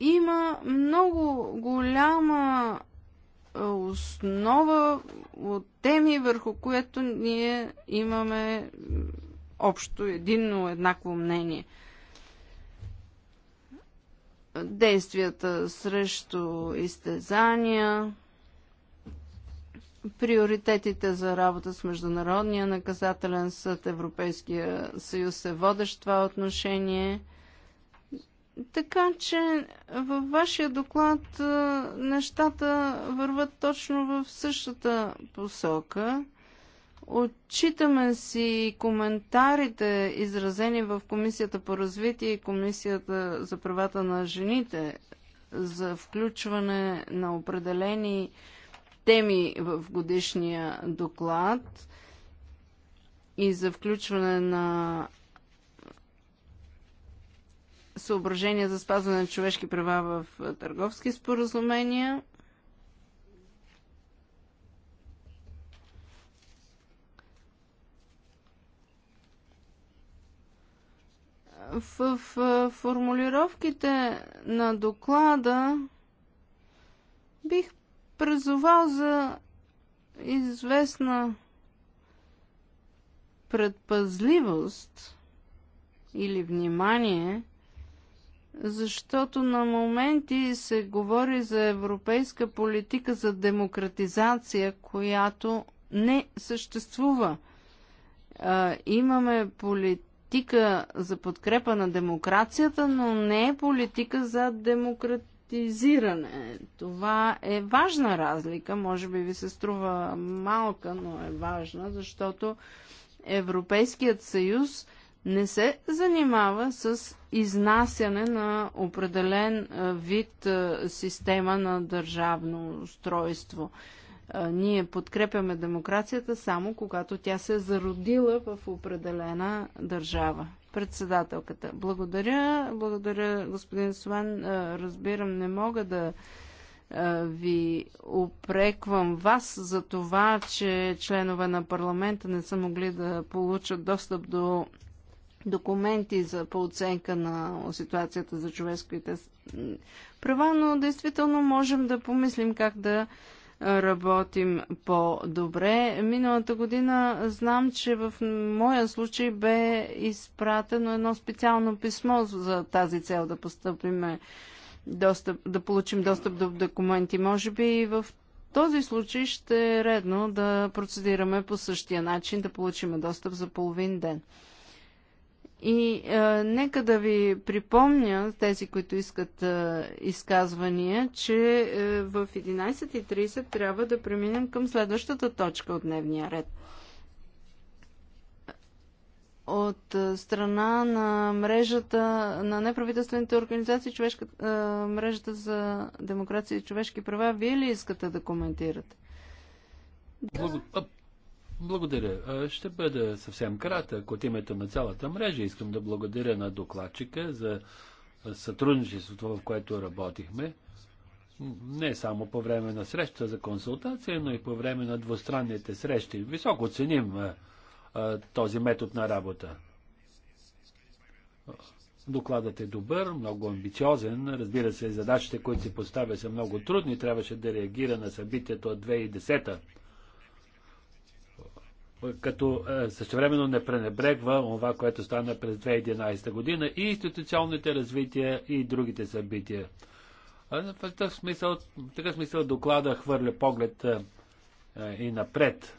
има много голяма е, основа от теми, върху което ние имаме общо единно еднакво мнение – действията срещу изтезания, приоритетите за работа с Международния наказателен съд, Европейския съюз е водещ това отношение. Така че във вашия доклад нещата върват точно в същата посока – Отчитаме си коментарите, изразени в Комисията по развитие и Комисията за правата на жените за включване на определени теми в годишния доклад и за включване на съображения за спазване на човешки права в търговски споразумения. В, в формулировките на доклада бих призовал за известна предпазливост или внимание, защото на моменти се говори за европейска политика за демократизация, която не съществува. А, имаме политика политика за подкрепа на демокрацията, но не е политика за демократизиране. Това е важна разлика, може би ви се струва малка, но е важна, защото Европейският съюз не се занимава с изнасяне на определен вид система на държавно устройство – ние подкрепяме демокрацията само когато тя се е зародила в определена държава. Председателката. Благодаря, благодаря господин Суен. Разбирам, не мога да ви опреквам вас за това, че членове на парламента не са могли да получат достъп до документи за по оценка на ситуацията за човешките права, но действително можем да помислим как да работим по-добре. Миналата година знам, че в моя случай бе изпратено едно специално писмо за тази цел да постъпиме достъп, да получим достъп до документи. Може би и в този случай ще е редно да процедираме по същия начин, да получим достъп за половин ден. И е, нека да ви припомня, тези, които искат е, изказвания, че е, в 11.30 трябва да преминем към следващата точка от дневния ред. От е, страна на мрежата на неправителствените организации, човешка, е, мрежата за демокрация и човешки права, вие ли искате да коментирате? Да. Благодаря. Ще бъда съвсем кратък от името на цялата мрежа. Искам да благодаря на докладчика за сътрудничеството, в което работихме. Не само по време на среща за консултация, но и по време на двустранните срещи. Високо ценим този метод на работа. Докладът е добър, много амбициозен. Разбира се, задачите, които си поставя, са много трудни. Трябваше да реагира на събитието от 2010 -та като е, същевременно не пренебрегва това, което стана през 2011 година и институционните развития и другите събития. В такъв смисъл, такъв смисъл доклада хвърля поглед е, е, и напред.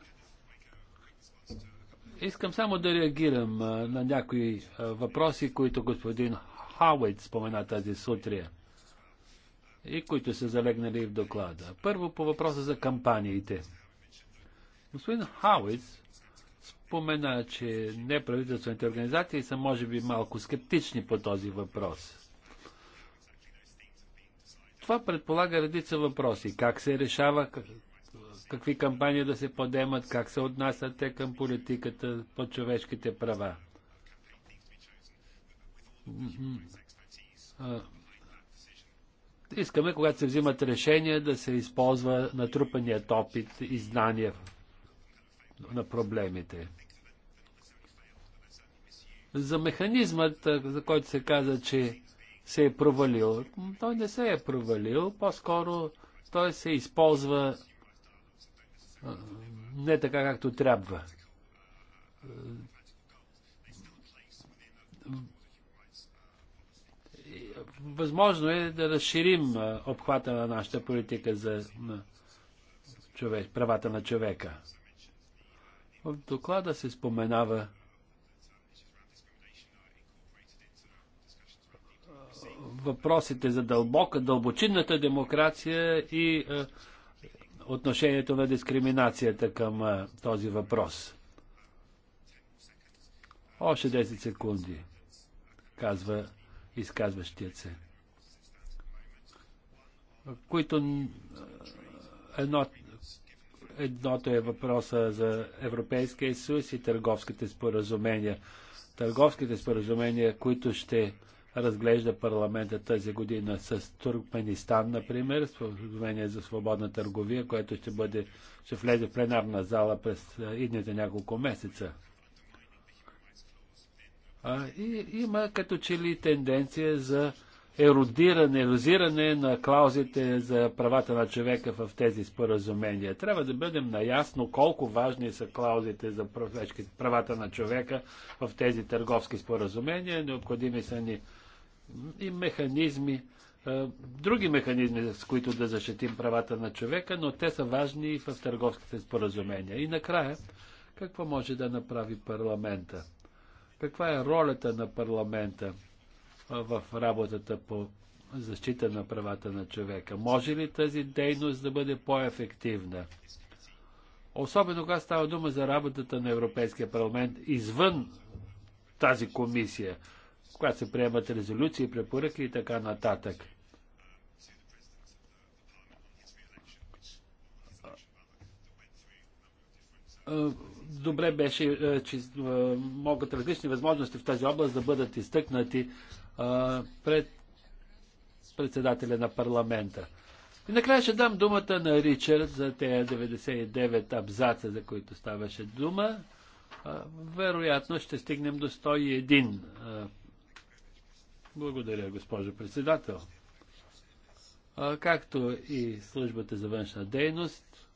Искам само да реагирам на някои въпроси, които господин Хауит спомена тази сутрия и които са залегнали в доклада. Първо по въпроса за кампаниите. Господин Хауиц спомена, че неправителствените организации са може би малко скептични по този въпрос. Това предполага редица въпроси. Как се решава, какви кампании да се подемат, как се отнасят те към политиката по човешките права. Искаме, когато се взимат решения, да се използва натрупаният опит и знания на проблемите. За механизмът, за който се каза, че се е провалил, той не се е провалил, по-скоро той се използва не така както трябва. Възможно е да разширим обхвата на нашата политика за на човек, правата на човека. В доклада се споменава въпросите за дълбока, дълбочинната демокрация и отношението на дискриминацията към този въпрос. Още 10 секунди, казва изказващият се. Които едно, Едното е въпроса за Европейския съюз и търговските споразумения. Търговските споразумения, които ще разглежда парламента тази година с Туркменистан, например, споразумение за свободна търговия, което ще, бъде, ще влезе в пленарна зала през идните няколко месеца. А, и, има като че ли тенденция за еродиране, ерозиране на клаузите за правата на човека в тези споразумения. Трябва да бъдем наясно колко важни са клаузите за правата на човека в тези търговски споразумения. Необходими са ни и механизми, е, други механизми, с които да защитим правата на човека, но те са важни и в търговските споразумения. И накрая, какво може да направи парламента? Каква е ролята на парламента? в работата по защита на правата на човека? Може ли тази дейност да бъде по-ефективна? Особено когато става дума за работата на Европейския парламент извън тази комисия, когато се приемат резолюции, препоръки и така нататък. Добре беше, че могат различни възможности в тази област да бъдат изтъкнати а, пред председателя на парламента. И накрая ще дам думата на Ричард за тези 99 абзаца, за които ставаше дума. А, вероятно ще стигнем до 101. А, благодаря, госпожо председател. А, както и службата за външна дейност,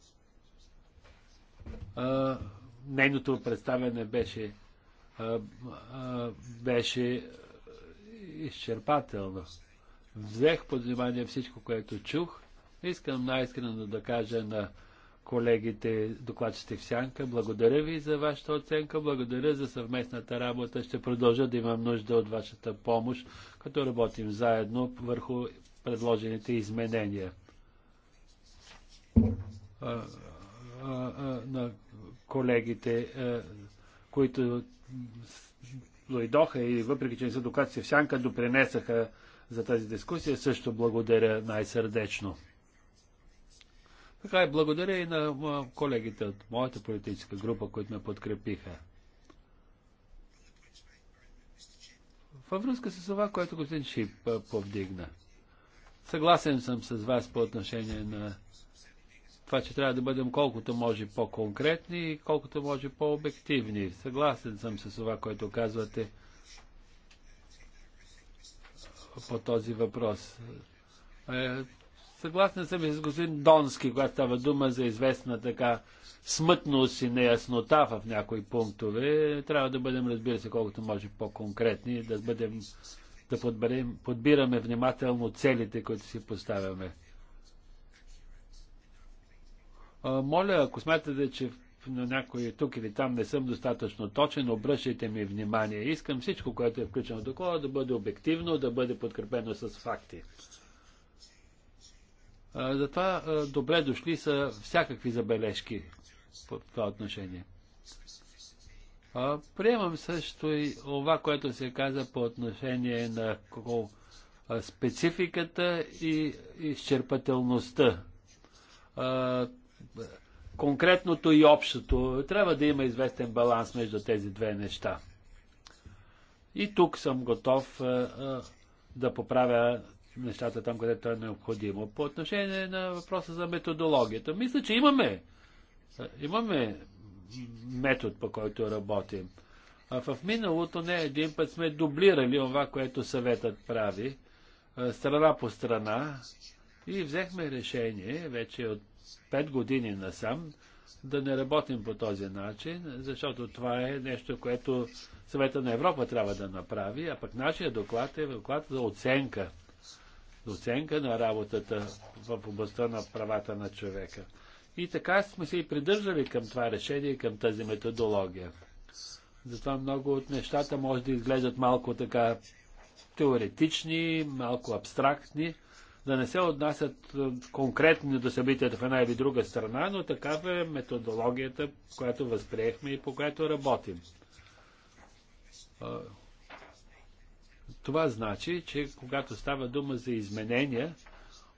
нейното представяне беше, беше изчерпателно. Взех под внимание всичко, което чух. Искам най-искрено да кажа на колегите докладчите в Сянка. Благодаря ви за вашата оценка, благодаря за съвместната работа. Ще продължа да имам нужда от вашата помощ, като работим заедно върху предложените изменения. А, а, а, на колегите, които дойдоха и въпреки, че не са докладци в сянка, допринесаха за тази дискусия. Също благодаря най-сърдечно. Така и благодаря и на колегите от моята политическа група, които ме подкрепиха. Във връзка с това, което господин Шип повдигна. Съгласен съм с вас по отношение на това, че трябва да бъдем колкото може по-конкретни и колкото може по-обективни. Съгласен съм с това, което казвате по този въпрос. Е, съгласен съм и с господин Донски, когато става дума за известна така смътност и неяснота в някои пунктове. Трябва да бъдем, разбира се, колкото може по-конкретни, да бъдем да подбираме внимателно целите, които си поставяме. Моля, ако смятате, че на някой е тук или там не съм достатъчно точен, обръщайте ми внимание. Искам всичко, което е включено в доклада, да бъде обективно, да бъде подкрепено с факти. Затова добре дошли са всякакви забележки по това отношение. Приемам също и това, което се каза по отношение на спецификата и изчерпателността конкретното и общото. Трябва да има известен баланс между тези две неща. И тук съм готов да поправя нещата там, където е необходимо. По отношение на въпроса за методологията, мисля, че имаме. Имаме метод, по който работим. А в миналото не един път сме дублирали това, което съветът прави, страна по страна, и взехме решение вече от 5 години насам да не работим по този начин, защото това е нещо, което съвета на Европа трябва да направи, а пък нашия доклад е доклад за оценка. За оценка на работата в областта на правата на човека. И така сме се и придържали към това решение и към тази методология. Затова много от нещата може да изглеждат малко така теоретични, малко абстрактни, да не се отнасят е, конкретно до събитията в една или друга страна, но такава е методологията, която възприехме и по която работим. Това значи, че когато става дума за изменения,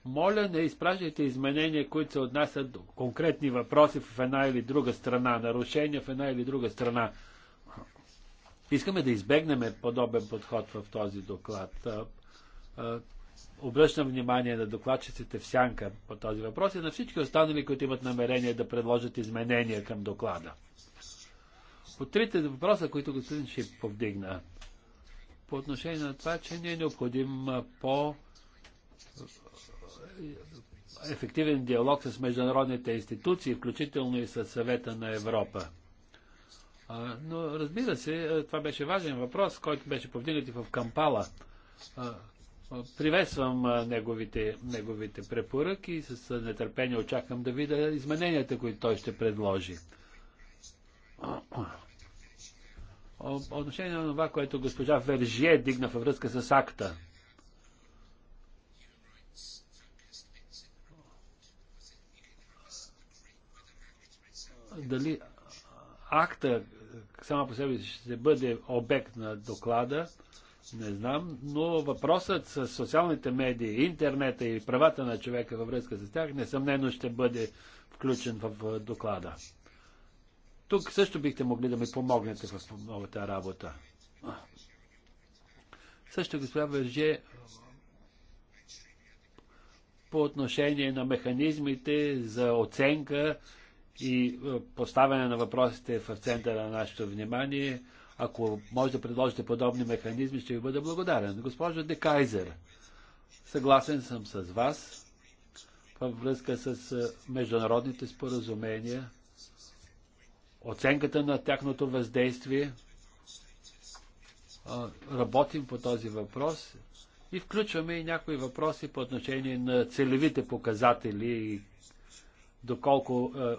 моля не изпращайте изменения, които се отнасят до конкретни въпроси в една или друга страна, нарушения в една или друга страна. Искаме да избегнем подобен подход в този доклад обръщам внимание на докладчиците в сянка по този въпрос и на всички останали, които имат намерение да предложат изменения към доклада. По трите въпроса, които господин Шип повдигна, по отношение на това, че не е необходим по ефективен диалог с международните институции, включително и с съвета на Европа. Но разбира се, това беше важен въпрос, който беше повдигнат и в Кампала Приветствам неговите, неговите препоръки и с нетърпение очаквам да видя измененията, които той ще предложи. отношение на това, което госпожа Вержие дигна във връзка с акта. Дали акта сама по себе ще бъде обект на доклада, не знам, но въпросът с социалните медии, интернета и правата на човека във връзка с тях несъмнено ще бъде включен в доклада. Тук също бихте могли да ми помогнете в новата работа. Също госпожа Верже по отношение на механизмите за оценка и е, поставяне на въпросите в центъра на нашето внимание – ако може да предложите подобни механизми, ще ви бъда благодарен. Госпожа Декайзер, съгласен съм с вас във връзка с е, международните споразумения, оценката на тяхното въздействие. Работим по този въпрос и включваме и някои въпроси по отношение на целевите показатели и доколко е,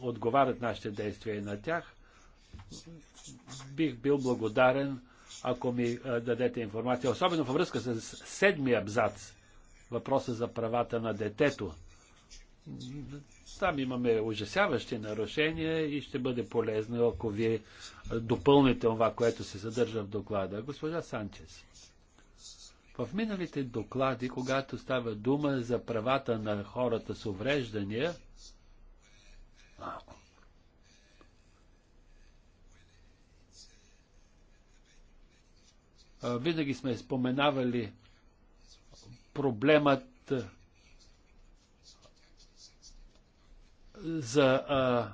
отговарят нашите действия на тях бих бил благодарен, ако ми дадете информация, особено във връзка с седмия абзац, въпроса за правата на детето. Там имаме ужасяващи нарушения и ще бъде полезно, ако вие допълните това, което се съдържа в доклада. Госпожа Санчес, в миналите доклади, когато става дума за правата на хората с увреждания, Винаги сме споменавали проблемът за а,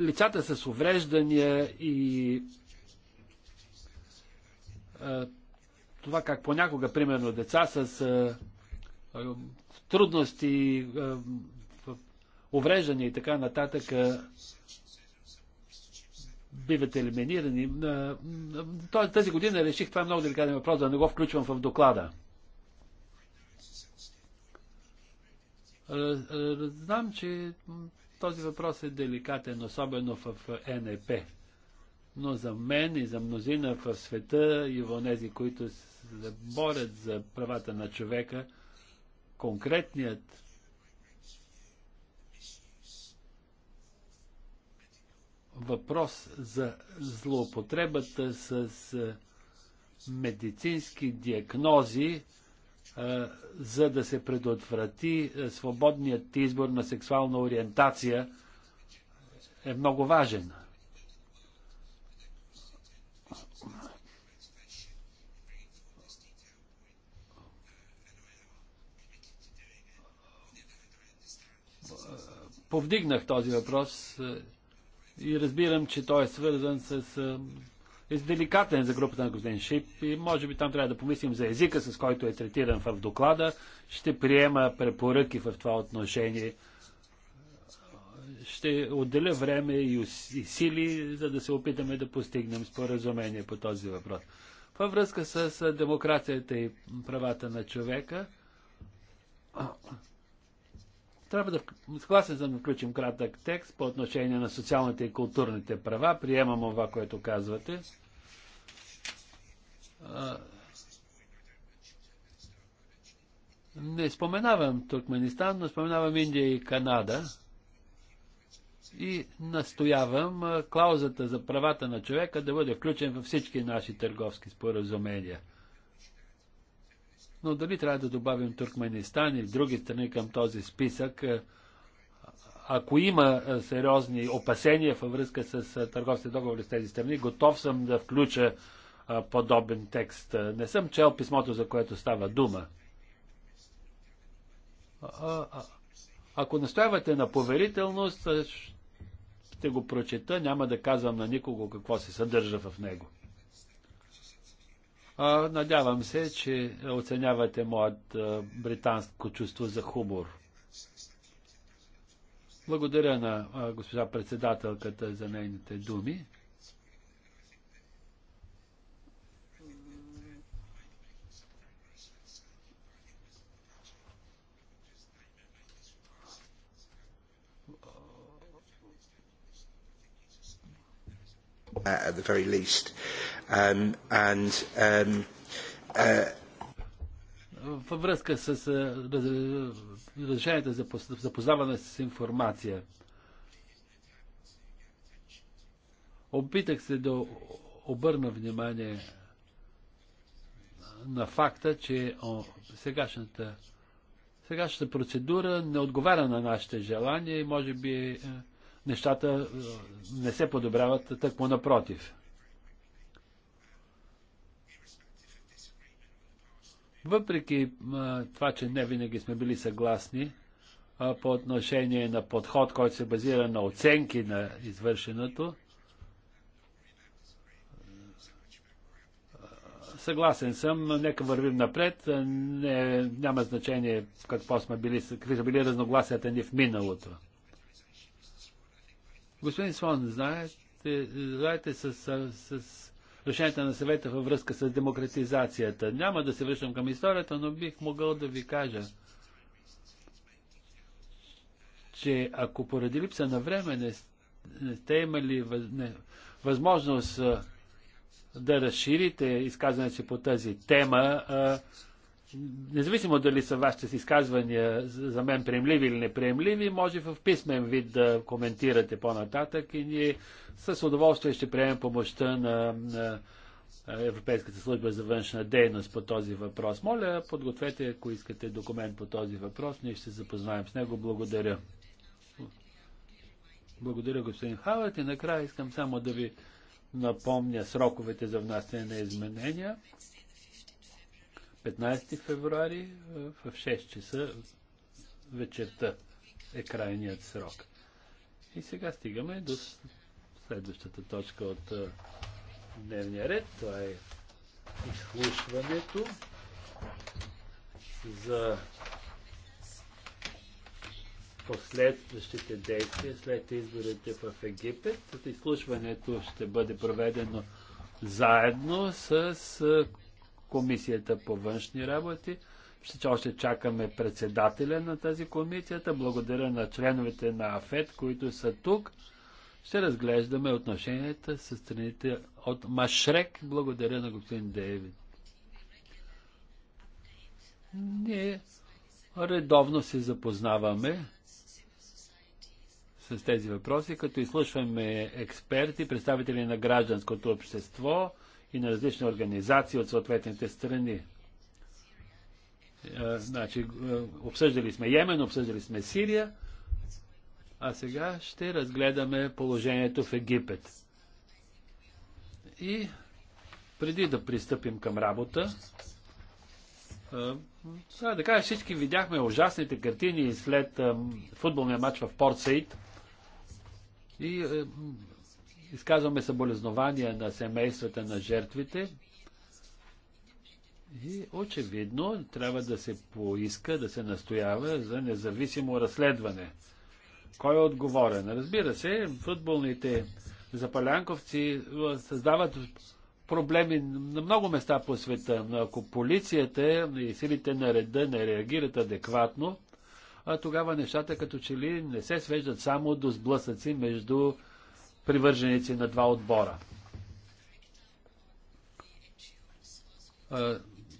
лицата с увреждания и а, това как понякога, примерно, деца с а, а, трудности, а, увреждания и така нататък а, биват елиминирани. Е, тази година реших, това е много деликатен въпрос, да не го включвам в доклада. Знам, че този въпрос е деликатен, особено в НЕП. Но за мен и за мнозина в света и в тези, които се борят за правата на човека, конкретният въпрос за злоупотребата с медицински диагнози, за да се предотврати свободният избор на сексуална ориентация, е много важен. Повдигнах този въпрос и разбирам, че той е свързан с... е деликатен за групата на господин Шип и може би там трябва да помислим за езика, с който е третиран в доклада. Ще приема препоръки в това отношение. Ще отделя време и сили, за да се опитаме да постигнем споразумение по този въпрос. Във връзка с демокрацията и правата на човека, трябва да, съгласен съм да включим кратък текст по отношение на социалните и културните права. Приемам това, което казвате. Не споменавам Туркменистан, но споменавам Индия и Канада. И настоявам клаузата за правата на човека да бъде включен във всички наши търговски споразумения – но дали трябва да добавим Туркменистан и други страни към този списък, е, ако има е, сериозни опасения във връзка с е, търговски договори с тези страни, готов съм да включа подобен текст. Не съм чел писмото, за което става дума. А, а, ако настоявате на поверителност, ще го прочета, няма да казвам на никого какво се съдържа в него. Надявам се, че оценявате моят британско чувство за хумор. Благодаря на госпожа председателката за нейните думи. at the very least. Um, and, um, uh... Във връзка с разрешението за запознаване с информация. Опитах се да обърна внимание на факта, че о, сегашната, сегашната процедура не отговаря на нашите желания и може би е, нещата е, не се подобряват, тъкмо напротив. Въпреки това, че не винаги сме били съгласни по отношение на подход, който се базира на оценки на извършеното, съгласен съм, нека вървим напред. Не, няма значение какво сме били, какви са били разногласията ни в миналото. Господин Свон, знаете, знаете с, с, с решенията на съвета във връзка с демократизацията. Няма да се връщам към историята, но бих могъл да ви кажа, че ако поради липса на време не, не сте имали въз, не, възможност да разширите изказването си по тази тема, а, независимо дали са вашите си изказвания за мен приемливи или неприемливи, може в писмен вид да коментирате по-нататък и ние с удоволствие ще приемем помощта на, на Европейската служба за външна дейност по този въпрос. Моля, подгответе, ако искате документ по този въпрос, ние ще се запознаем с него. Благодаря. Благодаря, господин Хават. И накрая искам само да ви напомня сроковете за внасяне на изменения. 15 февруари в 6 часа вечерта е крайният срок. И сега стигаме до следващата точка от дневния ред. Това е изслушването за последващите действия след изборите в Египет. Изслушването ще бъде проведено заедно с Комисията по външни работи. Ще още чакаме председателя на тази комисията. Благодаря на членовете на АФЕД, които са тук. Ще разглеждаме отношенията с страните от Машрек. Благодаря на господин Дейвид. Ние редовно се запознаваме с тези въпроси, като изслушваме експерти, представители на гражданското общество, и на различни организации от съответните страни. Значи, обсъждали сме Йемен, обсъждали сме Сирия, а сега ще разгледаме положението в Египет. И преди да пристъпим към работа, сега да кажа, всички видяхме ужасните картини след футболния матч в Порт Сейт. И Изказваме съболезнования на семействата на жертвите. И очевидно трябва да се поиска, да се настоява за независимо разследване. Кой е отговорен? Разбира се, футболните запалянковци е, създават проблеми на много места по света, но ако полицията и силите на реда не реагират адекватно, а тогава нещата като че ли не се свеждат само до сблъсъци между привърженици на два отбора.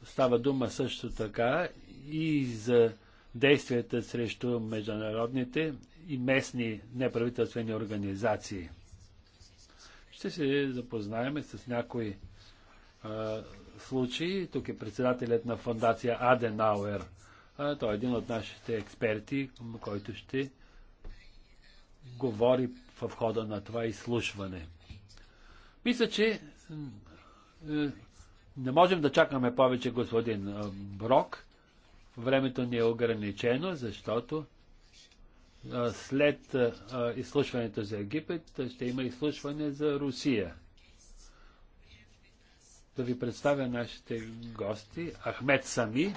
Става дума също така и за действията срещу международните и местни неправителствени организации. Ще се запознаем с някои а, случаи. Тук е председателят на фундация Аденауер. А, той е един от нашите експерти, който ще говори в хода на това изслушване. Мисля, че е, не можем да чакаме повече господин е, Брок. Времето ни е ограничено, защото е, след изслушването за Египет ще има изслушване за Русия. Да ви представя нашите гости. Ахмед Сами,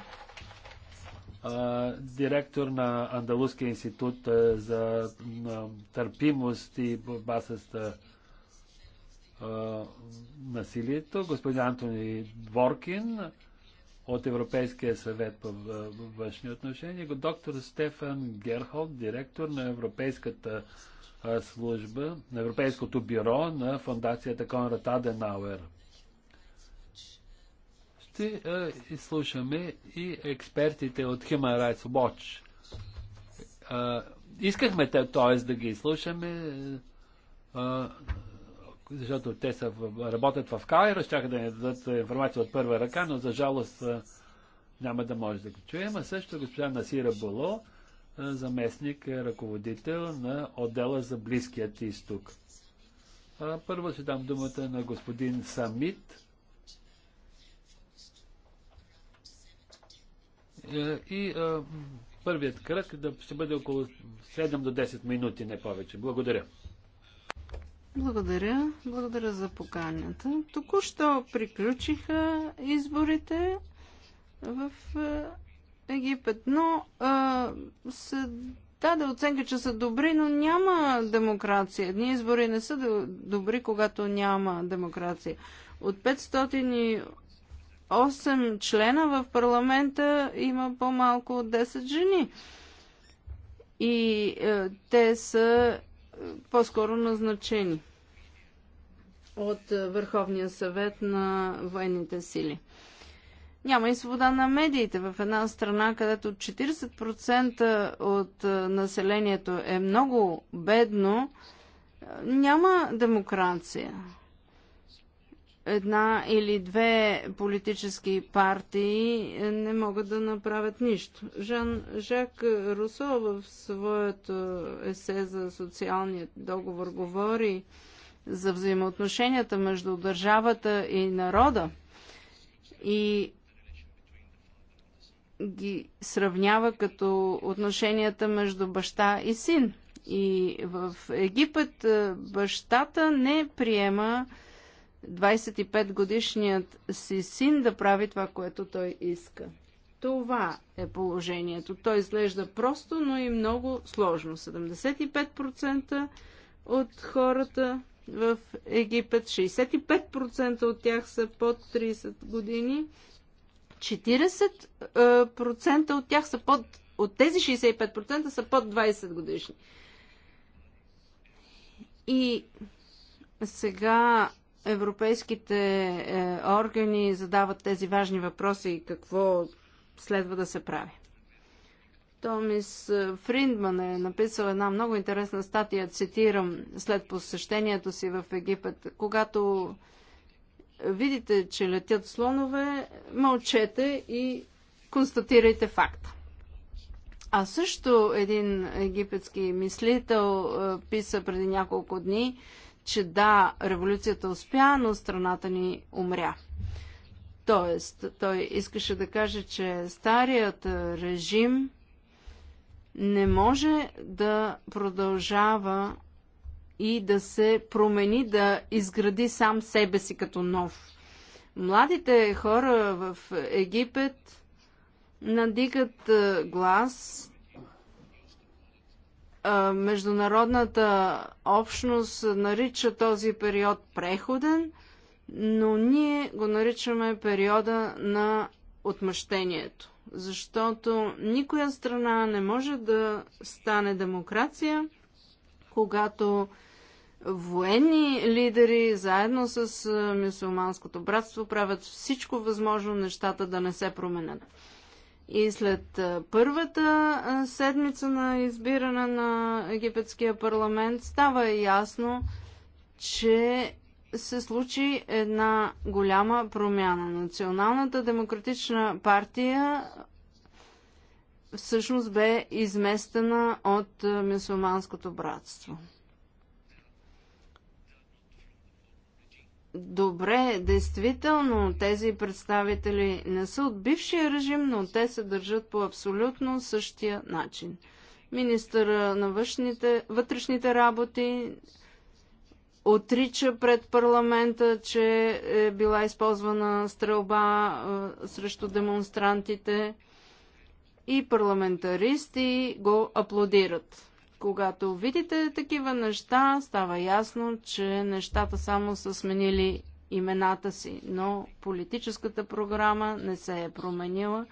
директор на Андалуския институт за търпимост и борба с насилието, господин Антони Дворкин от Европейския съвет по външни отношения, доктор Стефан Герхолд, директор на Европейската служба, на Европейското бюро на фундацията Конрад Аденауер – ще изслушаме и експертите от Human Rights Watch. Искахме те, т.е. да ги изслушаме, защото те са, работят в Кайро, чакат да ни дадат информация от първа ръка, но за жалост няма да може да ги чуем. А също госпожа Насира Боло, заместник, е, ръководител на отдела за Близкият изток. Първо ще дам думата на господин Самит, Е, и е, първият кръг да ще бъде около 7 до 10 минути, не повече. Благодаря. Благодаря. Благодаря за поканята. Току-що приключиха изборите в е, Египет, но а, се даде оценка, че са добри, но няма демокрация. Едни избори не са добри, когато няма демокрация. От 500 8 члена в парламента има по-малко от 10 жени. И е, те са е, по-скоро назначени от е, Върховния съвет на военните сили. Няма и свобода на медиите в една страна, където 40% от е, населението е много бедно, няма демокрация една или две политически партии не могат да направят нищо. Жан Жак Русо в своето есе за социалния договор говори за взаимоотношенията между държавата и народа и ги сравнява като отношенията между баща и син. И в Египет е, бащата не приема 25 годишният си син да прави това, което той иска. Това е положението. Той изглежда просто, но и много сложно. 75% от хората в Египет, 65% от тях са под 30 години, 40% от тях са под, от тези 65% са под 20 годишни. И сега европейските е, органи задават тези важни въпроси и какво следва да се прави. Томис е, Фриндман е написал една много интересна статия, цитирам, след посещението си в Египет. Когато видите, че летят слонове, мълчете и констатирайте факта. А също един египетски мислител е, писа преди няколко дни, че да, революцията успя, но страната ни умря. Тоест, той искаше да каже, че старият режим не може да продължава и да се промени, да изгради сам себе си като нов. Младите хора в Египет надигат глас международната общност нарича този период преходен, но ние го наричаме периода на отмъщението. Защото никоя страна не може да стане демокрация, когато военни лидери заедно с мюсулманското братство правят всичко възможно нещата да не се променят. И след първата седмица на избиране на египетския парламент става ясно, че се случи една голяма промяна. Националната демократична партия всъщност бе изместена от мюсулманското братство. добре, действително тези представители не са от бившия режим, но те се държат по абсолютно същия начин. Министъра на външните, вътрешните работи отрича пред парламента, че е била използвана стрелба е, срещу демонстрантите и парламентаристи го аплодират. Когато видите такива неща, става ясно, че нещата само са сменили имената си, но политическата програма не се е променила.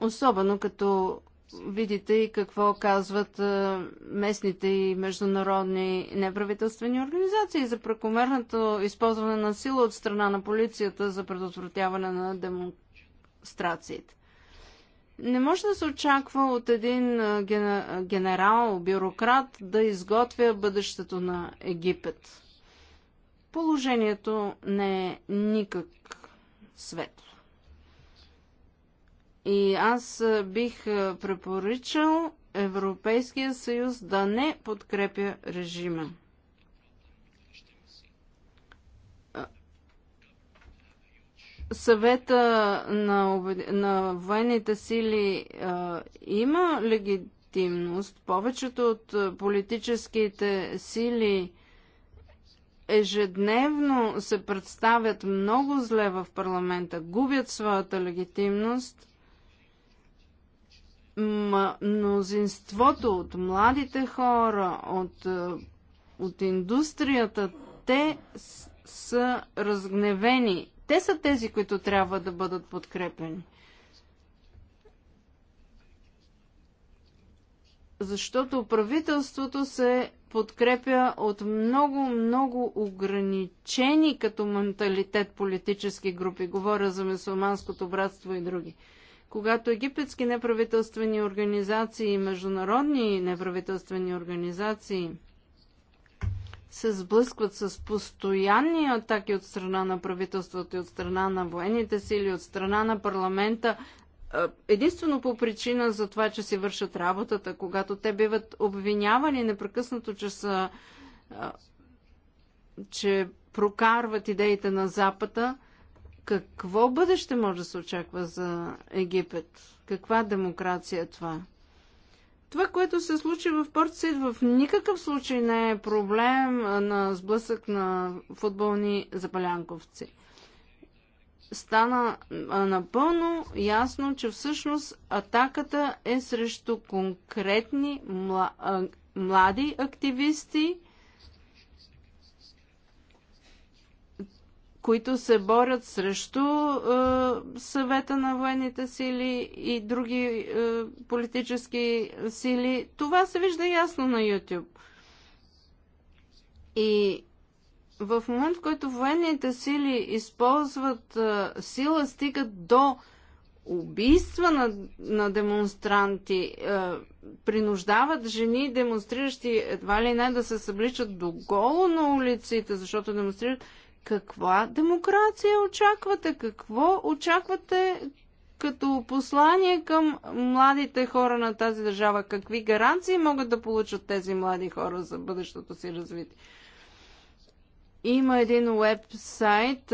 Особено като видите и какво казват е, местните и международни неправителствени организации за прекомерното използване на сила от страна на полицията за предотвратяване на демонстрациите. Не може да се очаква от един генерал, бюрократ да изготвя бъдещето на Египет. Положението не е никак светло. И аз бих препоръчал Европейския съюз да не подкрепя режима. съвета на, на военните сили а, има легитимност. Повечето от политическите сили ежедневно се представят много зле в парламента, губят своята легитимност. Мнозинството от младите хора, от, от индустрията, те са разгневени те са тези, които трябва да бъдат подкрепени. Защото правителството се подкрепя от много, много ограничени като менталитет политически групи. Говоря за мусулманското братство и други. Когато египетски неправителствени организации и международни неправителствени организации – се сблъскват с постоянни атаки от страна на правителството и от страна на военните сили, от страна на парламента, единствено по причина за това, че си вършат работата, когато те биват обвинявани непрекъснато, че са че прокарват идеите на Запада, какво бъдеще може да се очаква за Египет? Каква демокрация е това? Това, което се случи в Порт Сид, в никакъв случай не е проблем на сблъсък на футболни запалянковци. Стана напълно ясно, че всъщност атаката е срещу конкретни млади активисти, които се борят срещу е, съвета на военните сили и други е, политически сили. Това се вижда ясно на YouTube. И в момент, в който военните сили използват е, сила, стигат до убийства на, на демонстранти, е, принуждават жени, демонстриращи едва ли не да се събличат до голо на улиците, защото демонстрират каква демокрация очаквате? Какво очаквате като послание към младите хора на тази държава? Какви гаранции могат да получат тези млади хора за бъдещото си развитие? Има един сайт,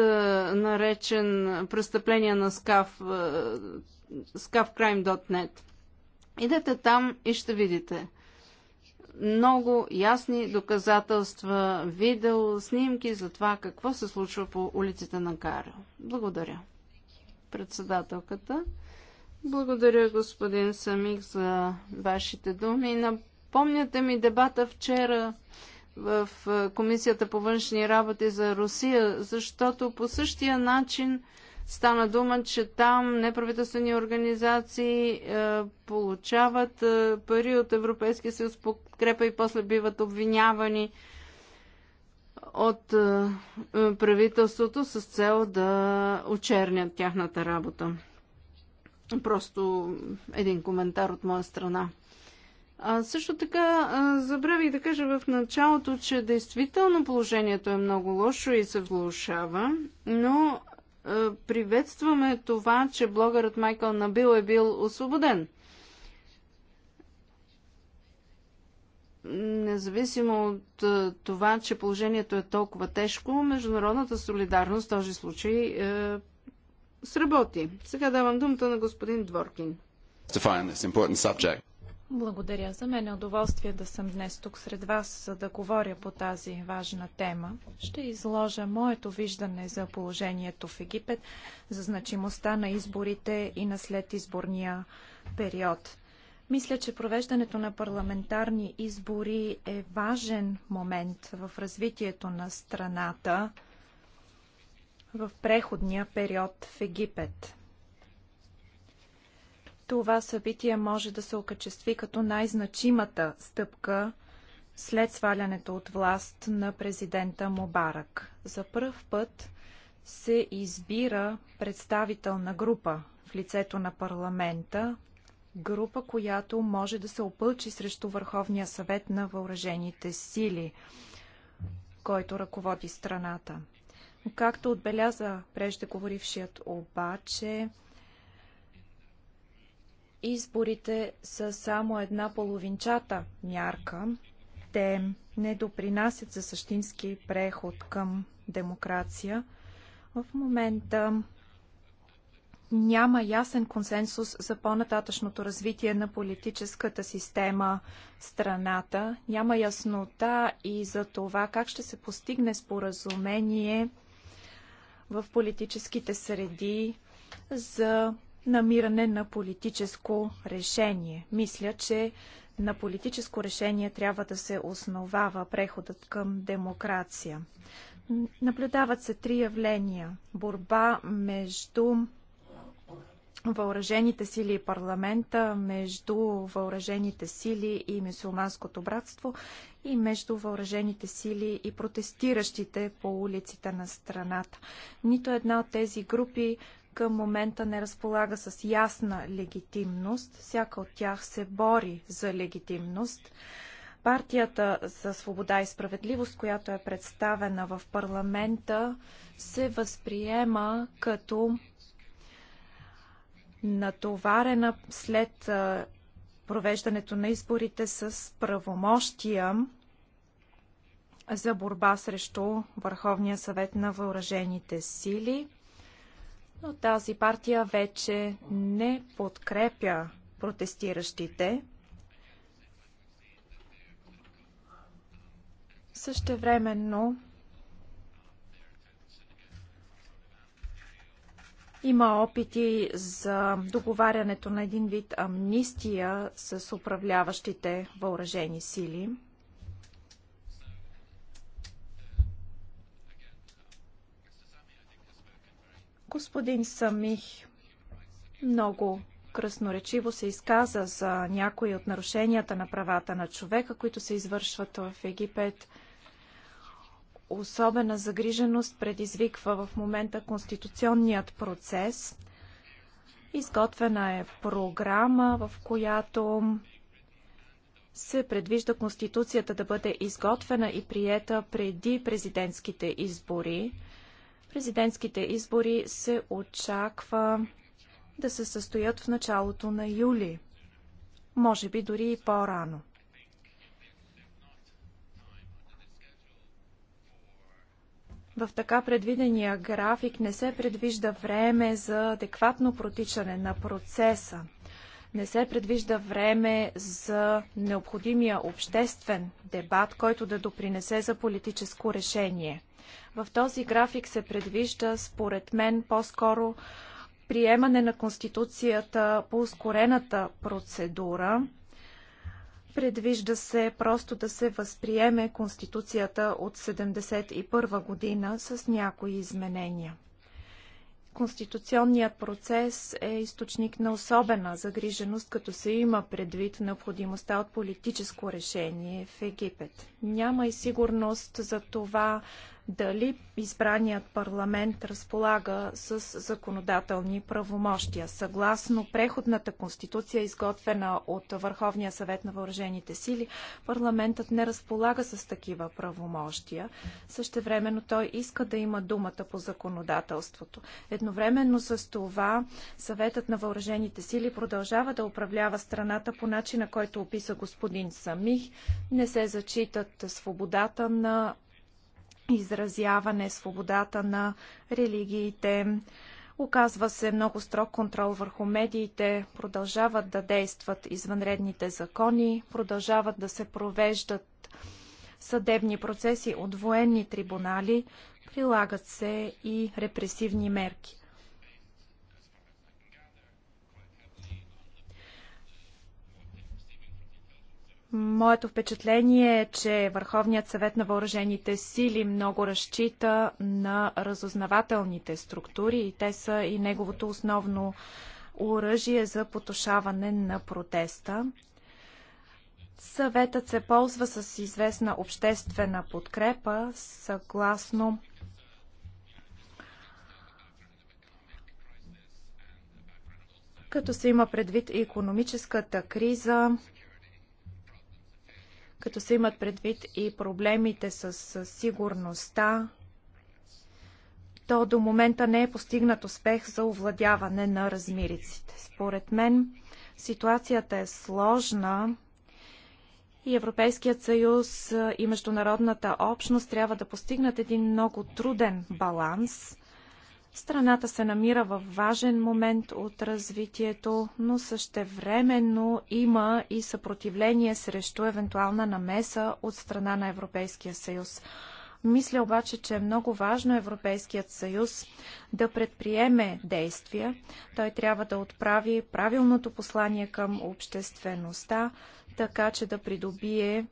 наречен Престъпления на скаф, scafcrime.net. Идете там и ще видите много ясни доказателства, видео, снимки за това какво се случва по улиците на Карел. Благодаря. Председателката. Благодаря, господин Самих, за вашите думи. Напомняте ми дебата вчера в е, Комисията по външни работи за Русия, защото по същия начин Стана дума, че там неправителствени организации е, получават е, пари от Европейския съюз подкрепа и после биват обвинявани от е, е правителството с цел да очернят тяхната работа. Просто един коментар от моя страна. А, също така, а, е, забравих да кажа в началото, че действително положението е много лошо и се влушава, но е, приветстваме това, че блогърът Майкъл Набил е бил освободен. Независимо от е, това, че положението е толкова тежко, международната солидарност в този случай е, сработи. Сега давам думата на господин Дворкин. To find this important subject. Благодаря. За мен е удоволствие да съм днес тук сред вас, за да говоря по тази важна тема. Ще изложа моето виждане за положението в Египет, за значимостта на изборите и на след изборния период. Мисля, че провеждането на парламентарни избори е важен момент в развитието на страната в преходния период в Египет това събитие може да се окачестви като най-значимата стъпка след свалянето от власт на президента Мубарак. За първ път се избира представителна група в лицето на парламента, група, която може да се опълчи срещу Върховния съвет на въоръжените сили, който ръководи страната. Както отбеляза преждеговорившият обаче, изборите са само една половинчата мярка. Те не допринасят за същински преход към демокрация. В момента няма ясен консенсус за по-нататъчното развитие на политическата система в страната. Няма яснота и за това как ще се постигне споразумение в политическите среди за намиране на политическо решение. Мисля, че на политическо решение трябва да се основава преходът към демокрация. Наблюдават се три явления. Борба между въоръжените сили и парламента, между въоръжените сили и мусулманското братство и между въоръжените сили и протестиращите по улиците на страната. Нито една от тези групи към момента не разполага с ясна легитимност. Всяка от тях се бори за легитимност. Партията за свобода и справедливост, която е представена в парламента, се възприема като натоварена след провеждането на изборите с правомощия за борба срещу Върховния съвет на въоръжените сили – но тази партия вече не подкрепя протестиращите. Същевременно Има опити за договарянето на един вид амнистия с управляващите въоръжени сили. Господин Самих много красноречиво се изказа за някои от нарушенията на правата на човека, които се извършват в Египет. Особена загриженост предизвиква в момента конституционният процес. Изготвена е програма, в която се предвижда Конституцията да бъде изготвена и приета преди президентските избори. Президентските избори се очаква да се състоят в началото на юли, може би дори и по-рано. В така предвидения график не се предвижда време за адекватно протичане на процеса. Не се предвижда време за необходимия обществен дебат, който да допринесе за политическо решение. В този график се предвижда, според мен, по-скоро приемане на Конституцията по ускорената процедура. Предвижда се просто да се възприеме Конституцията от 1971 година с някои изменения. Конституционният процес е източник на особена загриженост, като се има предвид необходимостта от политическо решение в Египет. Няма и сигурност за това дали избраният парламент разполага с законодателни правомощия. Съгласно преходната конституция, изготвена от Върховния съвет на въоръжените сили, парламентът не разполага с такива правомощия. Същевременно той иска да има думата по законодателството. Едновременно с това съветът на въоръжените сили продължава да управлява страната по начина, който описа господин Самих. Не се зачитат свободата на изразяване, свободата на религиите. Оказва се много строг контрол върху медиите, продължават да действат извънредните закони, продължават да се провеждат съдебни процеси от военни трибунали, прилагат се и репресивни мерки. Моето впечатление е, че Върховният съвет на въоръжените сили много разчита на разузнавателните структури и те са и неговото основно оръжие за потушаване на протеста. Съветът се ползва с известна обществена подкрепа, съгласно като се има предвид и економическата криза, като се имат предвид и проблемите с сигурността, то до момента не е постигнат успех за овладяване на размириците. Според мен ситуацията е сложна и Европейският съюз и международната общност трябва да постигнат един много труден баланс – Страната се намира в важен момент от развитието, но същевременно има и съпротивление срещу евентуална намеса от страна на Европейския съюз. Мисля обаче, че е много важно Европейският съюз да предприеме действия. Той трябва да отправи правилното послание към обществеността, така че да придобие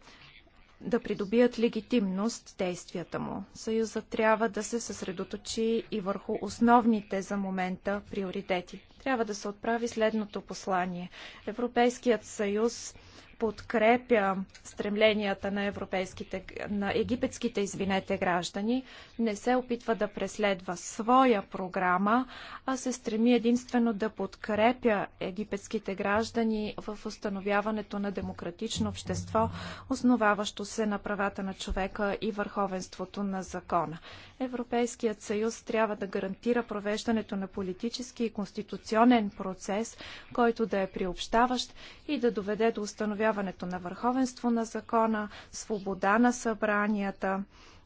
да придобият легитимност действията му. Съюзът трябва да се съсредоточи и върху основните за момента приоритети. Трябва да се отправи следното послание. Европейският съюз подкрепя стремленията на, европейските, на египетските извинете граждани, не се опитва да преследва своя програма, а се стреми единствено да подкрепя египетските граждани в установяването на демократично общество, основаващо се на правата на човека и върховенството на закона. Европейският съюз трябва да гарантира провеждането на политически и конституционен процес, който да е приобщаващ и да доведе до установяването на върховенство на закона, свобода на събранията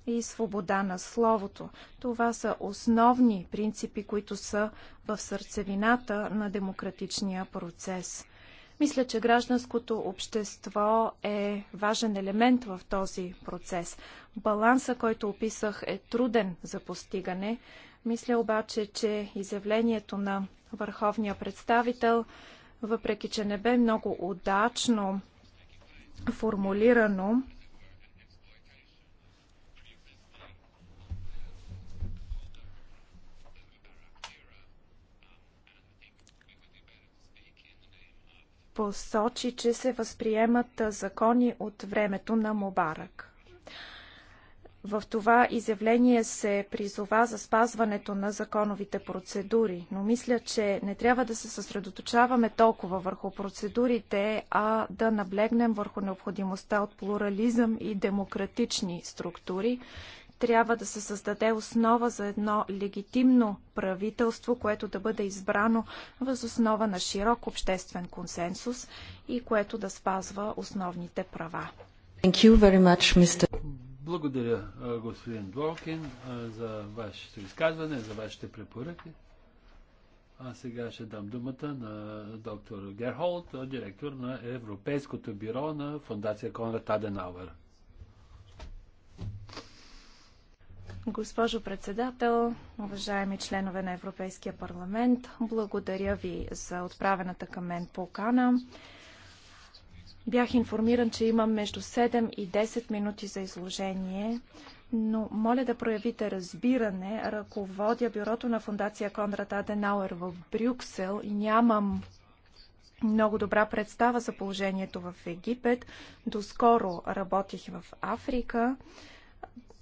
и свобода на словото. Това са основни принципи, които са в сърцевината на демократичния процес. Мисля, че гражданското общество е важен елемент в този процес. Баланса, който описах, е труден за постигане. Мисля обаче, че изявлението на върховния представител, въпреки че не бе много удачно формулирано, посочи, че се възприемат закони от времето на Мобарък. В това изявление се призова за спазването на законовите процедури, но мисля, че не трябва да се съсредоточаваме толкова върху процедурите, а да наблегнем върху необходимостта от плурализъм и демократични структури, трябва да се създаде основа за едно легитимно правителство, което да бъде избрано въз основа на широк обществен консенсус и което да спазва основните права. Much, Благодаря, господин Дворкин, за вашето изказване, за вашите препоръки. А сега ще дам думата на доктор Герхолд, директор на Европейското бюро на Фундация Конрад Аденауер. Госпожо председател, уважаеми членове на Европейския парламент, благодаря ви за отправената към мен покана. Бях информиран, че имам между 7 и 10 минути за изложение, но моля да проявите разбиране. Ръководя бюрото на фундация Конрад Аденауер в Брюксел и нямам много добра представа за положението в Египет. Доскоро работих в Африка.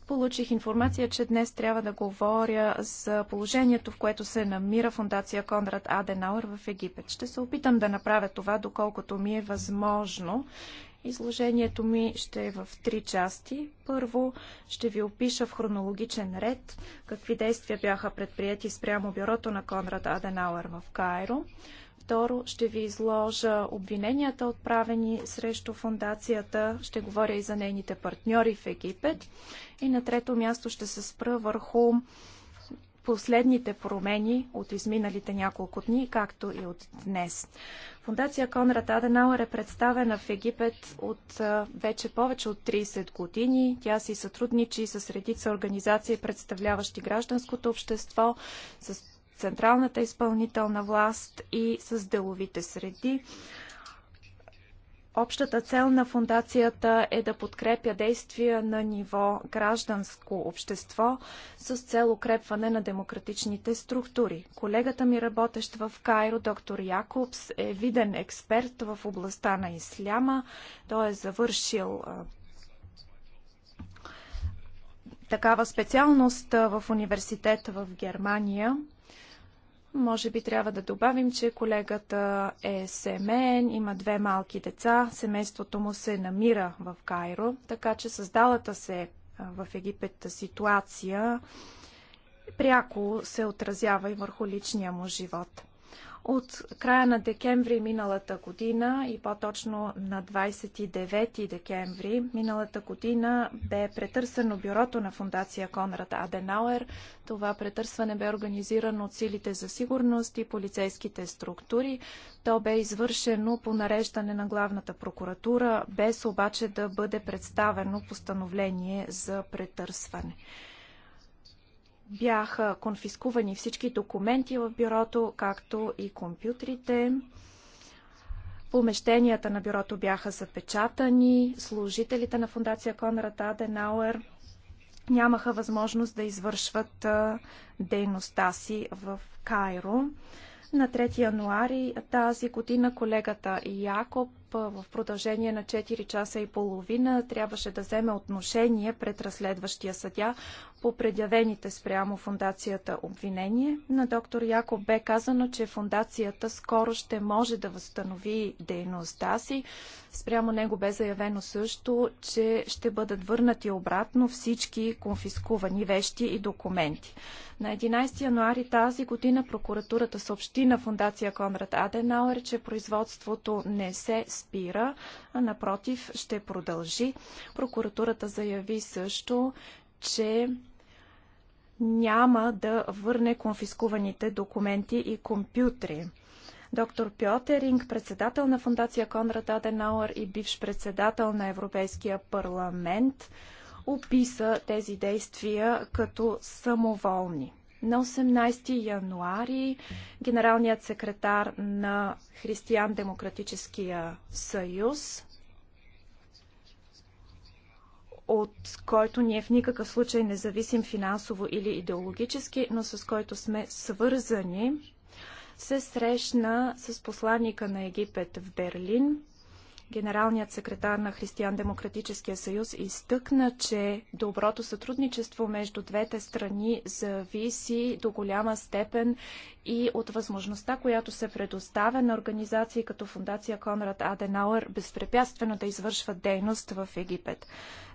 Получих информация, че днес трябва да говоря за положението, в което се намира фундация Конрад Аденауер в Египет. Ще се опитам да направя това, доколкото ми е възможно. Изложението ми ще е в три части. Първо ще ви опиша в хронологичен ред какви действия бяха предприяти спрямо бюрото на Конрад Аденауер в Кайро. Второ, ще ви изложа обвиненията, отправени срещу фундацията. Ще говоря и за нейните партньори в Египет. И на трето място ще се спра върху последните промени от изминалите няколко дни, както и от днес. Фундация Конрад Аденауер е представена в Египет от вече повече от 30 години. Тя си сътрудничи с редица организации, представляващи гражданското общество, с централната изпълнителна власт и с деловите среди. Общата цел на фундацията е да подкрепя действия на ниво гражданско общество с цел укрепване на демократичните структури. Колегата ми работещ в Кайро, доктор Якобс, е виден експерт в областта на исляма. Той е завършил такава специалност в университета в Германия – може би трябва да добавим, че колегата е семен, има две малки деца, семейството му се намира в Кайро, така че създалата се в Египет ситуация пряко се отразява и върху личния му живот. От края на декември миналата година и по-точно на 29 декември миналата година бе претърсено бюрото на фундация Конрад Аденауер. Това претърсване бе организирано от силите за сигурност и полицейските структури. То бе извършено по нареждане на главната прокуратура, без обаче да бъде представено постановление за претърсване. Бяха конфискувани всички документи в бюрото, както и компютрите. Помещенията на бюрото бяха запечатани. Служителите на фундация Конрад Аденауер нямаха възможност да извършват дейността си в Кайро. На 3 януари тази година колегата Якоб в продължение на 4 часа и половина трябваше да вземе отношение пред разследващия съдя по предявените спрямо фундацията обвинение. На доктор Яко бе казано, че фундацията скоро ще може да възстанови дейността си. Спрямо него бе заявено също, че ще бъдат върнати обратно всички конфискувани вещи и документи. На 11 януари тази година прокуратурата съобщи на фундация Конрад Аденауер, че производството не се спира, а напротив ще продължи. Прокуратурата заяви също, че няма да върне конфискуваните документи и компютри. Доктор Пьотеринг, председател на фундация Конрад Аденауер и бивш председател на Европейския парламент, описа тези действия като самоволни. На 18 януари генералният секретар на Християн-демократическия съюз, от който ние в никакъв случай не зависим финансово или идеологически, но с който сме свързани, се срещна с посланника на Египет в Берлин Генералният секретар на Християн-демократическия съюз изтъкна, че доброто сътрудничество между двете страни зависи до голяма степен и от възможността, която се предоставя на организации като Фундация Конрад Аденауер безпрепятствено да извършват дейност в Египет.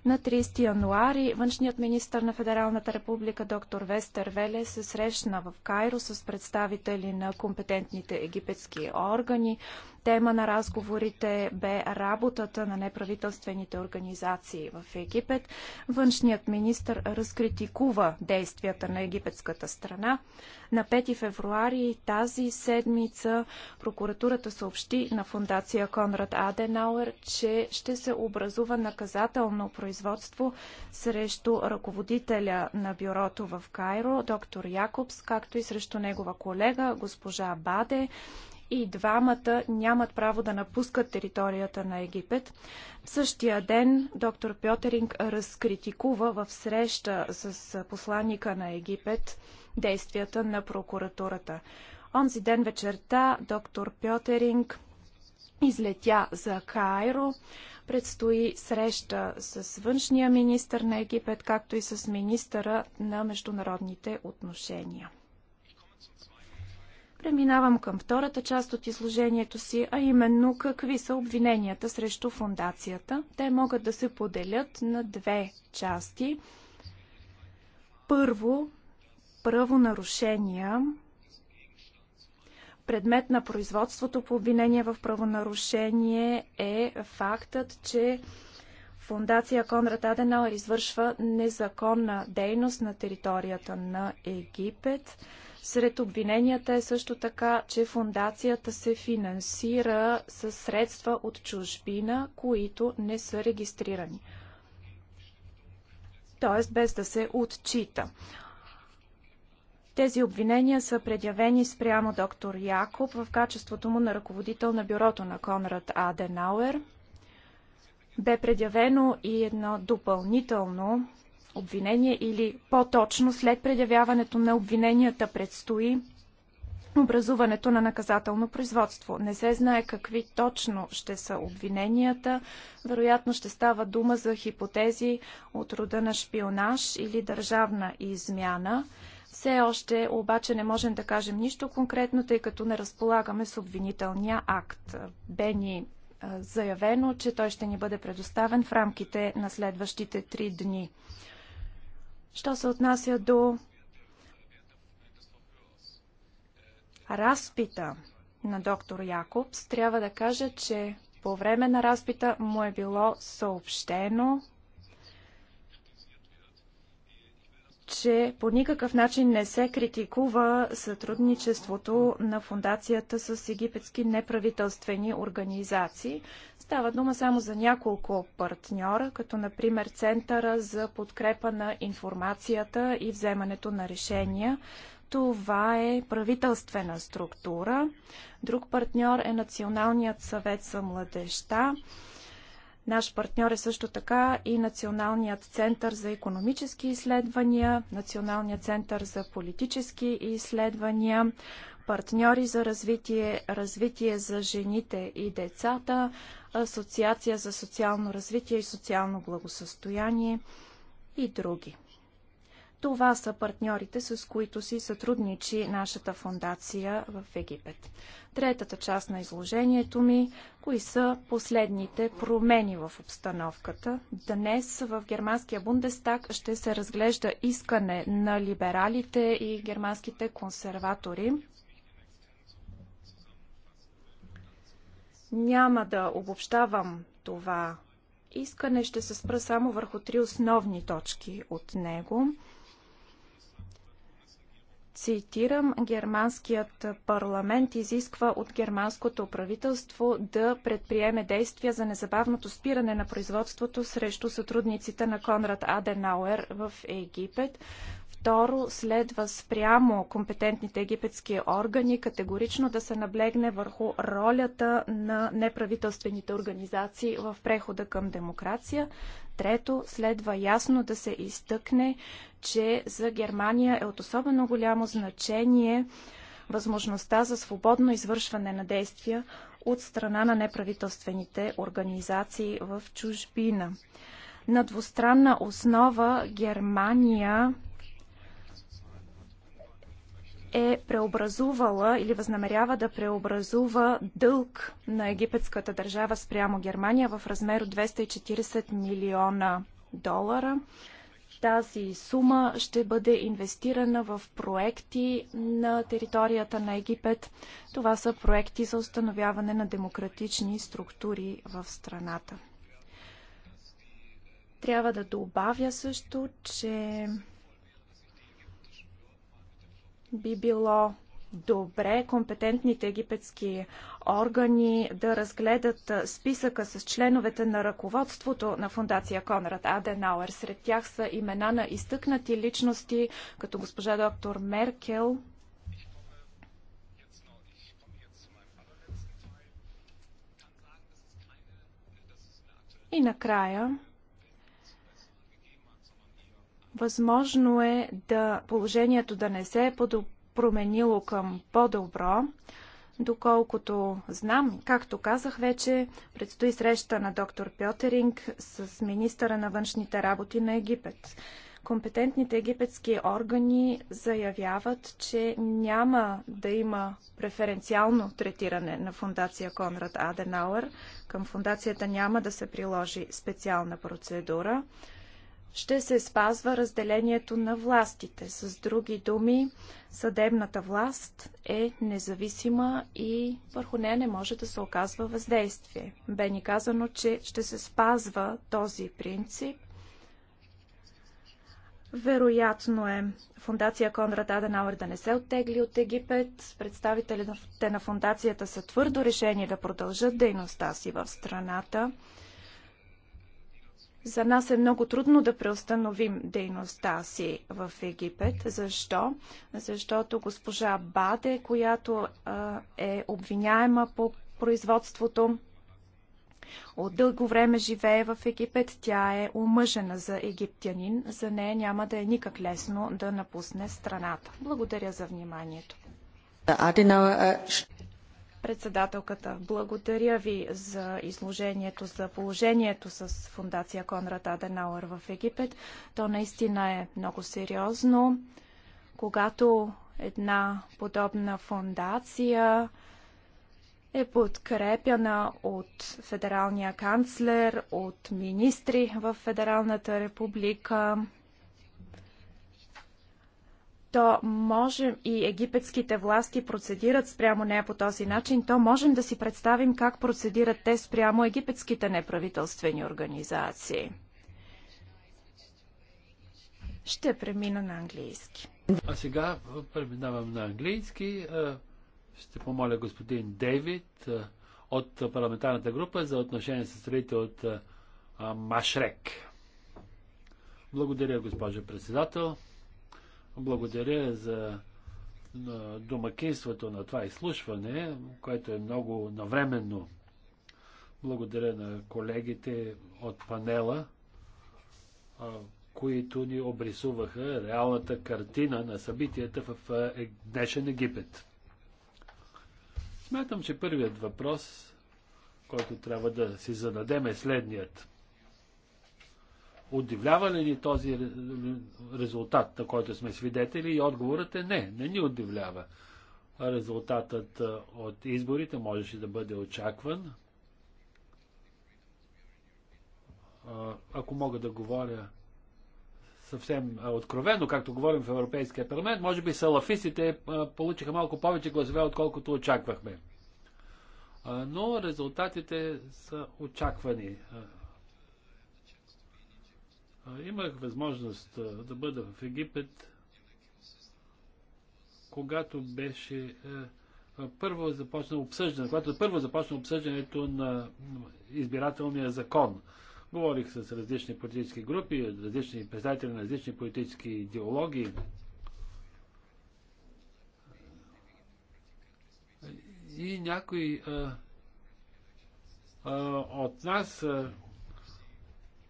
На 30 януари външният министр на Федералната република доктор Вестер Веле се срещна в Кайро с представители на компетентните египетски органи. Тема на разговорите бе работата на неправителствените организации в Египет. Външният министр разкритикува действията на египетската страна. На 5 февруари тази седмица прокуратурата съобщи на фундация Конрад Аденауер, че ще се образува наказателно производство срещу ръководителя на бюрото в Кайро, доктор Якобс, както и срещу негова колега, госпожа Баде, и двамата нямат право да напускат територията на Египет. В същия ден доктор Пьотеринг разкритикува в среща с посланника на Египет действията на прокуратурата. Онзи ден вечерта доктор Пьотеринг излетя за Кайро. Предстои среща с външния министр на Египет, както и с министъра на международните отношения. Преминавам към втората част от изложението си, а именно какви са обвиненията срещу фундацията. Те могат да се поделят на две части. Първо, правонарушения, предмет на производството по обвинение в правонарушение е фактът, че Фундация Конрад Аденауер извършва незаконна дейност на територията на Египет. Сред обвиненията е също така, че фундацията се финансира с средства от чужбина, които не са регистрирани. Тоест без да се отчита. Тези обвинения са предявени спрямо доктор Якоб в качеството му на ръководител на бюрото на Конрад Аденауер. Бе предявено и едно допълнително обвинение или по-точно след предявяването на обвиненията предстои образуването на наказателно производство. Не се знае какви точно ще са обвиненията. Вероятно ще става дума за хипотези от рода на шпионаж или държавна измяна. Все още обаче не можем да кажем нищо конкретно, тъй като не разполагаме с обвинителния акт. Бе ни е, заявено, че той ще ни бъде предоставен в рамките на следващите три дни. Що се отнася до разпита на доктор Якобс, трябва да кажа, че по време на разпита му е било съобщено че по никакъв начин не се критикува сътрудничеството на фундацията с египетски неправителствени организации. Става дума само за няколко партньора, като например Центъра за подкрепа на информацията и вземането на решения. Това е правителствена структура. Друг партньор е Националният съвет за младеща. Наш партньор е също така и Националният център за економически изследвания, Националният център за политически изследвания, партньори за развитие, развитие за жените и децата, Асоциация за социално развитие и социално благосъстояние и други. Това са партньорите, с които си сътрудничи нашата фундация в Египет. Третата част на изложението ми – кои са последните промени в обстановката. Днес в германския Бундестаг ще се разглежда искане на либералите и германските консерватори Няма да обобщавам това искане, ще се спра само върху три основни точки от него. Цитирам, германският парламент изисква от германското правителство да предприеме действия за незабавното спиране на производството срещу сътрудниците на Конрад Аденауер в Египет, Второ, следва спрямо компетентните египетски органи категорично да се наблегне върху ролята на неправителствените организации в прехода към демокрация. Трето, следва ясно да се изтъкне, че за Германия е от особено голямо значение възможността за свободно извършване на действия от страна на неправителствените организации в чужбина. На двустранна основа Германия е преобразувала или възнамерява да преобразува дълг на египетската държава спрямо Германия в размер от 240 милиона долара. Тази сума ще бъде инвестирана в проекти на територията на Египет. Това са проекти за установяване на демократични структури в страната. Трябва да добавя също, че би било добре компетентните египетски органи да разгледат списъка с членовете на ръководството на фундация Конрад Аденауер. Сред тях са имена на изтъкнати личности, като госпожа доктор Меркел. И накрая Възможно е да положението да не се е променило към по-добро, Доколкото знам, както казах вече, предстои среща на доктор Пьотеринг с министъра на външните работи на Египет. Компетентните египетски органи заявяват, че няма да има преференциално третиране на фундация Конрад Аденауер. Към фундацията няма да се приложи специална процедура ще се спазва разделението на властите. С други думи, съдебната власт е независима и върху нея не може да се оказва въздействие. Бе ни казано, че ще се спазва този принцип. Вероятно е фундация Конрад Аденауер да не се оттегли от Египет. Представителите на фундацията са твърдо решени да продължат дейността си в страната. За нас е много трудно да преустановим дейността си в Египет. Защо? Защото госпожа Баде, която е обвиняема по производството, от дълго време живее в Египет, тя е омъжена за египтянин. За нея няма да е никак лесно да напусне страната. Благодаря за вниманието. Председателката, благодаря ви за изложението за положението с фундация Конрад Аденауър в Египет. То наистина е много сериозно. Когато една подобна фундация е подкрепяна от федералния канцлер, от министри в Федералната република, то можем и египетските власти процедират спрямо нея по този начин, то можем да си представим как процедират те спрямо египетските неправителствени организации. Ще премина на английски. А сега преминавам на английски. Ще помоля господин Дейвид от парламентарната група за отношение с страните от Машрек. Благодаря, госпожо председател. Благодаря за домакинството на това изслушване, което е много навременно. Благодаря на колегите от панела, които ни обрисуваха реалната картина на събитията в е, днешен Египет. Смятам, че първият въпрос, който трябва да си зададем е следният – Удивлява ли ни този резултат, на който сме свидетели? И отговорът е не, не ни удивлява. Резултатът от изборите можеше да бъде очакван. Ако мога да говоря съвсем откровено, както говорим в Европейския парламент, може би салафистите получиха малко повече гласове, отколкото очаквахме. Но резултатите са очаквани. Имах възможност да бъда в Египет, когато беше първо започна обсъждане, когато първо започна обсъждането на избирателния закон. Говорих с различни политически групи, различни представители на различни политически идеологии. И някои а, а, от нас а,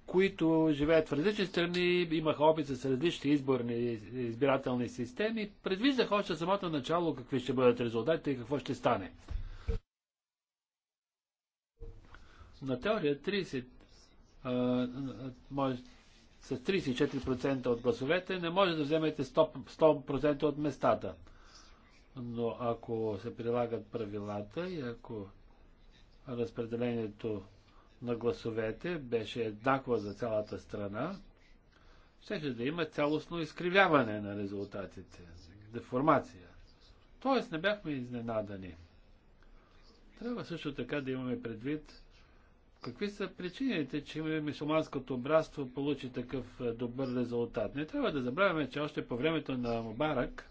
които живеят в различни страни, имаха опит с различни изборни избирателни системи. Предвиждах още самото начало какви ще бъдат резултатите и какво ще стане. На теория 30, а, може, с 34% от гласовете не може да вземете 100%, 100 от местата. Но ако се прилагат правилата и ако разпределението на гласовете беше еднаква за цялата страна, щеше да има цялостно изкривяване на резултатите, деформация. Тоест не бяхме изненадани. Трябва също така да имаме предвид какви са причините, че мисуманското братство получи такъв добър резултат. Не трябва да забравяме, че още по времето на Мубарак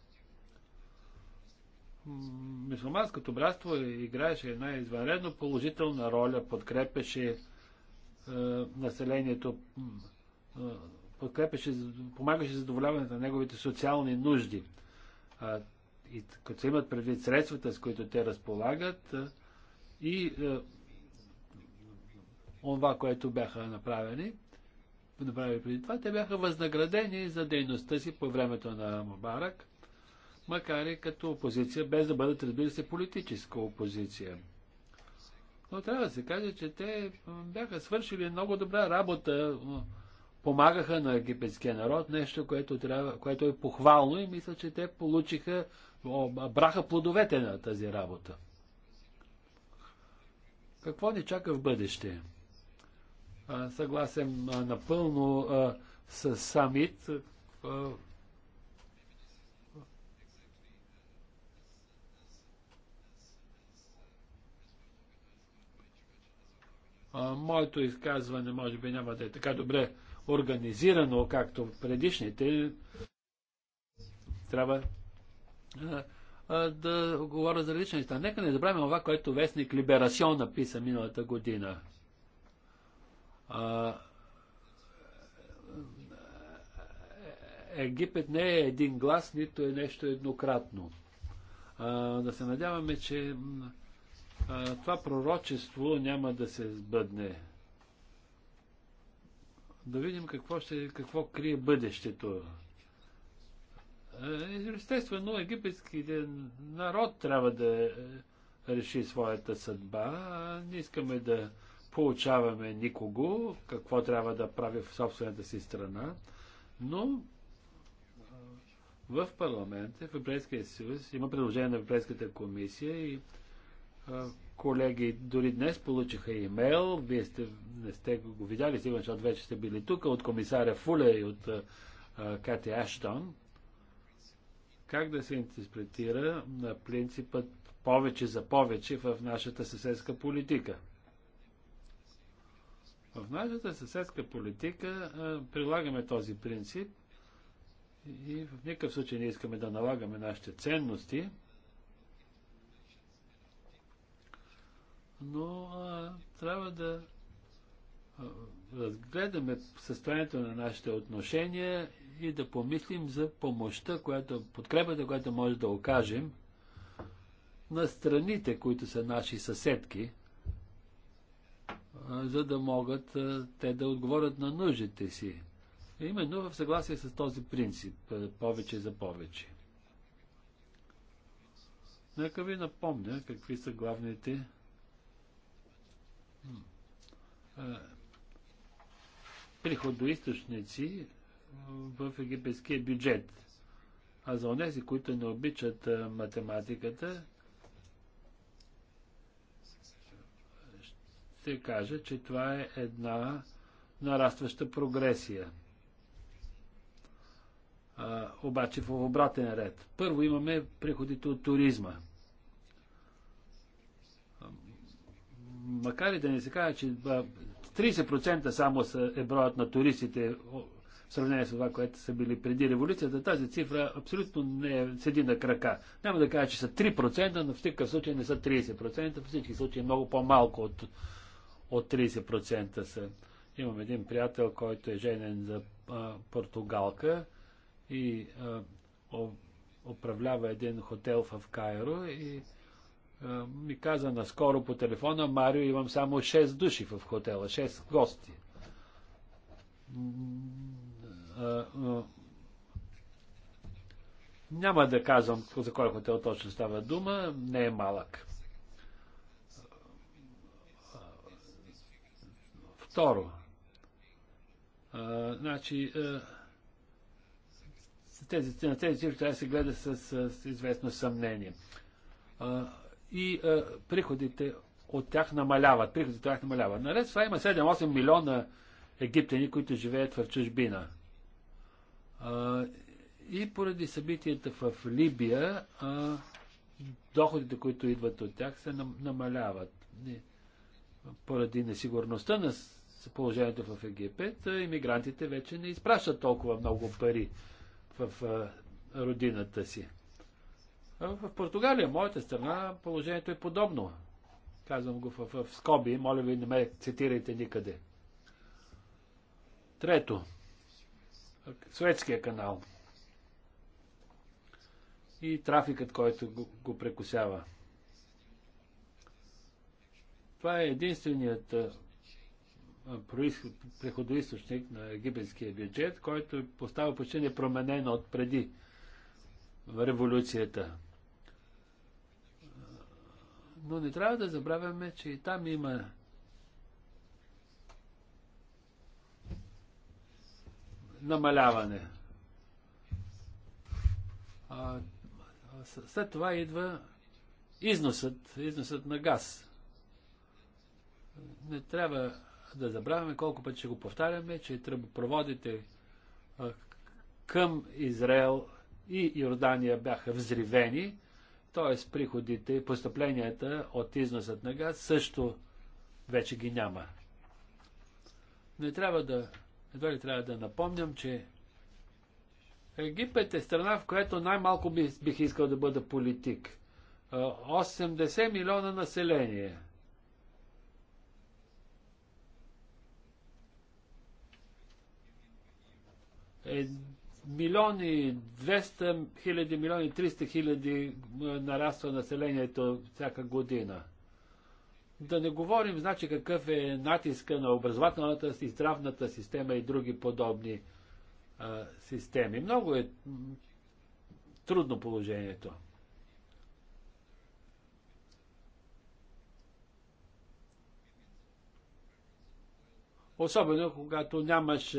мусулманското братство играеше една извънредно положителна роля, подкрепеше е, населението, е, подкрепеше, помагаше за задоволяването на неговите социални нужди. А, и като имат предвид средствата, с които те разполагат, е, и е, онва, което бяха направени, направили преди това, те бяха възнаградени за дейността си по времето на Мубарак макар и като опозиция, без да бъдат, разбира се, политическа опозиция. Но трябва да се каже, че те бяха свършили много добра работа, помагаха на египетския народ, нещо, което, трябва, което е похвално и мисля, че те получиха, браха плодовете на тази работа. Какво ни чака в бъдеще? Съгласен напълно с самит, Моето изказване може би няма да е така добре организирано, както предишните. Трябва да говоря за различни неща. Нека не забравяме това, което вестник Либерасион написа миналата година. Египет не е един глас, нито е нещо еднократно. да се надяваме, че това пророчество няма да се сбъдне. Да видим какво, ще, какво крие бъдещето. Е, естествено, египетските народ трябва да е, реши своята съдба. Не искаме да получаваме никого, какво трябва да прави в собствената си страна, но в парламента, в Европейския съюз, има предложение на Европейската комисия и колеги дори днес получиха имейл, вие сте, не сте го видяли, сигурно, защото вече сте били тук, от комисаря Фуле и от Кати Аштон, как да се интерпретира на принципът повече за повече в нашата съседска политика. В нашата съседска политика а, прилагаме този принцип и в никакъв случай не искаме да налагаме нашите ценности, но а, трябва да а, разгледаме състоянието на нашите отношения и да помислим за помощта, която, подкрепата, която може да окажем на страните, които са наши съседки, а, за да могат а, те да отговорят на нуждите си. Именно в съгласие с този принцип повече за повече. Нека ви напомня какви са главните е, приходоисточници в египетския бюджет. А за онези, които не обичат е, математиката, ще кажа, че това е една нарастваща прогресия. А, обаче в обратен ред. Първо имаме приходите от туризма – макар и да не се казва, че 30% само са, е броят на туристите в сравнение с това, което са били преди революцията, тази цифра абсолютно не е, седи на крака. Няма да кажа, че са 3%, но в такъв случай не са 30%, в всички случаи много по-малко от, от 30% са. Имам един приятел, който е женен за а, португалка и а, о, управлява един хотел в Кайро и ми каза наскоро по телефона, Марио, имам само 6 души в хотела, 6 гости. Няма да казвам за кой хотел точно става дума, не е малък. Второ, а, значи, а, тези, на тези цифри трябва да се гледа с, с известно съмнение. А, и е, приходите от тях намаляват. Приходите от тях намаляват. Наред с това има 7-8 милиона египтяни, които живеят в чужбина. Е, и поради събитията в Либия, е, доходите, които идват от тях, се намаляват. Поради несигурността на положението в Египет, иммигрантите вече не изпращат толкова много пари в родината си. В Португалия, моята страна, положението е подобно. Казвам го в, в, в скоби, моля ви, не ме цитирайте никъде. Трето. Светския канал. И трафикът, който го, го прекусява. Това е единственият преходоисточник на египетския бюджет, който е, поставил почти непроменен от преди революцията. Но не трябва да забравяме, че и там има намаляване. А, след това идва износът, износът на газ. Не трябва да забравяме, колко пъти ще го повтаряме, че тръбопроводите към Израел и Йордания бяха взривени т.е. приходите и постъпленията от износът на газ също вече ги няма. Не трябва да, едва ли трябва да напомням, че Египет е страна, в която най-малко бих искал да бъда политик. 80 милиона население. Е, милиони 200 хиляди, милиони 300 хиляди нараства населението всяка година. Да не говорим, значи, какъв е натиска на образователната си здравната система и други подобни а, системи. Много е трудно положението. Особено когато нямаш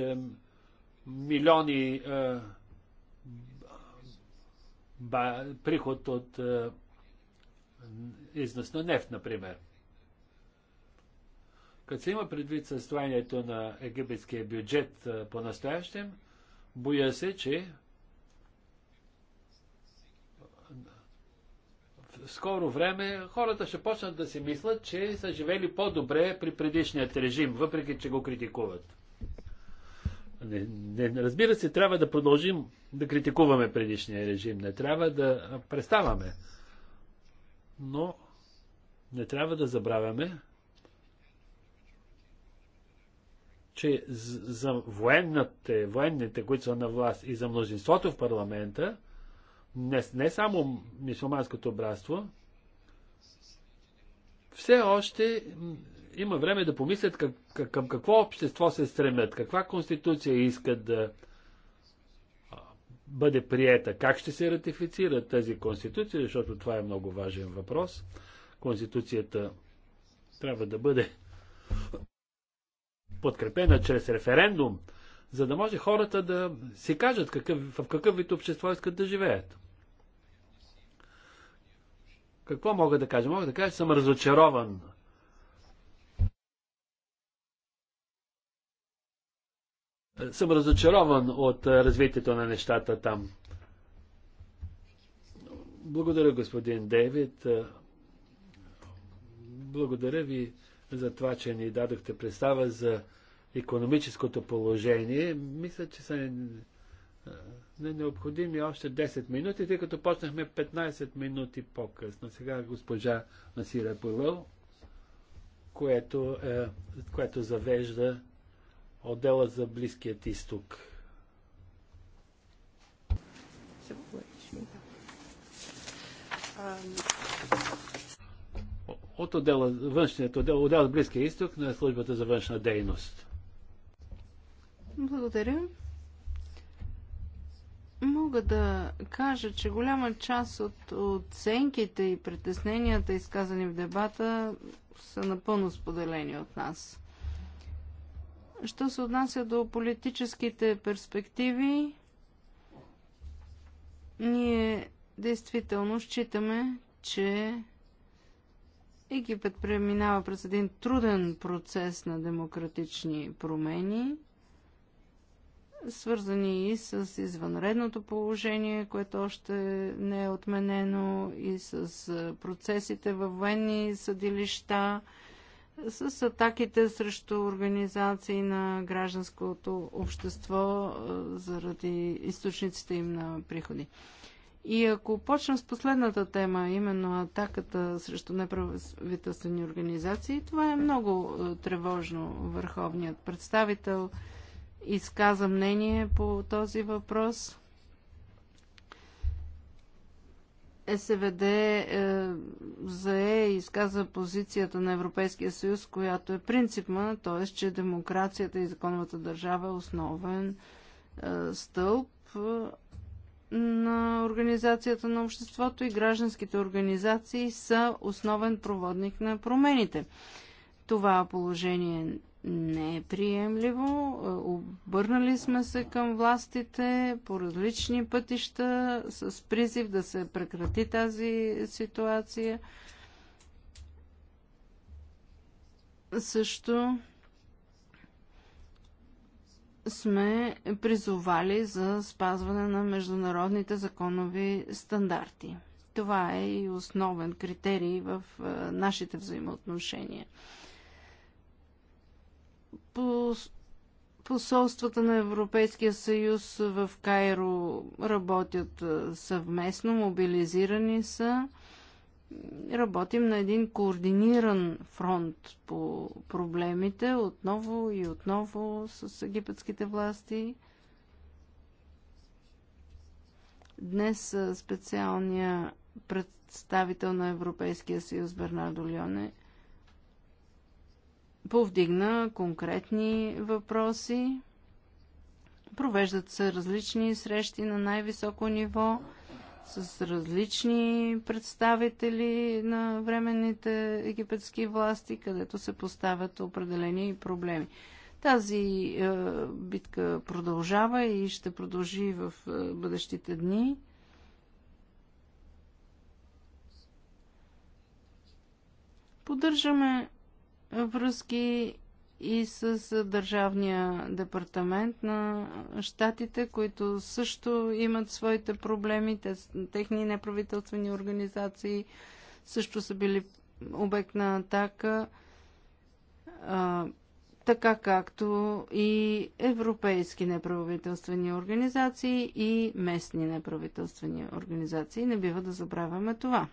милиони а, е, ба, приход от е, износ на нефт, например. Като се има предвид състоянието на египетския бюджет е, по-настоящем, боя се, че в скоро време хората ще почнат да си мислят, че са живели по-добре при предишният режим, въпреки че го критикуват. Не, не, разбира се, трябва да продължим да критикуваме предишния режим. Не трябва да преставаме. Но не трябва да забравяме, че за военните, военните, които са на власт и за мнозинството в парламента, не, не само мисулманското братство, все още има време да помислят как, как, към какво общество се стремят, каква конституция искат да бъде приета, как ще се ратифицира тази конституция, защото това е много важен въпрос. Конституцията трябва да бъде подкрепена чрез референдум, за да може хората да си кажат какъв, в какъв вид общество искат да живеят. Какво мога да кажа? Мога да кажа, че съм разочарован съм разочарован от развитието на нещата там. Благодаря, господин Дейвид. Благодаря ви за това, че ни дадохте представа за економическото положение. Мисля, че са не необходими още 10 минути, тъй като почнахме 15 минути по-късно. Сега госпожа Насира Пулъл, което, е, което завежда отдела за Близкият изток. От отдела, външният отдел, отдел за Близкия изток на службата за външна дейност. Благодаря. Мога да кажа, че голяма част от оценките и притесненията, изказани в дебата, са напълно споделени от нас. Що се отнася до политическите перспективи, ние действително считаме, че Египет преминава през един труден процес на демократични промени, свързани и с извънредното положение, което още не е отменено, и с процесите във военни съдилища, с атаките срещу организации на гражданското общество заради източниците им на приходи. И ако почнем с последната тема, именно атаката срещу неправителствени организации, това е много тревожно. Върховният представител изказа мнение по този въпрос – СВД е, зае и изказа позицията на Европейския съюз, която е принципна, т.е. че демокрацията и законовата държава е основен е, стълб е, на Организацията на обществото и гражданските организации са основен проводник на промените. Това положение не е приемливо. Е, обърнали сме се към властите по различни пътища с призив да се прекрати тази ситуация. Също сме призовали за спазване на международните законови стандарти. Това е и основен критерий в е, нашите взаимоотношения посолствата на Европейския съюз в Кайро работят съвместно, мобилизирани са. Работим на един координиран фронт по проблемите, отново и отново с египетските власти. Днес специалния представител на Европейския съюз Бернардо Льоне повдигна конкретни въпроси. Провеждат се различни срещи на най-високо ниво с различни представители на временните египетски власти, където се поставят определени проблеми. Тази е, битка продължава и ще продължи в е, бъдещите дни. Поддържаме връзки и с Държавния департамент на щатите, които също имат своите проблеми. техни неправителствени организации също са били обект на атака, така както и европейски неправителствени организации и местни неправителствени организации. Не бива да забравяме това.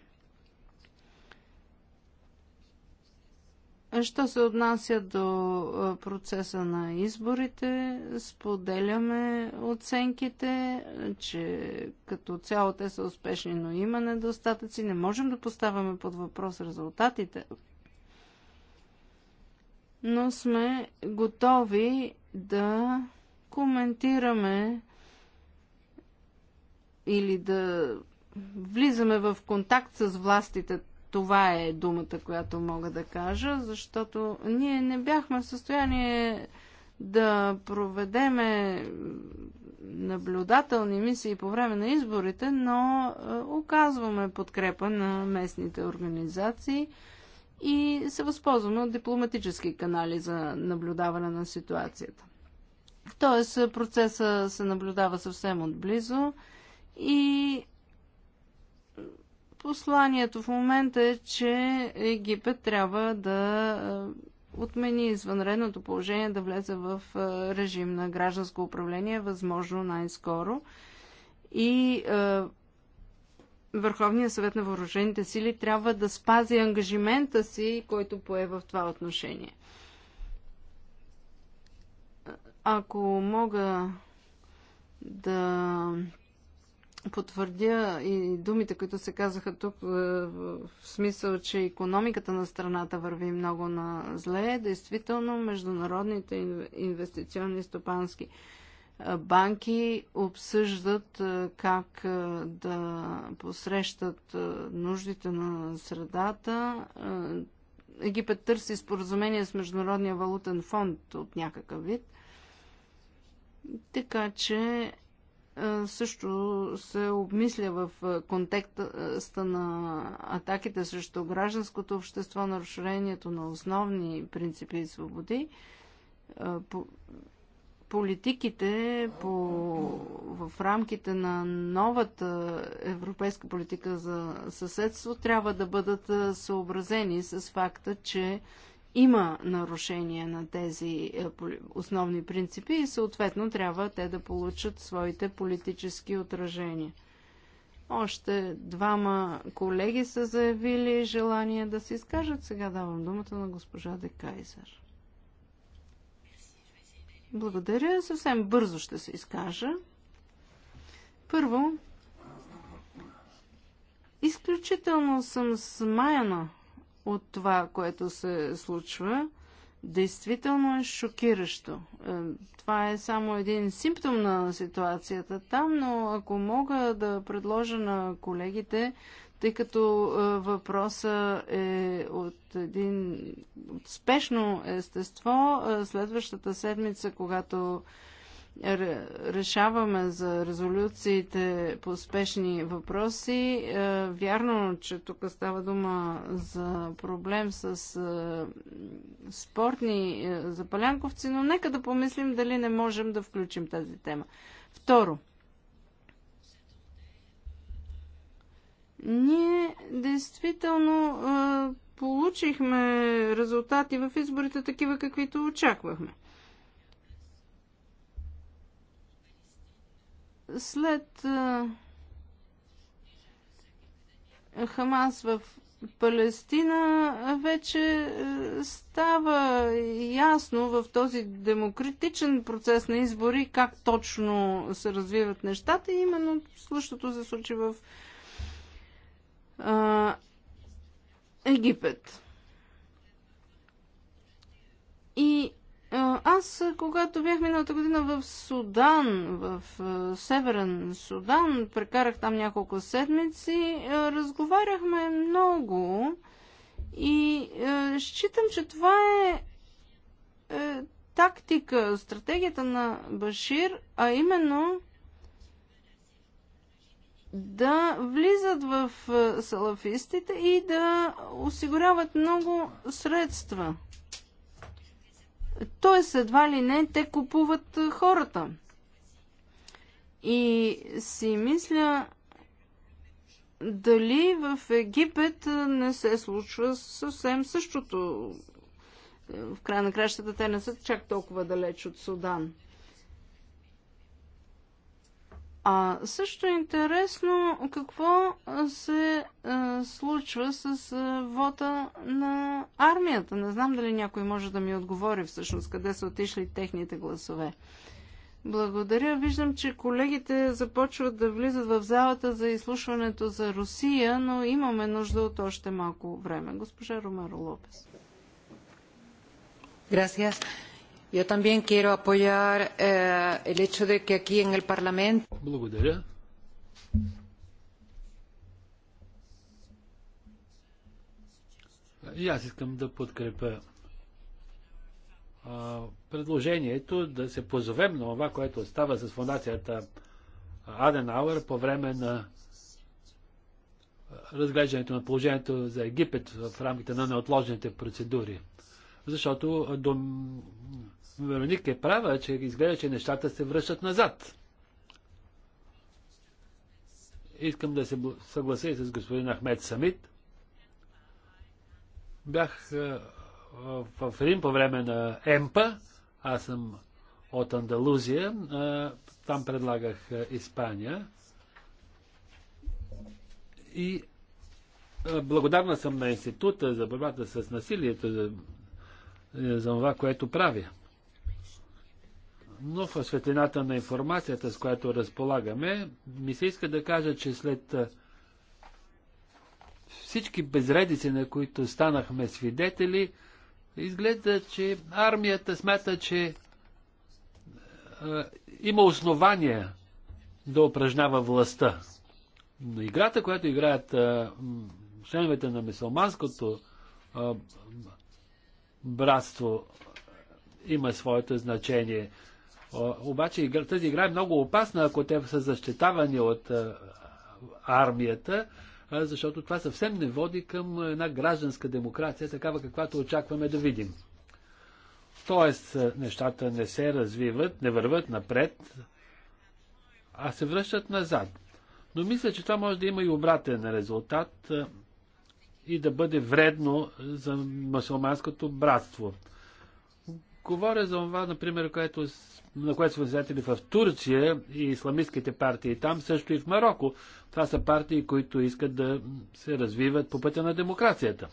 Що се отнася до процеса на изборите, споделяме оценките, че като цяло те са успешни, но има недостатъци. Не можем да поставяме под въпрос резултатите, но сме готови да коментираме или да влизаме в контакт с властите това е думата, която мога да кажа, защото ние не бяхме в състояние да проведеме наблюдателни мисии по време на изборите, но е, оказваме подкрепа на местните организации и се възползваме от дипломатически канали за наблюдаване на ситуацията. Тоест процеса се наблюдава съвсем отблизо и Посланието в момента е, че Египет трябва да отмени извънредното положение, да влезе в режим на гражданско управление, възможно най-скоро. И Върховният съвет на въоръжените сили трябва да спази ангажимента си, който пое в това отношение. Ако мога да потвърдя и думите, които се казаха тук, е, в смисъл, че економиката на страната върви много на зле. Действително, международните инвестиционни стопански е, банки обсъждат е, как да посрещат нуждите на средата. Египет търси споразумение с Международния валутен фонд от някакъв вид. Така че също се обмисля в контекста на атаките срещу гражданското общество, нарушението на основни принципи и свободи. Политиките по, в рамките на новата европейска политика за съседство трябва да бъдат съобразени с факта, че има нарушение на тези е, основни принципи и съответно трябва те да получат своите политически отражения. Още двама колеги са заявили желание да се изкажат. Сега давам думата на госпожа Декайзер. Благодаря. Съвсем бързо ще се изкажа. Първо, изключително съм смаяна от това, което се случва, действително е шокиращо. Е, това е само един симптом на ситуацията там, но ако мога да предложа на колегите, тъй като е, въпроса е от един от спешно естество, е, следващата седмица, когато решаваме за резолюциите по успешни въпроси. Е, вярно, че тук става дума за проблем с е, спортни е, запалянковци, но нека да помислим дали не можем да включим тази тема. Второ, ние действително получихме резултати в изборите такива, каквито очаквахме. След Хамас в Палестина вече става ясно в този демократичен процес на избори как точно се развиват нещата и именно същото се случи в а, Египет. И аз, когато бях миналата година в Судан, в Северен Судан, прекарах там няколко седмици, разговаряхме много и считам, че това е, е тактика, стратегията на Башир, а именно да влизат в салафистите и да осигуряват много средства е едва ли не, те купуват хората. И си мисля, дали в Египет не се случва съвсем същото. Е, в края на кращата те не са чак толкова далеч от Судан. А също е интересно какво се а, случва с а, вота на армията. Не знам дали някой може да ми отговори всъщност къде са отишли техните гласове. Благодаря. Виждам, че колегите започват да влизат в залата за изслушването за Русия, но имаме нужда от още малко време. Госпожа Ромаро Лопес. Gracias. Yo también quiero apoyar eh, el hecho de que aquí en el Parlamento. Благодаря. И аз искам да подкрепя а, предложението да се позовем на това, което става с фундацията Аденауер по време на разглеждането на положението за Египет в рамките на неотложните процедури. Защото дом, Вероник е права, че изглежда, че нещата се връщат назад. Искам да се съглася и с господин Ахмед Самит. Бях е, в Рим по време на Емпа. Аз съм от Андалузия. Е, там предлагах е, Испания. И благодарна съм на института за борбата с насилието, за, за това, което правя. Но в светлината на информацията, с която разполагаме, ми се иска да кажа, че след всички безредици, на които станахме свидетели, изглежда, че армията смята, че има основания да упражнява властта. Но играта, която играят членовете на мисулманското братство, има своето значение. Обаче тази игра е много опасна, ако те са защитавани от армията, защото това съвсем не води към една гражданска демокрация, такава каквато очакваме да видим. Тоест, нещата не се развиват, не върват напред, а се връщат назад. Но мисля, че това може да има и обратен резултат и да бъде вредно за мусулманското братство. Говоря за това, например, което, на което сме взятели в Турция и исламистските партии там, също и в Марокко. Това са партии, които искат да се развиват по пътя на демокрацията.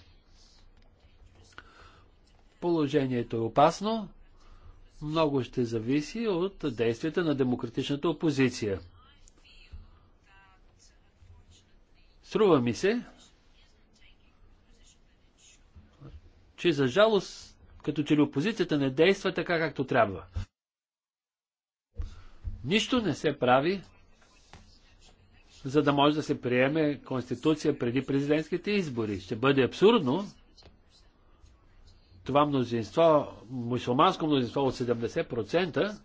Положението е опасно. Много ще зависи от действията на демократичната опозиция. Струва ми се, че за жалост като че ли опозицията не действа така, както трябва. Нищо не се прави, за да може да се приеме конституция преди президентските избори. Ще бъде абсурдно това мнозинство, мусулманско мнозинство от 70%,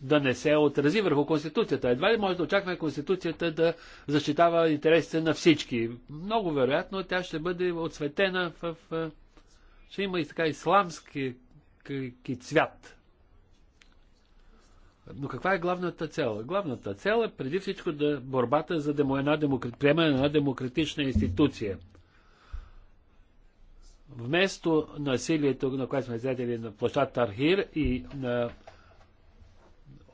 да не се отрази върху Конституцията. Едва ли може да очакваме Конституцията да защитава интересите на всички. Много вероятно тя ще бъде отсветена в... ще има и така исламски цвят. Но каква е главната цел? Главната цел е преди всичко да борбата за демо, една демокр... приемане на една демократична институция. Вместо насилието, на което сме взели на площад Тархир и на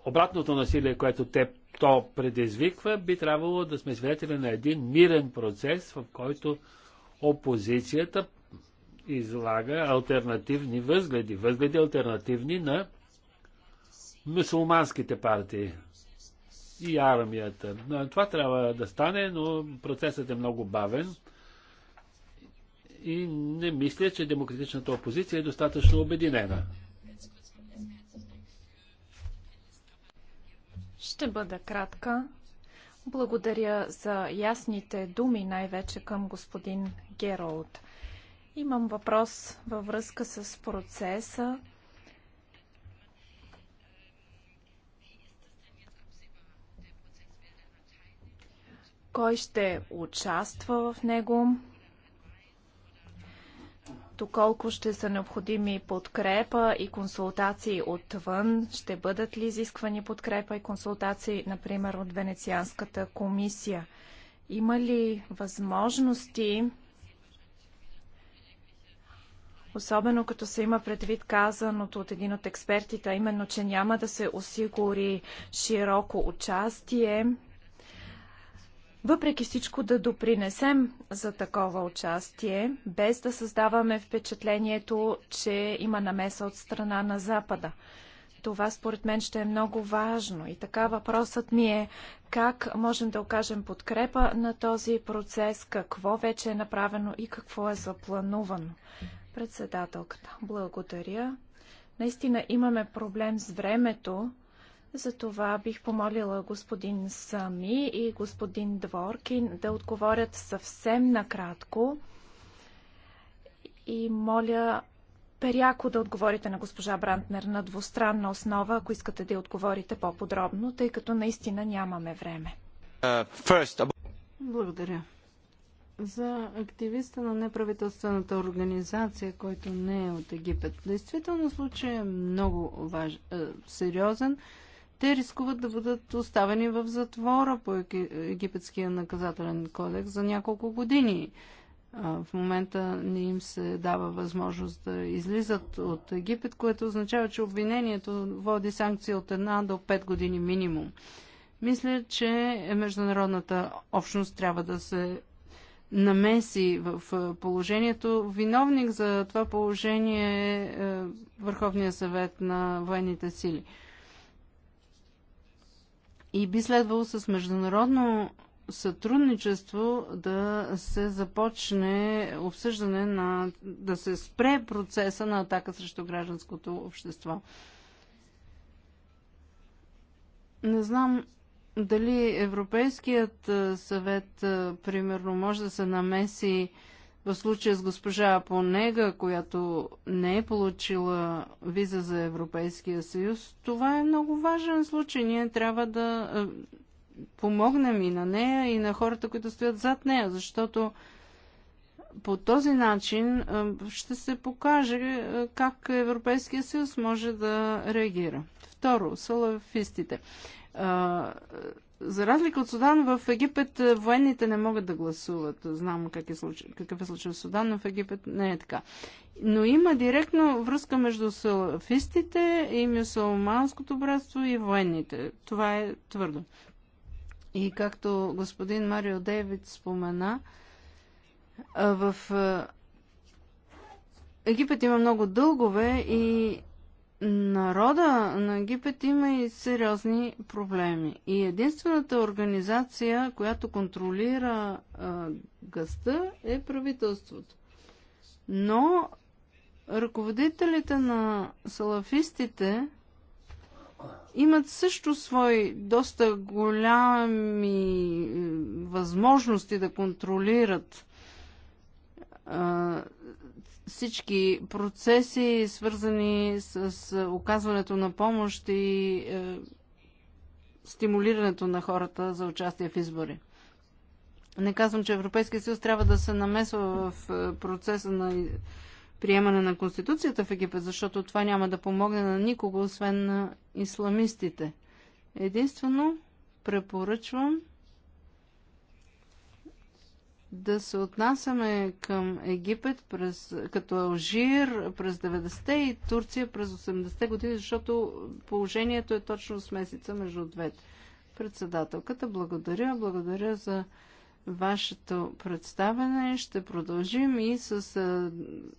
обратното насилие, което те, то предизвиква, би трябвало да сме свидетели на един мирен процес, в който опозицията излага альтернативни възгледи, възгледи альтернативни на мусулманските партии и армията. Това трябва да стане, но процесът е много бавен и не мисля, че демократичната опозиция е достатъчно обединена. Ще бъда кратка. Благодаря за ясните думи, най-вече към господин Гералд. Имам въпрос във връзка с процеса. Кой ще участва в него? доколко ще са необходими подкрепа и консултации отвън, ще бъдат ли изисквани подкрепа и консултации, например, от Венецианската комисия. Има ли възможности, особено като се има предвид казаното от един от експертите, именно, че няма да се осигури широко участие, въпреки всичко да допринесем за такова участие, без да създаваме впечатлението, че има намеса от страна на Запада. Това според мен ще е много важно. И така въпросът ми е как можем да окажем подкрепа на този процес, какво вече е направено и какво е заплановано. Председателката, благодаря. Наистина имаме проблем с времето. Затова бих помолила господин Сами и господин Дворкин да отговорят съвсем накратко. И моля пряко да отговорите на госпожа Брантнер на двустранна основа, ако искате да отговорите по-подробно, тъй като наистина нямаме време. Uh, Благодаря. За активиста на неправителствената организация, който не е от Египет. Действително случай е много важ... Е, сериозен те рискуват да бъдат оставени в затвора по египетския наказателен кодекс за няколко години. В момента не им се дава възможност да излизат от Египет, което означава, че обвинението води санкции от една до пет години минимум. Мисля, че международната общност трябва да се намеси в положението. Виновник за това положение е, е Върховния съвет на военните сили – и би следвало с международно сътрудничество да се започне обсъждане на, да се спре процеса на атака срещу гражданското общество. Не знам дали Европейският съвет, примерно, може да се намеси в случая с госпожа Понега, която не е получила виза за Европейския съюз, това е много важен случай. Ние трябва да е, помогнем и на нея, и на хората, които стоят зад нея, защото по този начин е, ще се покаже е, как Европейския съюз може да реагира. Второ, салафистите за разлика от Судан, в Египет е, военните не могат да гласуват. Знам как е случ... какъв е случай в Судан, но в Египет не е така. Но има директно връзка между салафистите и мюсулманското братство и военните. Това е твърдо. И както господин Марио Дейвид спомена, в Египет има много дългове и народа на Египет има и сериозни проблеми. И единствената организация, която контролира а, гъста, е правителството. Но ръководителите на салафистите имат също свои доста голями е, възможности да контролират а, всички процеси, свързани с е, оказването на помощ и е, стимулирането на хората за участие в избори. Не казвам, че Европейския съюз трябва да се намесва в е, процеса на приемане на Конституцията в Египет, защото това няма да помогне на никого, освен на исламистите. Единствено препоръчвам да се отнасяме към Египет през, като Алжир през 90-те и Турция през 80-те години, защото положението е точно с месеца между двете. Председателката, благодаря. Благодаря за вашето представене. Ще продължим и с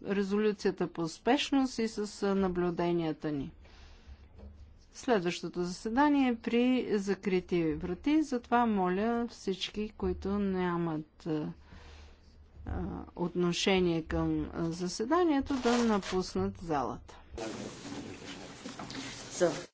резолюцията по успешност и с наблюденията ни следващото заседание е при закрити врати. Затова моля всички, които нямат отношение към заседанието, да напуснат залата. So.